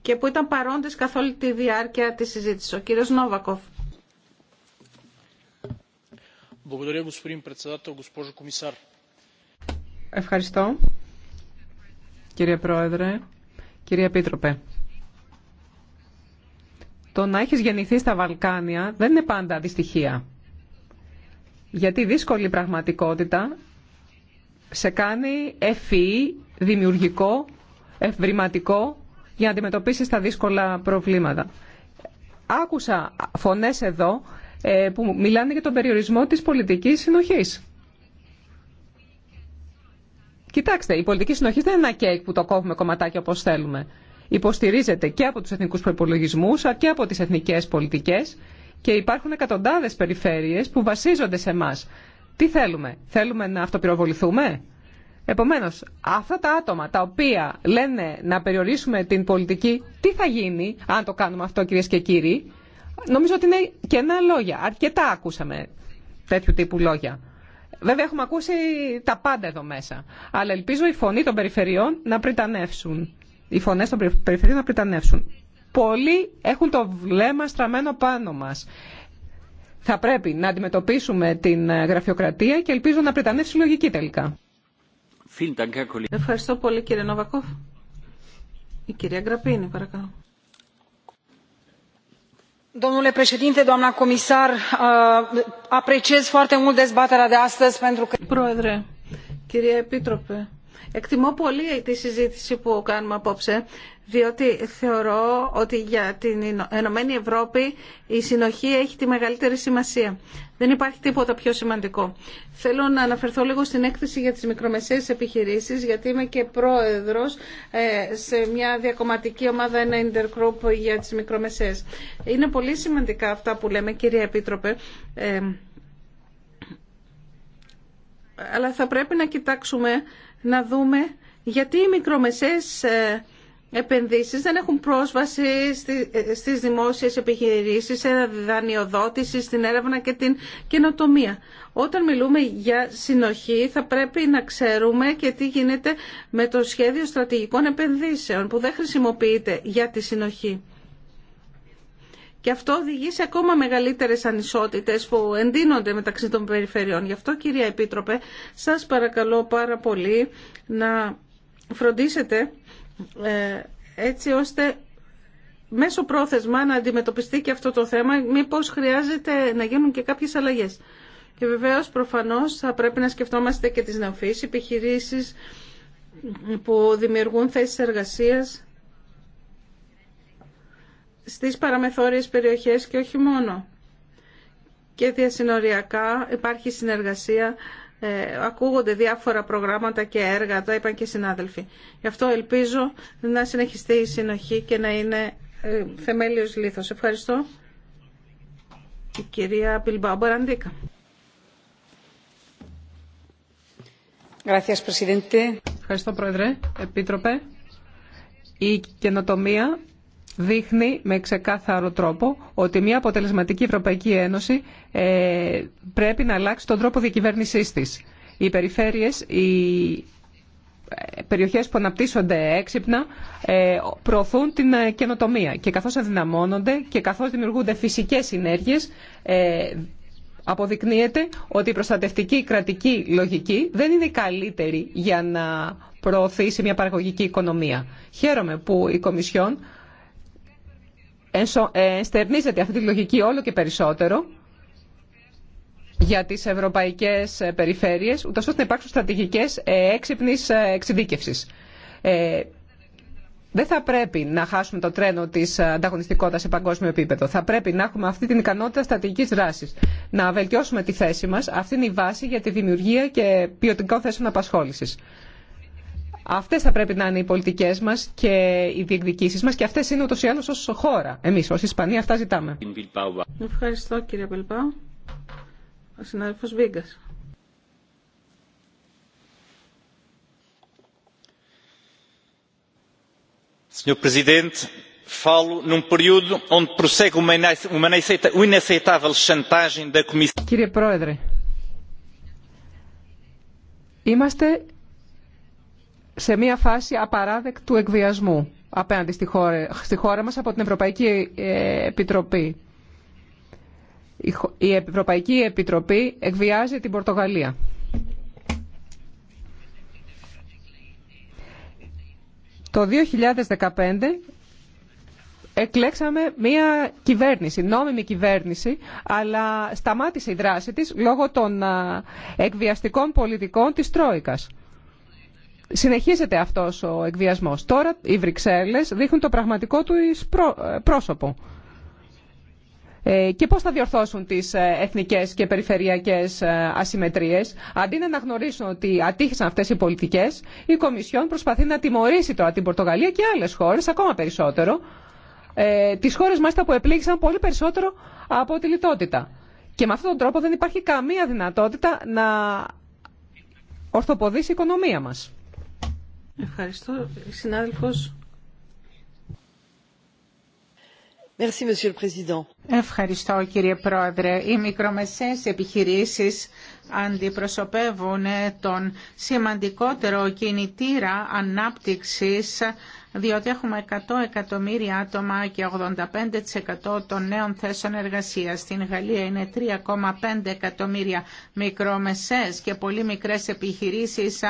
και που ήταν παρόντες καθ' όλη τη διάρκεια της συζήτησης. Ο κύριος Νόβακοφ. Ευχαριστώ, κύριε Πρόεδρε, κύριε Επίτροπε. Το να έχεις γεννηθεί στα Βαλκάνια δεν είναι πάντα δυστυχία. Γιατί η δύσκολη πραγματικότητα σε κάνει ευφυή, δημιουργικό, ευρηματικό για να αντιμετωπίσεις τα δύσκολα προβλήματα. Άκουσα φωνές εδώ ε, που μιλάνε για τον περιορισμό της πολιτικής συνοχής. Κοιτάξτε, η πολιτική συνοχή δεν είναι ένα κέικ που το κόβουμε κομματάκια όπως θέλουμε. Υποστηρίζεται και από τους εθνικούς προπολογισμού και από τις εθνικές πολιτικές και υπάρχουν εκατοντάδες περιφέρειες που βασίζονται σε εμά. Τι θέλουμε, θέλουμε να αυτοπυροβοληθούμε. Επομένως, αυτά τα άτομα τα οποία λένε να περιορίσουμε την πολιτική, τι θα γίνει αν το κάνουμε αυτό κύριε και κύριοι. Νομίζω ότι είναι κενά λόγια. Αρκετά ακούσαμε τέτοιου τύπου λόγια. Βέβαια έχουμε ακούσει τα πάντα εδώ μέσα. Αλλά ελπίζω η φωνή των περιφερειών να πριτανεύσουν. Οι φωνές των περιφερειών να πριτανεύσουν πολλοί έχουν το βλέμμα στραμμένο πάνω μας. Θα πρέπει να αντιμετωπίσουμε την ε, γραφειοκρατία και ελπίζω να πρετανεύσει λογική τελικά. Ευχαριστώ πολύ κύριε Νοβακόφ. Η κυρία Γκραπίνη, παρακαλώ. Domnule președinte, doamna comisar, uh, apreciez foarte mult dezbaterea de astăzi pentru Πρόεδρε, κυρία Επίτροπε, εκτιμώ πολύ τη συζήτηση που κάνουμε απόψε διότι θεωρώ ότι για την Ενωμένη Ευρώπη η συνοχή έχει τη μεγαλύτερη σημασία. Δεν υπάρχει τίποτα πιο σημαντικό. Θέλω να αναφερθώ λίγο στην έκθεση για τις μικρομεσαίες επιχειρήσεις, γιατί είμαι και πρόεδρος ε, σε μια διακομματική ομάδα, ένα intergroup για τις μικρομεσαίες. Είναι πολύ σημαντικά αυτά που λέμε, κύρια Επίτροπε, ε, αλλά θα πρέπει να κοιτάξουμε, να δούμε γιατί οι μικρομεσαίες ε, επενδύσεις δεν έχουν πρόσβαση ε, στις δημόσιες επιχειρήσεις, σε δανειοδότηση, στην έρευνα και την καινοτομία. Όταν μιλούμε για συνοχή θα πρέπει να ξέρουμε και τι γίνεται με το σχέδιο στρατηγικών επενδύσεων που δεν χρησιμοποιείται για τη συνοχή. Και αυτό οδηγεί σε ακόμα μεγαλύτερες ανισότητες που εντείνονται μεταξύ των περιφερειών. Γι' αυτό κυρία Επίτροπε σας παρακαλώ πάρα πολύ να φροντίσετε ε, έτσι ώστε μέσω πρόθεσμα να αντιμετωπιστεί και αυτό το θέμα, μήπως χρειάζεται να γίνουν και κάποιες αλλαγές. Και βεβαίως προφανώς θα πρέπει να σκεφτόμαστε και τις ναυφείς επιχειρήσεις που δημιουργούν θέσεις εργασίας στις παραμεθόριες περιοχές και όχι μόνο. Και διασυνοριακά υπάρχει συνεργασία ε, ακούγονται διάφορα προγράμματα και έργα, το είπαν και συνάδελφοι. Γι' αυτό ελπίζω να συνεχιστεί η συνοχή και να είναι ε, θεμέλιος Ευχαριστώ. Η κυρία Ευχαριστώ, Πρόεδρε. Επίτροπε, η καινοτομία δείχνει με ξεκάθαρο τρόπο ότι μια αποτελεσματική Ευρωπαϊκή Ένωση ε, πρέπει να αλλάξει τον τρόπο διακυβέρνησής της. Οι περιφέρειες, οι ε, περιοχές που αναπτύσσονται έξυπνα ε, προωθούν την καινοτομία και καθώς αδυναμώνονται και καθώς δημιουργούνται φυσικές συνέργειες αποδεικνύεται ότι η προστατευτική κρατική λογική δεν είναι καλύτερη για να προωθήσει μια παραγωγική οικονομία. Χαίρομαι που η Κομισιόν Ενστερνίζεται ε, αυτή τη λογική όλο και περισσότερο για τις ευρωπαϊκές ε, περιφέρειες, ούτως ώστε να υπάρξουν στρατηγικές ε, έξυπνης εξειδίκευσης. Δεν θα πρέπει να χάσουμε το τρένο τη ανταγωνιστικότητα σε παγκόσμιο επίπεδο. Θα πρέπει να έχουμε αυτή την ικανότητα στρατηγική δράση. Να βελτιώσουμε τη θέση μα. Αυτή είναι η βάση για τη δημιουργία και ποιοτικών θέσεων απασχόληση. Αυτέ θα πρέπει να είναι οι πολιτικέ μα και οι διεκδικήσει μα και αυτέ είναι ούτω ή άλλω ω χώρα. Εμεί ω Ισπανία αυτά ζητάμε. Ευχαριστώ κύριε Πελπάου. Ο συνάδελφο Βίγκα. Senhor Presidente, falo num período onde prossegue uma uma inaceita, inaceitável chantagem da Comissão. Κύριε Πρόεδρε, είμαστε σε μια φάση απαράδεκτου εκβιασμού απέναντι στη χώρα, στη μας από την Ευρωπαϊκή ε, Επιτροπή. Η Ευρωπαϊκή Επιτροπή εκβιάζει την Πορτογαλία. Το 2015 εκλέξαμε μία κυβέρνηση, νόμιμη κυβέρνηση, αλλά σταμάτησε η δράση της λόγω των ε, εκβιαστικών πολιτικών της Τρόικας συνεχίζεται αυτός ο εκβιασμός. Τώρα οι Βρυξέλλες δείχνουν το πραγματικό του ε, πρόσωπο. Ε, και πώς θα διορθώσουν τις ε, εθνικές και περιφερειακές ασυμμετρίες. Αντί να αναγνωρίσουν ότι ατύχησαν αυτές οι πολιτικές, η Κομισιόν προσπαθεί να τιμωρήσει τώρα την Πορτογαλία και άλλες χώρες, ακόμα περισσότερο, τις χώρες μάλιστα που επλήγησαν πολύ περισσότερο από τη λιτότητα. Και με αυτόν τον τρόπο δεν υπάρχει καμία δυνατότητα να ορθοποδήσει η οικονομία μας. Ευχαριστώ. Συνάδελφος. Ευχαριστώ κύριε Πρόεδρε. Οι μικρομεσαίες επιχειρήσεις αντιπροσωπεύουν τον σημαντικότερο κινητήρα ανάπτυξης διότι έχουμε 100 εκατομμύρια άτομα και 85% των νέων θέσεων εργασίας. Στην Γαλλία είναι 3,5 εκατομμύρια μικρομεσές και πολύ μικρές επιχειρήσεις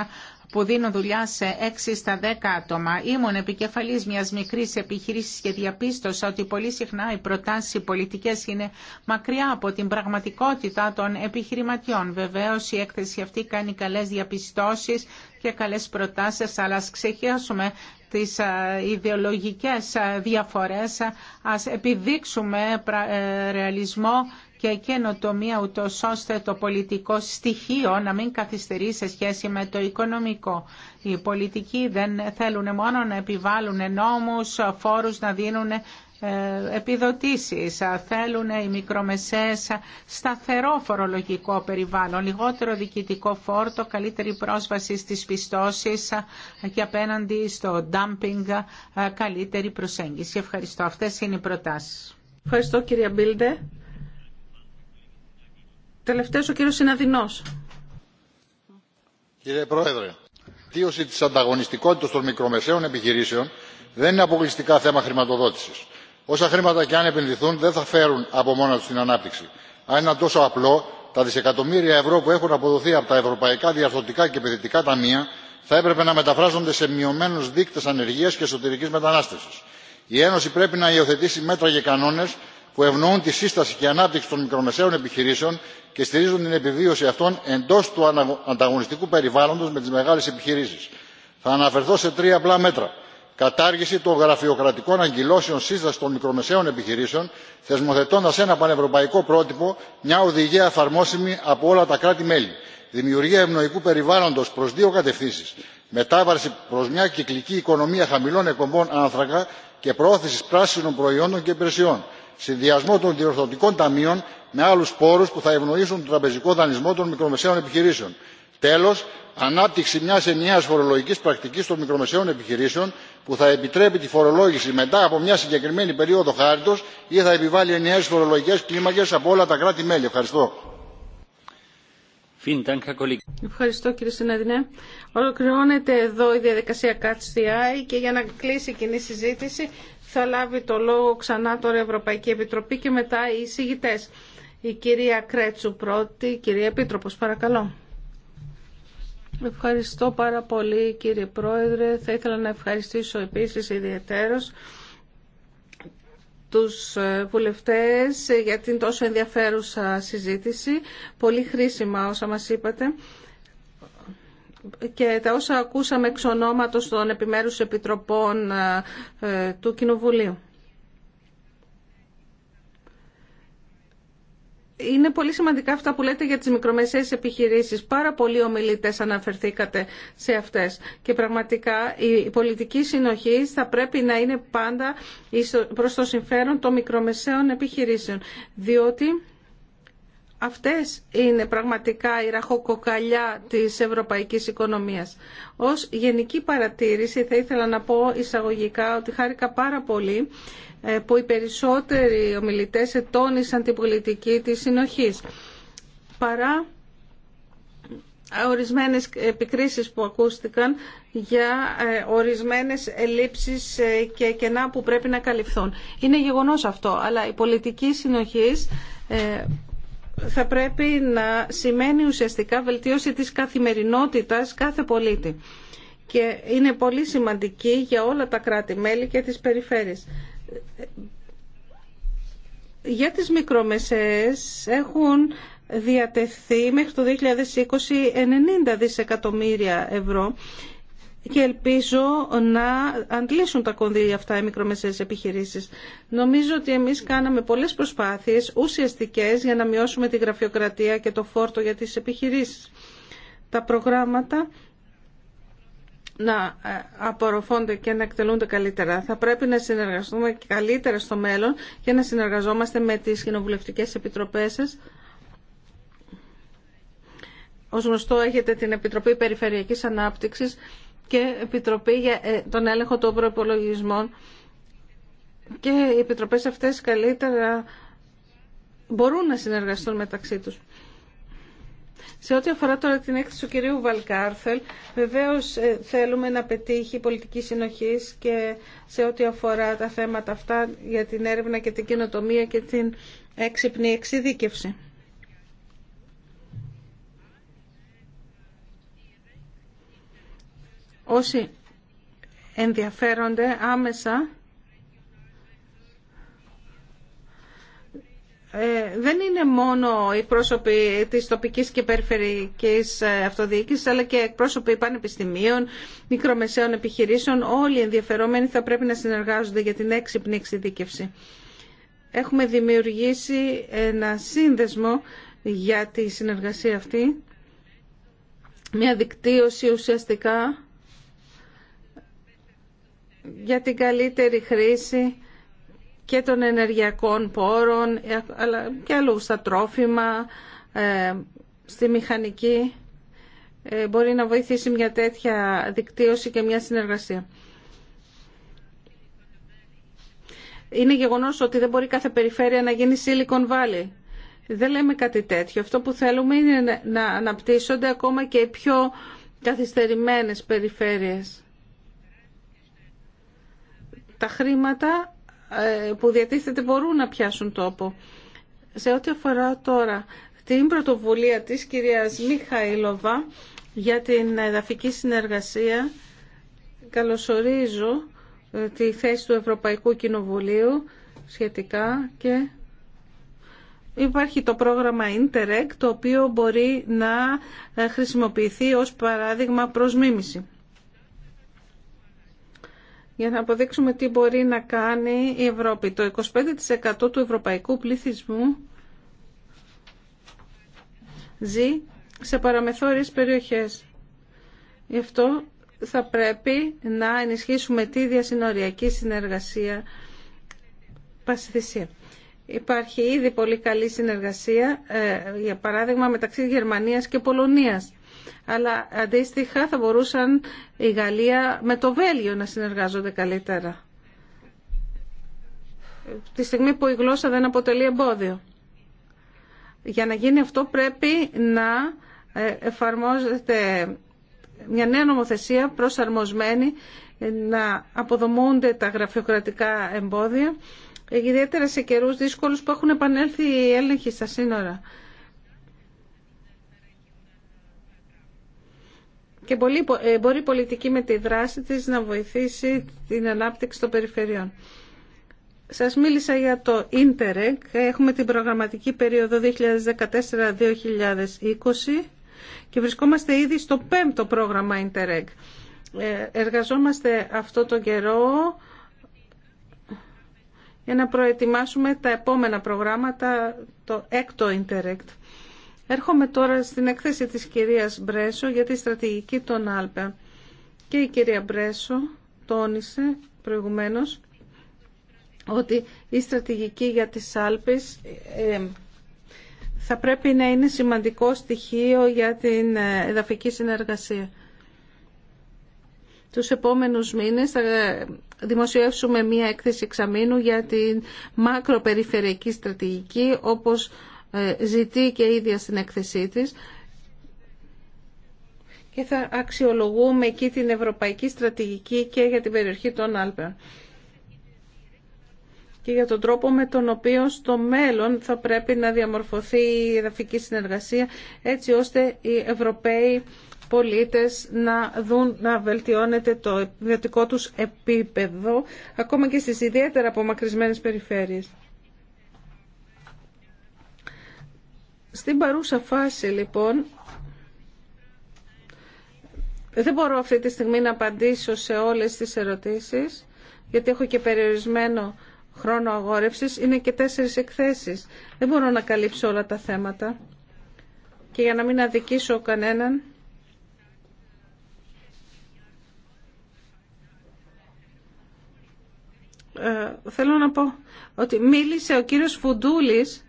που δίνουν δουλειά σε 6 στα 10 άτομα. Ήμουν επικεφαλή μια μικρή επιχειρήση και διαπίστωσα ότι πολύ συχνά οι προτάσει πολιτικέ είναι μακριά από την πραγματικότητα των επιχειρηματιών. Βεβαίω η έκθεση αυτή κάνει καλέ διαπιστώσει και καλές προτάσεις, αλλά ας ξεχάσουμε τις ε, ιδεολογικές ε, διαφορές. Ε, ας επιδείξουμε ρεαλισμό και καινοτομία ούτω ώστε το πολιτικό στοιχείο να μην καθυστερεί σε σχέση με το οικονομικό. Οι πολιτικοί δεν θέλουν μόνο να επιβάλλουν νόμους, φόρους, να δίνουν ε, επιδοτήσεις, ε, θέλουν οι μικρομεσαίες σταθερό φορολογικό περιβάλλον, λιγότερο διοικητικό φόρτο, καλύτερη πρόσβαση στις πιστώσεις ε, και απέναντι στο dumping καλύτερη προσέγγιση. Ευχαριστώ. Αυτές είναι οι προτάσεις. Ευχαριστώ κυρία Μπίλντε. Τελευταίος ο κύριος Συναδεινός. Κύριε Πρόεδρε, η της ανταγωνιστικότητας των μικρομεσαίων επιχειρήσεων δεν είναι αποκλειστικά θέμα χρηματοδότησης όσα χρήματα και αν επενδυθούν δεν θα φέρουν από μόνα του την ανάπτυξη. αν ήταν τόσο απλό τα δισεκατομμύρια ευρώ που έχουν αποδοθεί από τα ευρωπαϊκά διαρθρωτικά και επενδυτικά ταμεία θα έπρεπε να μεταφράζονται σε μειωμένου δείκτε ανεργία και εσωτερική μετανάστευση. η ένωση πρέπει να υιοθετήσει μέτρα και κανόνε που ευνοούν τη σύσταση και ανάπτυξη των μικρομεσαίων επιχειρήσεων και στηρίζουν την επιβίωση αυτών εντό του ανταγωνιστικού περιβάλλοντο με τι μεγάλε επιχειρήσει. θα αναφερθώ σε τρία απλά μέτρα κατάργηση των γραφειοκρατικών αγκυλώσεων σύσταση των μικρομεσαίων επιχειρήσεων θεσμοθετώντα ένα πανευρωπαϊκό πρότυπο μια οδηγία εφαρμόσιμη από όλα τα κράτη μέλη δημιουργία ευνοϊκού περιβάλλοντο προ δύο κατευθύνσει μετάβαση προ μια κυκλική οικονομία χαμηλών εκπομπών άνθρακα και προώθηση πράσινων προϊόντων και υπηρεσιών συνδυασμό των διορθωτικών ταμείων με άλλου πόρου που θα ευνοήσουν τον τραπεζικό δανεισμό των μικρομεσαίων επιχειρήσεων. τέλο ανάπτυξη μιας ενιαίας φορολογικής πρακτικής των μικρομεσαίων επιχειρήσεων που θα επιτρέπει τη φορολόγηση μετά από μια συγκεκριμένη περίοδο χάριτος ή θα επιβάλλει ενιαίες φορολογικές κλίμακες από όλα τα κράτη μέλη. Ευχαριστώ. Ευχαριστώ κύριε Συνέδρινε. Ολοκληρώνεται εδώ η διαδικασία ΚΑΤΣΤΙΑΗ και για να κλείσει η κοινή συζήτηση θα λάβει το λόγο ξανά τώρα η Ευρωπαϊκή Επιτροπή και μετά οι εισηγητές. Η κυρία Κρέτσου πρώτη, κυρία Επίτροπος, παρακαλώ. Ευχαριστώ πάρα πολύ κύριε Πρόεδρε. Θα ήθελα να ευχαριστήσω επίσης ιδιαίτερος τους ε, βουλευτές για την τόσο ενδιαφέρουσα συζήτηση. Πολύ χρήσιμα όσα μας είπατε και τα όσα ακούσαμε εξ ονόματος των επιμέρους επιτροπών ε, ε, του Κοινοβουλίου. Είναι πολύ σημαντικά αυτά που λέτε για τις μικρομεσαίες επιχειρήσεις. Πάρα πολλοί ομιλητές αναφερθήκατε σε αυτές. Και πραγματικά η πολιτική συνοχή θα πρέπει να είναι πάντα προς το συμφέρον των μικρομεσαίων επιχειρήσεων. Διότι Αυτές είναι πραγματικά η ραχοκοκαλιά της ευρωπαϊκής οικονομίας. Ως γενική παρατήρηση θα ήθελα να πω εισαγωγικά ότι χάρηκα πάρα πολύ ε, που οι περισσότεροι ομιλητές ετώνησαν την πολιτική της συνοχής. Παρά ε, ορισμένες επικρίσεις που ακούστηκαν για ε, ορισμένες ελλείψεις και κενά που πρέπει να καλυφθούν. Είναι γεγονός αυτό, αλλά η πολιτική συνοχής θα πρέπει να σημαίνει ουσιαστικά βελτίωση της καθημερινότητας κάθε πολίτη. Και είναι πολύ σημαντική για όλα τα κράτη-μέλη και τις περιφέρειες. Για τις μικρομεσαίες έχουν διατεθεί μέχρι το 2020 90 δισεκατομμύρια ευρώ και ελπίζω να αντλήσουν τα κονδύλια αυτά οι μικρομεσαίες επιχειρήσεις. Νομίζω ότι εμείς κάναμε πολλές προσπάθειες ουσιαστικές για να μειώσουμε τη γραφειοκρατία και το φόρτο για τις επιχειρήσεις. Τα προγράμματα να ε, απορροφώνται και να εκτελούνται καλύτερα. Θα πρέπει να συνεργαστούμε καλύτερα στο μέλλον και να συνεργαζόμαστε με τις κοινοβουλευτικές επιτροπές σας. Ως γνωστό έχετε την Επιτροπή Περιφερειακής Ανάπτυξης και Επιτροπή για ε, τον έλεγχο των προπολογισμών και οι επιτροπές αυτές καλύτερα μπορούν να συνεργαστούν μεταξύ τους. Σε ό,τι αφορά τώρα την έκθεση του κυρίου Βαλκάρθελ, βεβαίως ε, θέλουμε να πετύχει πολιτική συνοχής και σε ό,τι αφορά τα θέματα αυτά για την έρευνα και την κοινοτομία και την έξυπνη εξειδίκευση. Όσοι ενδιαφέρονται άμεσα ε, δεν είναι μόνο οι πρόσωποι της τοπικής και περιφερικής ε, αυτοδιοίκησης αλλά και εκπρόσωποι πανεπιστημίων, μικρομεσαίων επιχειρήσεων. Όλοι οι ενδιαφερόμενοι θα πρέπει να συνεργάζονται για την έξυπνη εξειδίκευση. Έχουμε δημιουργήσει ένα σύνδεσμο για τη συνεργασία αυτή, μια δικτύωση ουσιαστικά για την καλύτερη χρήση και των ενεργειακών πόρων, αλλά και αλλού στα τρόφιμα, ε, στη μηχανική. Ε, μπορεί να βοηθήσει μια τέτοια δικτύωση και μια συνεργασία. Είναι γεγονός ότι δεν μπορεί κάθε περιφέρεια να γίνει Silicon Valley. Δεν λέμε κάτι τέτοιο. Αυτό που θέλουμε είναι να αναπτύσσονται ακόμα και οι πιο καθυστερημένες περιφέρειες τα χρήματα ε, που διατίθεται μπορούν να πιάσουν τόπο. Σε ό,τι αφορά τώρα την πρωτοβουλία της κυρίας Μιχαήλοβα για την εδαφική συνεργασία, καλωσορίζω ε, τη θέση του Ευρωπαϊκού Κοινοβουλίου σχετικά και υπάρχει το πρόγραμμα Interreg το οποίο μπορεί να ε, χρησιμοποιηθεί ως παράδειγμα προς μίμηση για να αποδείξουμε τι μπορεί να κάνει η Ευρώπη. Το 25% του ευρωπαϊκού πληθυσμού ζει σε παραμεθόριες περιοχές. Γι' αυτό θα πρέπει να ενισχύσουμε τη διασυνοριακή συνεργασία πασθησία. Υπάρχει ήδη πολύ καλή συνεργασία, ε, για παράδειγμα, μεταξύ Γερμανίας και Πολωνίας αλλά αντίστοιχα θα μπορούσαν η Γαλλία με το Βέλγιο να συνεργάζονται καλύτερα. Τη στιγμή που η γλώσσα δεν αποτελεί εμπόδιο. Για να γίνει αυτό πρέπει να ε, εφαρμόζεται μια νέα νομοθεσία προσαρμοσμένη ε, να αποδομούνται τα γραφειοκρατικά εμπόδια, ιδιαίτερα σε καιρούς δύσκολους που έχουν επανέλθει οι έλεγχοι στα σύνορα. και ε, μπορεί, η πολιτική με τη δράση της να βοηθήσει την ανάπτυξη των περιφερειών. Σας μίλησα για το Interreg. Έχουμε την προγραμματική περίοδο 2014-2020 και βρισκόμαστε ήδη στο πέμπτο πρόγραμμα Interreg. Ε, εργαζόμαστε αυτό το καιρό για να προετοιμάσουμε τα επόμενα προγράμματα, το έκτο Interreg. Έρχομαι τώρα στην έκθεση της κυρίας Μπρέσο για τη στρατηγική των Άλπαιων. Και η κυρία Μπρέσο τόνισε προηγουμένως ότι η στρατηγική για τις Άλπες ε, ε, θα πρέπει να είναι σημαντικό στοιχείο για την ε, εδαφική συνεργασία. Τους επόμενους μήνες θα δημοσιεύσουμε μία έκθεση εξαμήνου για την μακροπεριφερειακή στρατηγική όπως ε, ζητεί και ίδια στην έκθεσή της και θα αξιολογούμε εκεί την ευρωπαϊκή στρατηγική και για την περιοχή των Άλπαιων και για τον τρόπο με τον οποίο στο μέλλον θα πρέπει να διαμορφωθεί η εδαφική συνεργασία έτσι ώστε οι Ευρωπαίοι πολίτες να δουν να βελτιώνεται το ιδιωτικό τους επίπεδο ακόμα και στις ιδιαίτερα απομακρυσμένες περιφέρειες. Στην παρούσα φάση λοιπόν δεν μπορώ αυτή τη στιγμή να απαντήσω σε όλες τις ερωτήσεις γιατί έχω και περιορισμένο χρόνο αγόρευσης. Είναι και τέσσερις εκθέσεις. Δεν μπορώ να καλύψω όλα τα θέματα. Και για να μην αδικήσω κανέναν ε, θέλω να πω ότι μίλησε ο κύριος Φουντούλης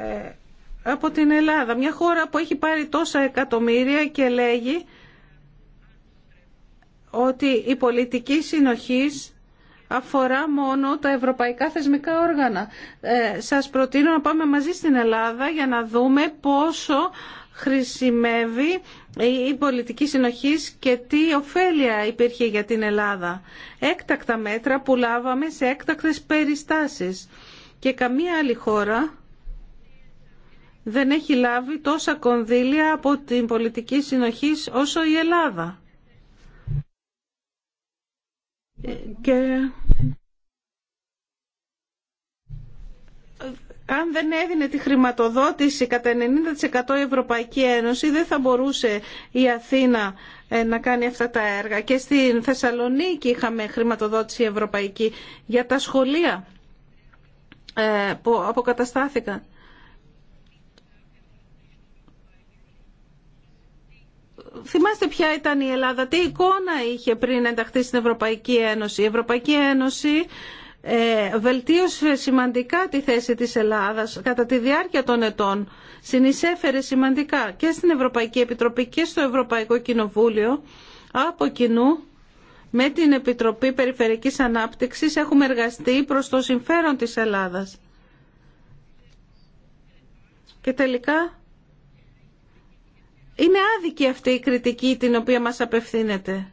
ε, από την Ελλάδα. Μια χώρα που έχει πάρει τόσα εκατομμύρια και λέγει ότι η πολιτική συνοχής αφορά μόνο τα ευρωπαϊκά θεσμικά όργανα. Ε, σας προτείνω να πάμε μαζί στην Ελλάδα για να δούμε πόσο χρησιμεύει η πολιτική συνοχής και τι ωφέλεια υπήρχε για την Ελλάδα. Έκτακτα μέτρα που λάβαμε σε έκτακτες περιστάσεις και καμία άλλη χώρα δεν έχει λάβει τόσα κονδύλια από την πολιτική συνοχή όσο η Ελλάδα. Και... αν δεν έδινε τη χρηματοδότηση κατά 90% η Ευρωπαϊκή Ένωση δεν θα μπορούσε η Αθήνα ε, να κάνει αυτά τα έργα. Και στην Θεσσαλονίκη είχαμε χρηματοδότηση ευρωπαϊκή για τα σχολεία ε, που αποκαταστάθηκαν. Θυμάστε ποια ήταν η Ελλάδα, τι εικόνα είχε πριν ενταχθεί στην Ευρωπαϊκή Ένωση. Η Ευρωπαϊκή Ένωση ε, βελτίωσε σημαντικά τη θέση της Ελλάδας κατά τη διάρκεια των ετών. Συνεισέφερε σημαντικά και στην Ευρωπαϊκή Επιτροπή και στο Ευρωπαϊκό Κοινοβούλιο από κοινού με την Επιτροπή Περιφερειακής Ανάπτυξης έχουμε εργαστεί προς το συμφέρον της Ελλάδας. Και τελικά είναι άδικη αυτή η κριτική την οποία μας απευθύνεται.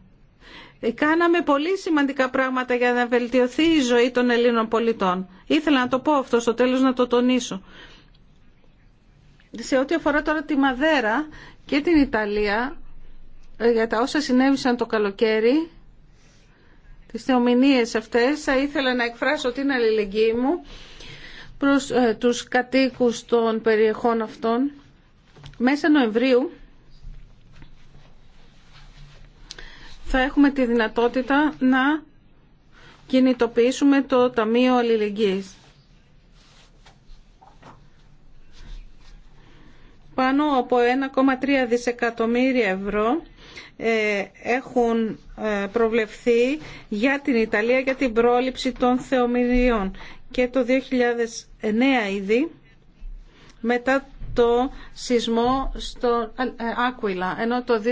Κάναμε πολύ σημαντικά πράγματα για να βελτιωθεί η ζωή των Ελλήνων πολιτών. Ήθελα να το πω αυτό στο τέλος να το τονίσω. Σε ό,τι αφορά τώρα τη Μαδέρα και την Ιταλία, ε, για τα όσα συνέβησαν το καλοκαίρι, τις θεομηνίες αυτές, θα ήθελα να εκφράσω την αλληλεγγύη μου προς ε, τους κατοίκους των περιεχών αυτών. Μέσα Νοεμβρίου θα έχουμε τη δυνατότητα να κινητοποιήσουμε το Ταμείο Αλληλεγγύης. Πάνω από 1,3 δισεκατομμύρια ευρώ ε, έχουν ε, προβλεφθεί για την Ιταλία για την πρόληψη των θεομηνιών. Και το 2009 ήδη, μετά το σεισμό στο ε, Άκουιλα, ενώ το 2012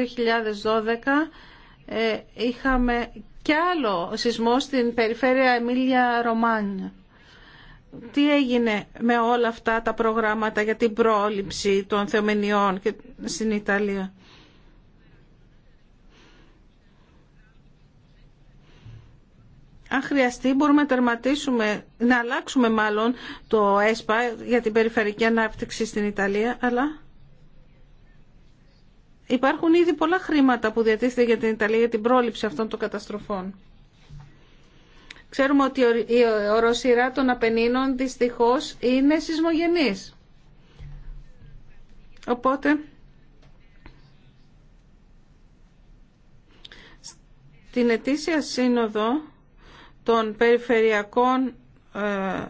ε, είχαμε κι άλλο σεισμό στην περιφέρεια Εμίλια Ρωμάνια. Τι έγινε με όλα αυτά τα προγράμματα για την πρόληψη των θεομενιών και στην Ιταλία. Αν χρειαστεί μπορούμε να τερματίσουμε, να αλλάξουμε μάλλον το ΕΣΠΑ για την περιφερειακή ανάπτυξη στην Ιταλία, αλλά Υπάρχουν ήδη πολλά χρήματα που διατίθεται για την Ιταλία για την πρόληψη αυτών των καταστροφών. Ξέρουμε ότι η οροσυρά των Απενίνων δυστυχώς είναι σεισμογενής. Οπότε, στην ετήσια σύνοδο των περιφερειακών ε,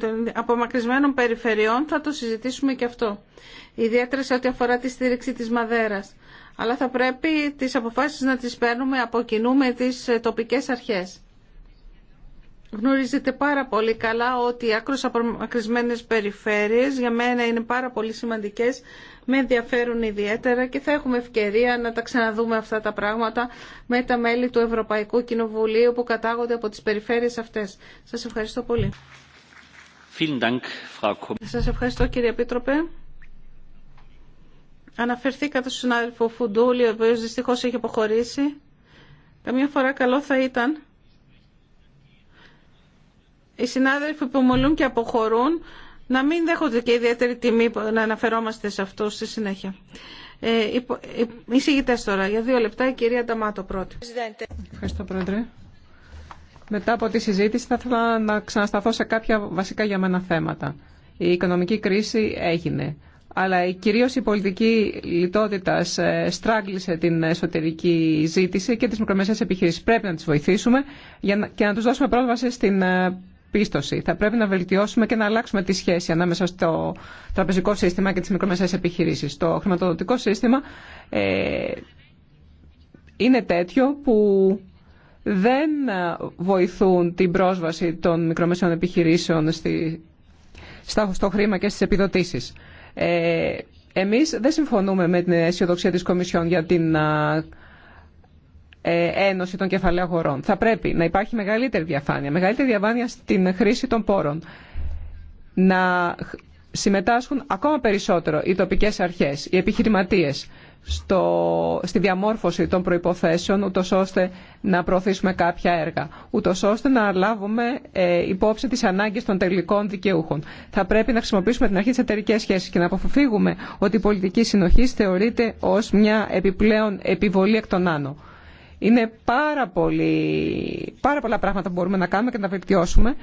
των απομακρυσμένων περιφερειών θα το συζητήσουμε και αυτό ιδιαίτερα σε ό,τι αφορά τη στήριξη της μαδέρας. Αλλά θα πρέπει τις αποφάσεις να τις παίρνουμε από κοινού με τις ε, τοπικές αρχές. Γνωρίζετε πάρα πολύ καλά ότι οι άκρως απομακρυσμένες περιφέρειες για μένα είναι πάρα πολύ σημαντικές, με ενδιαφέρουν ιδιαίτερα και θα έχουμε ευκαιρία να τα ξαναδούμε αυτά τα πράγματα με τα μέλη του Ευρωπαϊκού Κοινοβουλίου που κατάγονται από τις περιφέρειες αυτές. Σας ευχαριστώ πολύ. Σας ευχαριστώ κύριε Επίτροπε. Αναφερθήκατε στον συνάδελφο Φουντούλη, ο οποίο δυστυχώ έχει αποχωρήσει. Καμία φορά καλό θα ήταν οι συνάδελφοι που μολούν και αποχωρούν να μην δέχονται και ιδιαίτερη τιμή να αναφερόμαστε σε αυτό στη συνέχεια. Ε, υπο, ε, τώρα, για δύο λεπτά η κυρία Νταμάτο πρώτη. Ευχαριστώ πρόεδρε. Μετά από τη συζήτηση θα ήθελα να ξανασταθώ σε κάποια βασικά για μένα θέματα. Η οικονομική κρίση έγινε αλλά κυρίως η πολιτική λιτότητα ε, στράγγλισε την εσωτερική ζήτηση και τις μικρομεσαίες επιχειρήσεις. Πρέπει να τις βοηθήσουμε και να τους δώσουμε πρόσβαση στην ε, πίστοση. Θα πρέπει να βελτιώσουμε και να αλλάξουμε τη σχέση ανάμεσα στο τραπεζικό σύστημα και τις μικρομεσαίες επιχειρήσεις. Το χρηματοδοτικό σύστημα ε, είναι τέτοιο που δεν βοηθούν την πρόσβαση των μικρομεσαίων επιχειρήσεων στη, στο χρήμα και στις επιδοτήσεις. Ε, εμείς δεν συμφωνούμε με την αισιοδοξία της Κομισιόν για την ε, ένωση των κεφαλαίων αγορών. Θα πρέπει να υπάρχει μεγαλύτερη διαφάνεια, μεγαλύτερη διαφάνεια στην χρήση των πόρων. Να συμμετάσχουν ακόμα περισσότερο οι τοπικές αρχές, οι επιχειρηματίες, στο, στη διαμόρφωση των προϋποθέσεων ούτως ώστε να προωθήσουμε κάποια έργα, ούτως ώστε να λάβουμε ε, υπόψη τις ανάγκες των τελικών δικαιούχων. Θα πρέπει να χρησιμοποιήσουμε την αρχή της εταιρικής σχέσης και να αποφύγουμε ότι η πολιτική συνοχή θεωρείται ως μια επιπλέον επιβολή εκ των άνω. Είναι πάρα, πολύ, πάρα πολλά πράγματα που μπορούμε να κάνουμε και να βελτιώσουμε.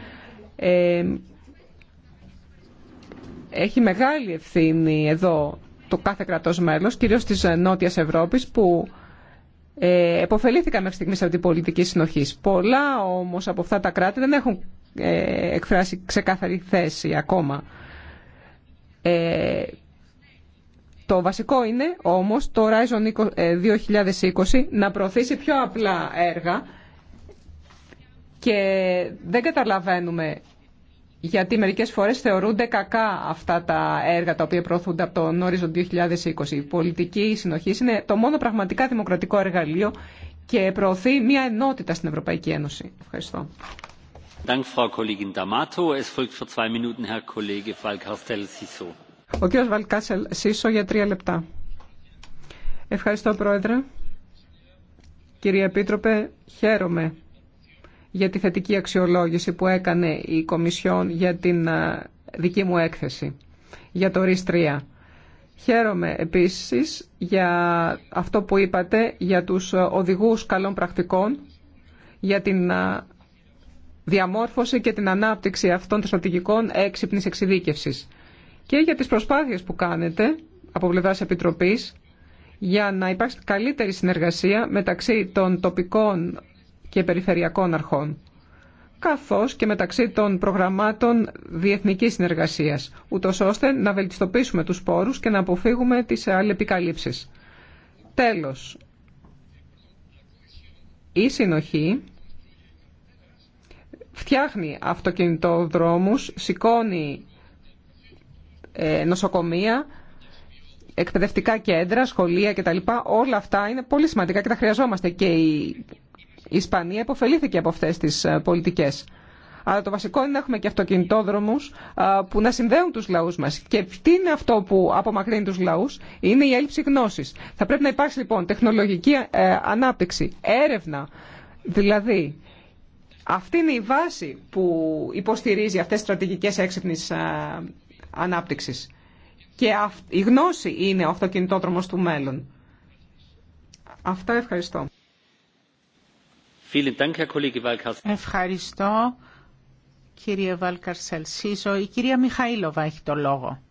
Ε, έχει μεγάλη ευθύνη εδώ το κάθε κρατός μέλος, κυρίως της Νότιας Ευρώπης, που ε, εποφελήθηκαν μέχρι στιγμής από την πολιτική συνοχή. Πολλά όμως από αυτά τα κράτη δεν έχουν ε, εκφράσει ξεκάθαρη θέση ακόμα. Ε, το βασικό είναι όμως το Horizon 2020 ε, να προωθήσει πιο απλά έργα και δεν καταλαβαίνουμε γιατί μερικές φορές θεωρούνται κακά αυτά τα έργα τα οποία προωθούνται από τον ορίζον 2020. Η πολιτική συνοχή είναι το μόνο πραγματικά δημοκρατικό εργαλείο και προωθεί μια ενότητα στην Ευρωπαϊκή Ένωση. Ευχαριστώ. Ο κ. Βαλκάσελ Σίσο για τρία λεπτά. Ευχαριστώ, Πρόεδρε. Κύριε Επίτροπε, χαίρομαι για τη θετική αξιολόγηση που έκανε η Κομισιόν για την ε, δική μου έκθεση, για το ΡΙΣΤΡΙΑ. 3. Χαίρομαι επίσης για αυτό που είπατε για τους ε, οδηγούς καλών πρακτικών, για την ε, διαμόρφωση και την ανάπτυξη αυτών των στρατηγικών έξυπνης εξειδίκευσης και για τις προσπάθειες που κάνετε από πλευρά Επιτροπής για να υπάρξει καλύτερη συνεργασία μεταξύ των τοπικών και περιφερειακών αρχών, καθώς και μεταξύ των προγραμμάτων διεθνικής συνεργασίας, ούτως ώστε να βελτιστοποιήσουμε τους πόρους και να αποφύγουμε τις αλληλεπικαλύψεις. Τέλος, η συνοχή φτιάχνει αυτοκινητοδρόμους, σηκώνει ε, νοσοκομεία, εκπαιδευτικά κέντρα, σχολεία κτλ. Όλα αυτά είναι πολύ σημαντικά και τα χρειαζόμαστε. Και οι η Ισπανία υποφελήθηκε από αυτές τις ε, πολιτικές. Αλλά το βασικό είναι να έχουμε και αυτοκινητόδρομου ε, που να συνδέουν τους λαού μα. Και τι είναι αυτό που απομακρύνει τους λαού, είναι η έλλειψη γνώση. Θα πρέπει να υπάρξει λοιπόν τεχνολογική ε, ανάπτυξη, έρευνα, δηλαδή αυτή είναι η βάση που υποστηρίζει αυτές τις στρατηγικές ε, ανάπτυξη. Και η γνώση είναι ο αυτοκινητόδρομο του μέλλον. Αυτά ευχαριστώ. Ευχαριστώ κύριε Βάλκαρ Σελσίσο. Η κυρία Μιχαήλοβα έχει το λόγο.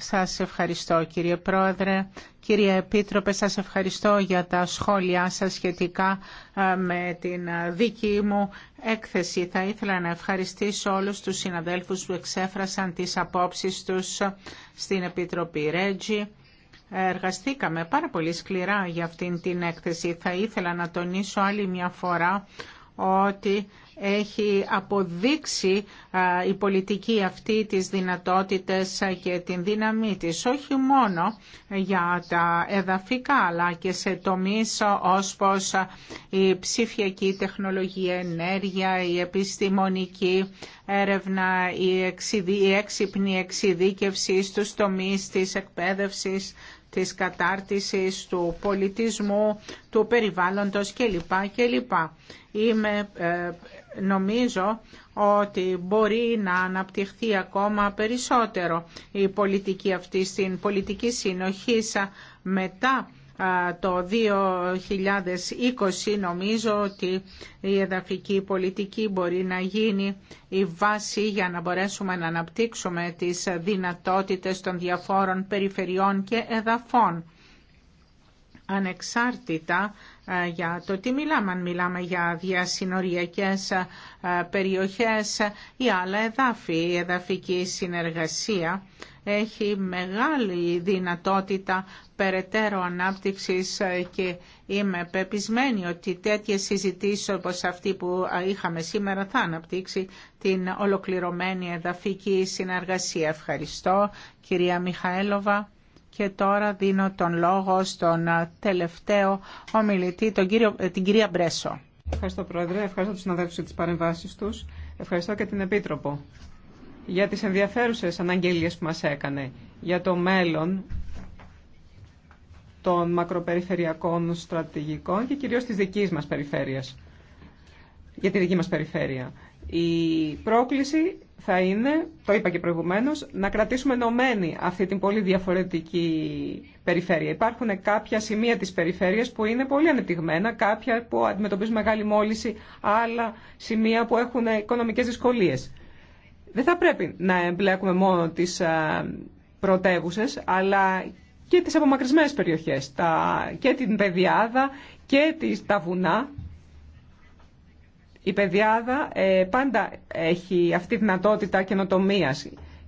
Σας ευχαριστώ κύριε Πρόεδρε. Κύριε Επίτροπε, σας ευχαριστώ για τα σχόλιά σας σχετικά ε, με την ε, δική μου έκθεση. Θα ήθελα να ευχαριστήσω όλους τους συναδέλφους που εξέφρασαν τις απόψεις τους ε, στην Επιτροπή Ρέτζη Εργαστήκαμε πάρα πολύ σκληρά για αυτήν την έκθεση. Θα ήθελα να τονίσω άλλη μια φορά ότι έχει αποδείξει η πολιτική αυτή τις δυνατότητες και την δύναμή της, όχι μόνο για τα εδαφικά, αλλά και σε τομείς ως η ψηφιακή τεχνολογία, ενέργεια, η επιστημονική έρευνα, η, η έξυπνη εξειδίκευση στους τομείς της εκπαίδευσης, της κατάρτισης, του πολιτισμού, του περιβάλλοντος κλπ. κλπ. Είμαι, ε, νομίζω ότι μπορεί να αναπτυχθεί ακόμα περισσότερο η πολιτική αυτή στην πολιτική συνοχή μετά το 2020 νομίζω ότι η εδαφική πολιτική μπορεί να γίνει η βάση για να μπορέσουμε να αναπτύξουμε τις δυνατότητες των διαφόρων περιφερειών και εδαφών ανεξάρτητα για το τι μιλάμε, αν μιλάμε για διασυνοριακές περιοχές ή άλλα εδάφη, η εδαφική συνεργασία έχει μεγάλη δυνατότητα περαιτέρω ανάπτυξης και είμαι πεπισμένη ότι τέτοιες συζητήσεις όπως αυτή που είχαμε σήμερα θα αναπτύξει την ολοκληρωμένη εδαφική συνεργασία. Ευχαριστώ κυρία Μιχαέλοβα. Και τώρα δίνω τον λόγο στον τελευταίο ομιλητή, τον κύριο, την κυρία Μπρέσο. Ευχαριστώ Πρόεδρε, ευχαριστώ τους συναδέλφους για τις παρεμβάσεις τους, ευχαριστώ και την Επίτροπο για τις ενδιαφέρουσες αναγγελίες που μας έκανε για το μέλλον των μακροπεριφερειακών στρατηγικών και κυρίως της δικής μας περιφέρειας. Για τη δική μας περιφέρεια. Η πρόκληση θα είναι, το είπα και προηγουμένως, να κρατήσουμε ενωμένη αυτή την πολύ διαφορετική περιφέρεια. Υπάρχουν κάποια σημεία της περιφέρειας που είναι πολύ ανεπτυγμένα, κάποια που αντιμετωπίζουν μεγάλη μόλυση, άλλα σημεία που έχουν οικονομικές δυσκολίες δεν θα πρέπει να εμπλέκουμε μόνο τις ε, πρωτεύουσες, αλλά και τις απομακρυσμένες περιοχές, τα, και την Παιδιάδα και τις, τα βουνά. Η πεδιάδα ε, πάντα έχει αυτή τη δυνατότητα καινοτομία.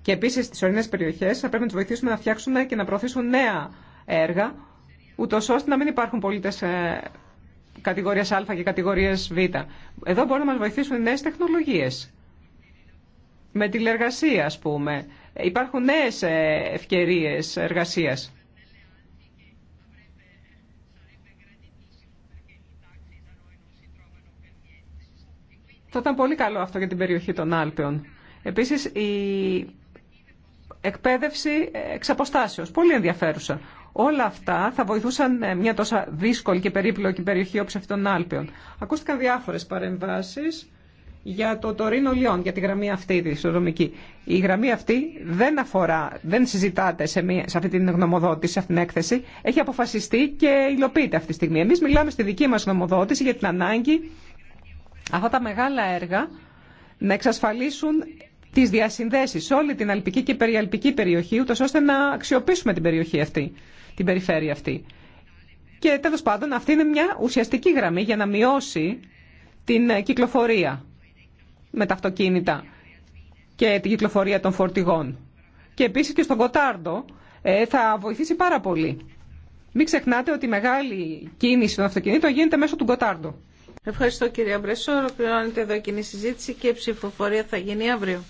Και επίση στις ορεινές περιοχέ θα πρέπει να του βοηθήσουμε να φτιάξουν και να προωθήσουν νέα έργα, ούτω ώστε να μην υπάρχουν πολίτε κατηγορία Α και κατηγορία Β. Εδώ μπορούν να μα βοηθήσουν οι νέε τεχνολογίε με τηλεργασία ας πούμε. Υπάρχουν νέες ε, ευκαιρίες εργασίας. Θα ήταν πολύ καλό αυτό για την περιοχή των Άλπαιων. Επίσης η εκπαίδευση εξ αποστάσεως, πολύ ενδιαφέρουσα. Όλα αυτά θα βοηθούσαν ε, μια τόσα δύσκολη και περίπλοκη περιοχή όπως αυτή των Άλπαιων. Ακούστηκαν διάφορες παρεμβάσεις για το Τωρίνο Λιόν, για τη γραμμή αυτή τη ισοδομική. Η γραμμή αυτή δεν αφορά, δεν συζητάται σε, μία, σε αυτή την γνωμοδότηση, σε αυτή την έκθεση. Έχει αποφασιστεί και υλοποιείται αυτή τη στιγμή. Εμεί μιλάμε στη δική μα γνωμοδότηση για την ανάγκη αυτά τα μεγάλα έργα να εξασφαλίσουν τι διασυνδέσεις σε όλη την αλπική και περιαλπική περιοχή, ούτω ώστε να αξιοποιήσουμε την περιοχή αυτή, την περιφέρεια αυτή. Και τέλος πάντων αυτή είναι μια ουσιαστική γραμμή για να μειώσει την κυκλοφορία με τα αυτοκίνητα και την κυκλοφορία των φορτηγών. Και επίσης και στον Κοτάρντο ε, θα βοηθήσει πάρα πολύ. Μην ξεχνάτε ότι η μεγάλη κίνηση των αυτοκινήτων γίνεται μέσω του Κοτάρντο. Ευχαριστώ κυρία Μπρεσό. Ολοκληρώνεται εδώ κοινή συζήτηση και η ψηφοφορία θα γίνει αύριο.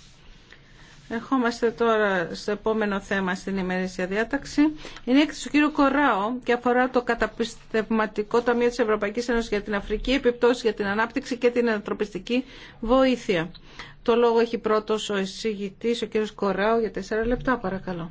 Ερχόμαστε τώρα στο επόμενο θέμα στην ημερήσια διάταξη. Είναι έκθεση του κ. Κοράου και αφορά το καταπιστευματικό Ταμείο της Ευρωπαϊκής Ένωσης για την Αφρική, επιπτώσει για την ανάπτυξη και την ανθρωπιστική βοήθεια. Το λόγο έχει πρώτος ο εισηγητή, ο κύριος Κοράου, για τέσσερα λεπτά παρακαλώ.